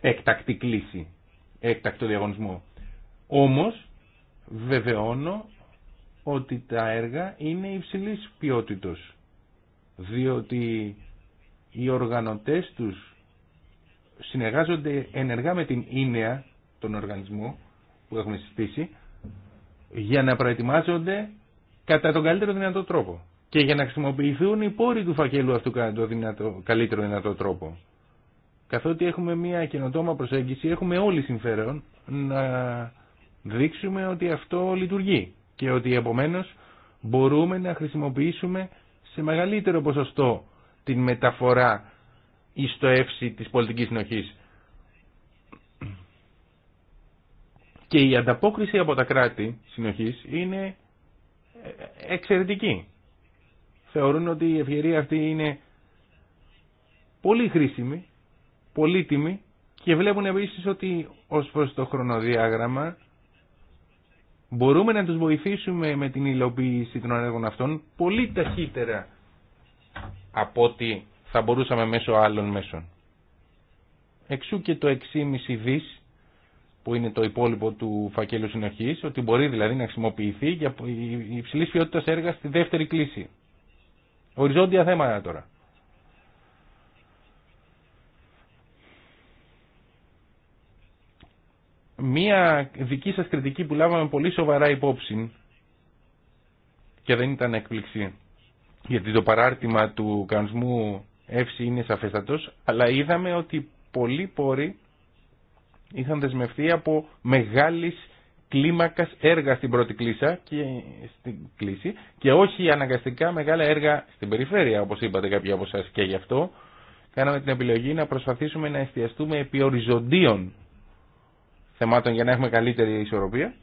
εκτακτή κλίση, έκτακτο διαγωνισμό. Όμως, βεβαιώνω ότι τα έργα είναι υψηλής ποιότητος διότι οι οργανωτές τους συνεργάζονται ενεργά με την ίνεα τον οργανισμό που έχουμε συστήσει για να προετοιμάζονται κατά τον καλύτερο δυνατό τρόπο και για να χρησιμοποιηθούν οι πόροι του φακέλου αυτού κατά τον καλύτερο δυνατό τρόπο. Καθότι έχουμε μια καινοτόμα προσέγγιση, έχουμε όλοι συμφέρον να δείξουμε ότι αυτό λειτουργεί και ότι επομένως μπορούμε να χρησιμοποιήσουμε σε μεγαλύτερο ποσοστό την μεταφορά ή το εύση της πολιτικής συνοχής. Και η ανταπόκριση από τα κράτη συνοχής είναι εξαιρετική. Θεωρούν ότι η ευκαιρία αυτή είναι πολύ χρήσιμη, πολύτιμη και βλέπουν επίσης ότι ως προς το χρονοδιάγραμμα μπορούμε να τους βοηθήσουμε με την υλοποίηση των έργων αυτών πολύ ταχύτερα από ό,τι θα μπορούσαμε μέσω άλλων μέσων. Εξού και το 6,5 δις που είναι το υπόλοιπο του φακέλου συνοχής, ότι μπορεί δηλαδή να χρησιμοποιηθεί για υψηλής ποιότητας έργα στη δεύτερη κλίση. Οριζόντια θέματα τώρα. μία δική σας κριτική που λάβαμε πολύ σοβαρά υπόψη και δεν ήταν έκπληξη γιατί το παράρτημα του κανονισμού εύση είναι σαφέστατος αλλά είδαμε ότι πολλοί πόροι είχαν δεσμευτεί από μεγάλης κλίμακας έργα στην πρώτη και, στην κλίση, και όχι αναγκαστικά μεγάλα έργα στην περιφέρεια όπως είπατε κάποιοι από εσάς και γι' αυτό κάναμε την επιλογή να προσπαθήσουμε να εστιαστούμε επί οριζοντίων θεμάτων για να έχουμε καλύτερη ισορροπία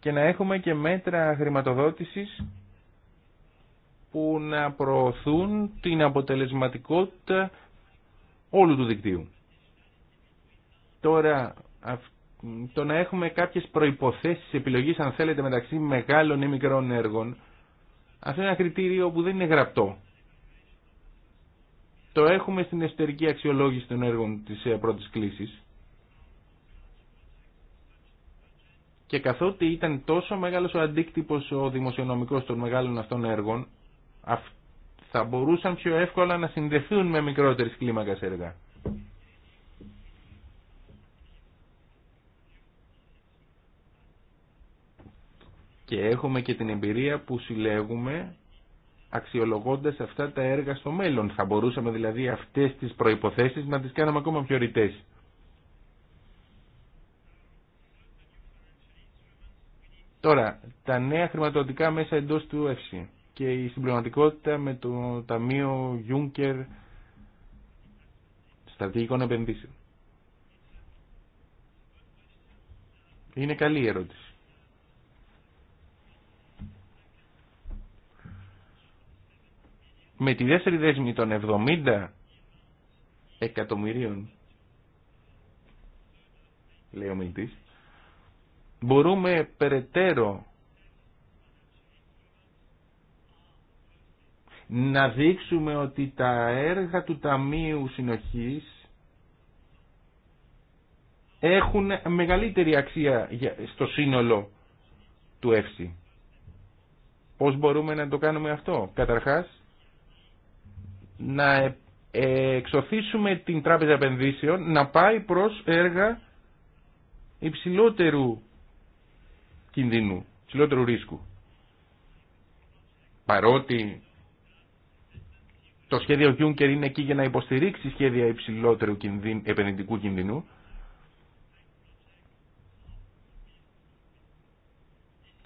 και να έχουμε και μέτρα χρηματοδότησης που να προωθούν την αποτελεσματικότητα όλου του δικτύου. Τώρα, το να έχουμε κάποιες προϋποθέσεις επιλογής, αν θέλετε, μεταξύ μεγάλων ή μικρών έργων, αυτό είναι ένα κριτήριο που δεν είναι γραπτό. Το έχουμε στην εσωτερική αξιολόγηση των έργων της ε, πρώτης κλήσης. Και καθότι ήταν τόσο μεγάλο ο αντίκτυπος ο δημοσιονομικό των μεγάλων αυτών έργων, θα μπορούσαν πιο εύκολα να συνδεθούν με μικρότερη κλίμακα έργα. Και έχουμε και την εμπειρία που συλλέγουμε αξιολογώντας αυτά τα έργα στο μέλλον. Θα μπορούσαμε δηλαδή αυτές τις προϋποθέσεις να τις κάναμε ακόμα πιο ρητές. Τώρα, τα νέα χρηματοδοτικά μέσα εντό του ΕΦΣΥ και η συμπληρωματικότητα με το Ταμείο Juncker Στρατηγικών Επενδύσεων. Είναι καλή η ερώτηση. Με τη δεύτερη δέσμη των 70 εκατομμυρίων, λέει ο μιλτής, μπορούμε περαιτέρω να δείξουμε ότι τα έργα του Ταμείου Συνοχής έχουν μεγαλύτερη αξία στο σύνολο του ΕΦΣΗ. Πώς μπορούμε να το κάνουμε αυτό. Καταρχάς, να ε, εξωθήσουμε την Τράπεζα Επενδύσεων να πάει προς έργα υψηλότερου κινδύνου, ψηλότερου ρίσκου. Παρότι το σχέδιο Juncker είναι εκεί για να υποστηρίξει σχέδια υψηλότερου κινδύν, επενδυτικού κινδύνου,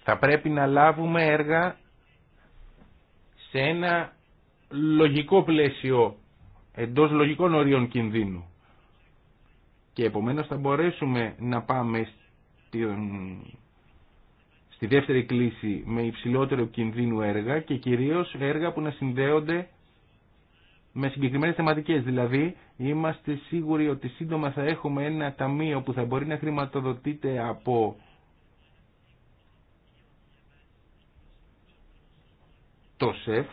θα πρέπει να λάβουμε έργα σε ένα λογικό πλαίσιο, εντός λογικών ορίων κινδύνου. Και επομένως θα μπορέσουμε να πάμε στην στη δεύτερη κλίση με υψηλότερο κινδύνου έργα και κυρίως έργα που να συνδέονται με συγκεκριμένες θεματικές. Δηλαδή είμαστε σίγουροι ότι σύντομα θα έχουμε ένα ταμείο που θα μπορεί να χρηματοδοτείται από το ΣΕΦ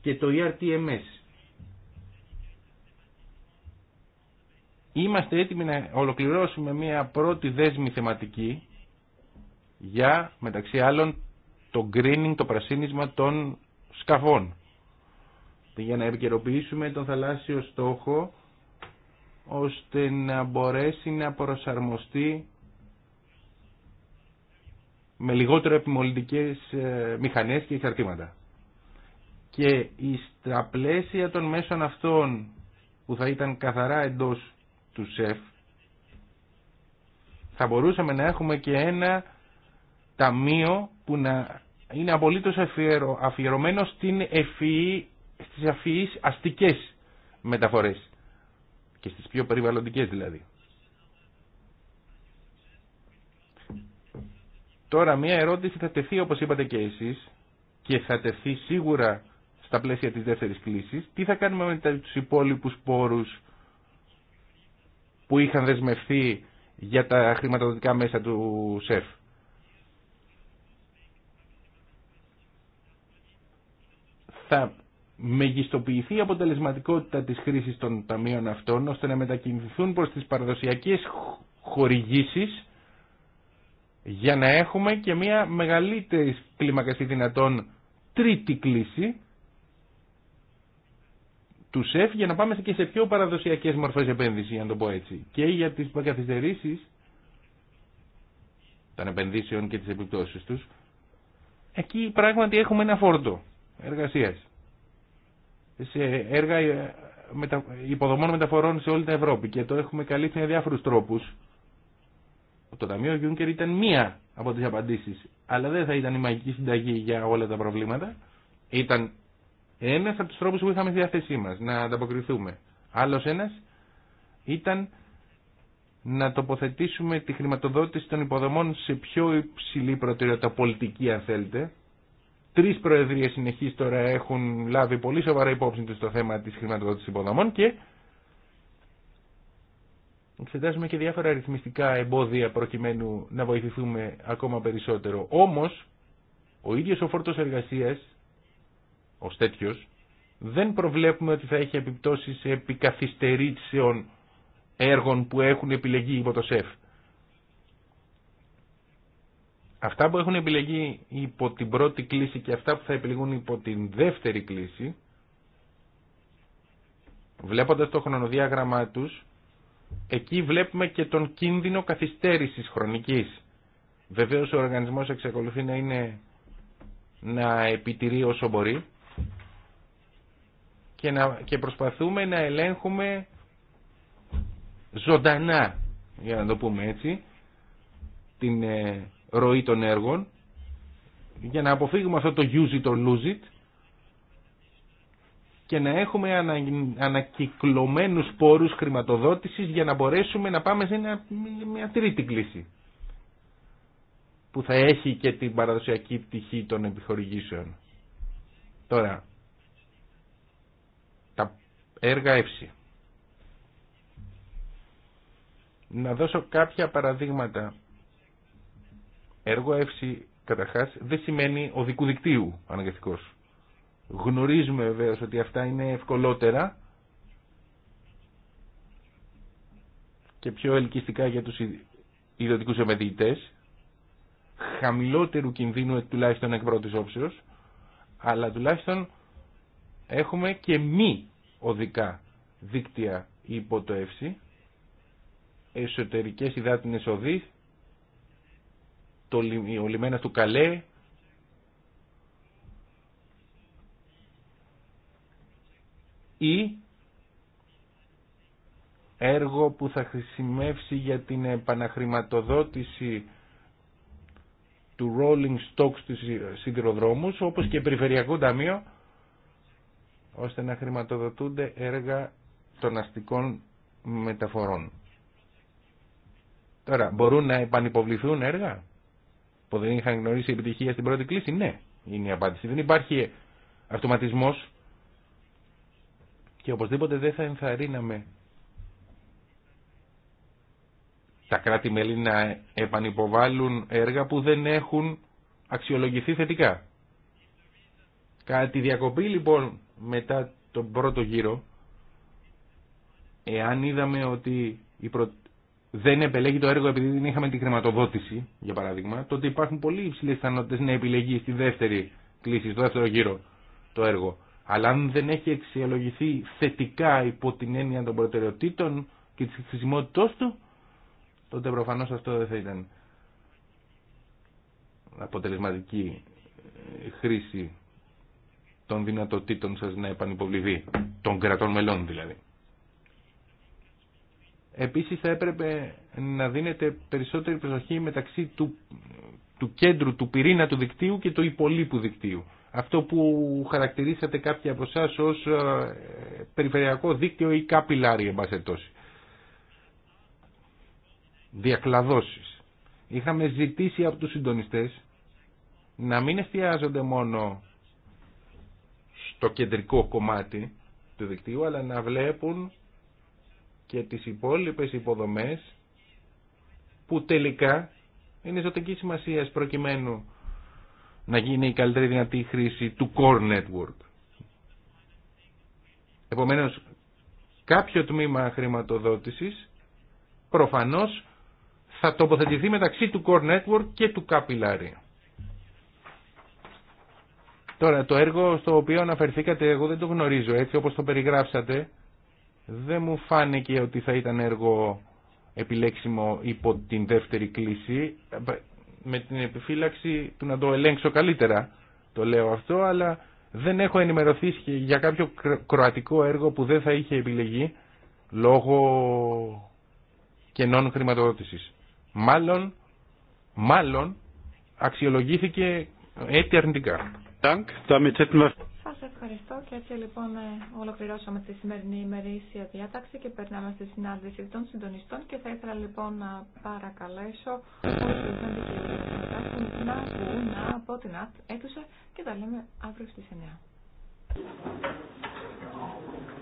και το ERTMS Είμαστε έτοιμοι να ολοκληρώσουμε μια πρώτη δέσμη θεματική για, μεταξύ άλλων, το greening, το πρασίνισμα των σκαφών. Για να επικαιροποιήσουμε τον θαλάσσιο στόχο ώστε να μπορέσει να προσαρμοστεί με λιγότερο επιμολυντικές ε, μηχανές και εξαρτήματα. Και στα πλαίσια των μέσων αυτών που θα ήταν καθαρά εντός του ΣΕΦ θα μπορούσαμε να έχουμε και ένα ταμείο που να είναι απολύτως αφιερωμένο στην ευφυή, στις αφιείς αστικές μεταφορές και στις πιο περιβαλλοντικές δηλαδή. Τώρα μια ερώτηση θα τεθεί όπως είπατε και εσείς και θα τεθεί σίγουρα στα πλαίσια της δεύτερης κλίσης. Τι θα κάνουμε με τους υπόλοιπους πόρους που είχαν δεσμευθεί για τα χρηματοδοτικά μέσα του ΣΕΦ. Θα μεγιστοποιηθεί η αποτελεσματικότητα της χρήσης των ταμείων αυτών ώστε να μετακινηθούν προς τις παραδοσιακές χορηγήσεις για να έχουμε και μια μεγαλύτερη κλιμακασή δυνατών τρίτη κλίση του ΣΕΦ για να πάμε και σε πιο παραδοσιακές μορφές επένδυση, αν το πω έτσι. Και για τις καθυστερήσει των επενδύσεων και τις επιπτώσει τους, εκεί πράγματι έχουμε ένα φόρτο εργασία. Σε έργα ε, υποδομών μεταφορών σε όλη την Ευρώπη και το έχουμε καλύψει με διάφορους τρόπους. Το Ταμείο Γιούνκερ ήταν μία από τι απαντήσει, αλλά δεν θα ήταν η μαγική συνταγή για όλα τα προβλήματα. Ήταν ένα από του τρόπους που είχαμε στη διάθεσή μα να ανταποκριθούμε. Άλλος ένας ήταν να τοποθετήσουμε τη χρηματοδότηση των υποδομών σε πιο υψηλή προτεραιότητα πολιτική αν θέλετε. Τρει προεδρίες συνεχής τώρα έχουν λάβει πολύ σοβαρά υπόψη τους στο θέμα της χρηματοδότησης υποδομών και εξετάζουμε και διάφορα αριθμιστικά εμπόδια προκειμένου να βοηθηθούμε ακόμα περισσότερο. Όμω, ο ίδιο ο φόρτο εργασία ω τέτοιο. δεν προβλέπουμε ότι θα έχει επιπτώσεις επικαθυστερήσεων έργων που έχουν επιλεγεί υπό το ΣΕΦ. Αυτά που έχουν επιλεγεί υπό την πρώτη κλίση και αυτά που θα επιλεγούν υπό την δεύτερη κλίση, βλέποντας το χρονοδιάγραμμά τους, εκεί βλέπουμε και τον κίνδυνο καθυστέρησης χρονικής. Βεβαίως ο οργανισμός εξακολουθεί να είναι να επιτηρεί όσο μπορεί, και, να, και προσπαθούμε να ελέγχουμε ζωντανά, για να το πούμε έτσι, την ε, ροή των έργων για να αποφύγουμε αυτό το use it or lose it και να έχουμε ανα, ανακυκλωμένους πόρους χρηματοδότησης για να μπορέσουμε να πάμε σε μια τρίτη κλίση που θα έχει και την παραδοσιακή πτυχή των επιχορηγήσεων. Τώρα, έργα ΕΦΣΙ. Να δώσω κάποια παραδείγματα. Έργο ΕΦΣΙ καταρχάς δεν σημαίνει οδικού δικτύου αναγκαστικός. Γνωρίζουμε βέβαια, ότι αυτά είναι ευκολότερα και πιο ελκυστικά για τους ιδιωτικούς επενδυτές, χαμηλότερου κινδύνου τουλάχιστον εκ πρώτης όψεως, αλλά τουλάχιστον έχουμε και μη οδικά δίκτυα υπό το εσωτερικές υδάτινες οδείς, το, ο λιμένας του Καλέ, ή έργο που θα χρησιμεύσει για την επαναχρηματοδότηση του Rolling Stocks του σιδηροδρόμους όπως και Περιφερειακό Ταμείο ώστε να χρηματοδοτούνται έργα των αστικών μεταφορών. Τώρα, μπορούν να επανυποβληθούν έργα που δεν είχαν γνωρίσει επιτυχία στην πρώτη κλίση. Ναι, είναι η απάντηση. Δεν υπάρχει αυτοματισμός και οπωσδήποτε δεν θα ενθαρρύναμε τα κράτη-μέλη να επανυποβάλλουν έργα που δεν έχουν αξιολογηθεί θετικά. Κάτι τη διακοπή λοιπόν μετά τον πρώτο γύρο, εάν είδαμε ότι η δεν επελέγει το έργο επειδή δεν είχαμε τη χρηματοδότηση, για παράδειγμα, τότε υπάρχουν πολύ υψηλέ πιθανότητε να επιλεγεί στη δεύτερη κλίση, στο δεύτερο γύρο το έργο. Αλλά αν δεν έχει αξιολογηθεί θετικά υπό την έννοια των προτεραιοτήτων και τη χρησιμότητό του, τότε προφανώ αυτό δεν θα ήταν αποτελεσματική χρήση των δυνατοτήτων σας να επανυποβληθεί, των κρατών μελών δηλαδή. Επίσης θα έπρεπε να δίνετε περισσότερη προσοχή μεταξύ του, του κέντρου, του πυρήνα του δικτύου και του υπολείπου δικτύου. Αυτό που χαρακτηρίσατε κάποιοι από εσά ως ε, περιφερειακό δίκτυο ή καπιλάρι εμπασετώσει. Διακλαδώσεις. Είχαμε ζητήσει από τους συντονιστές να μην εστιάζονται μόνο το κεντρικό κομμάτι του δικτύου, αλλά να βλέπουν και τις υπόλοιπες υποδομές που τελικά είναι ζωτική σημασία προκειμένου να γίνει η καλύτερη δυνατή χρήση του core network. Επομένως, κάποιο τμήμα χρηματοδότησης προφανώς θα τοποθετηθεί μεταξύ του core network και του capillary. Τώρα το έργο στο οποίο αναφερθήκατε εγώ δεν το γνωρίζω έτσι όπως το περιγράψατε δεν μου φάνηκε ότι θα ήταν έργο επιλέξιμο υπό την δεύτερη κλίση με την επιφύλαξη του να το ελέγξω καλύτερα το λέω αυτό αλλά δεν έχω ενημερωθεί για κάποιο κροατικό έργο που δεν θα είχε επιλεγεί λόγω κενών χρηματοδότησης. Μάλλον, μάλλον αξιολογήθηκε έτσι αρνητικά. Σας ευχαριστώ και έτσι λοιπόν ε, ολοκληρώσαμε τη σημερινή ημερήσια διάταξη και περνάμε στη συνάντηση των συντονιστών και θα ήθελα λοιπόν να παρακαλέσω όσους να από την αίθουσα και τα λέμε αύριο στις 9.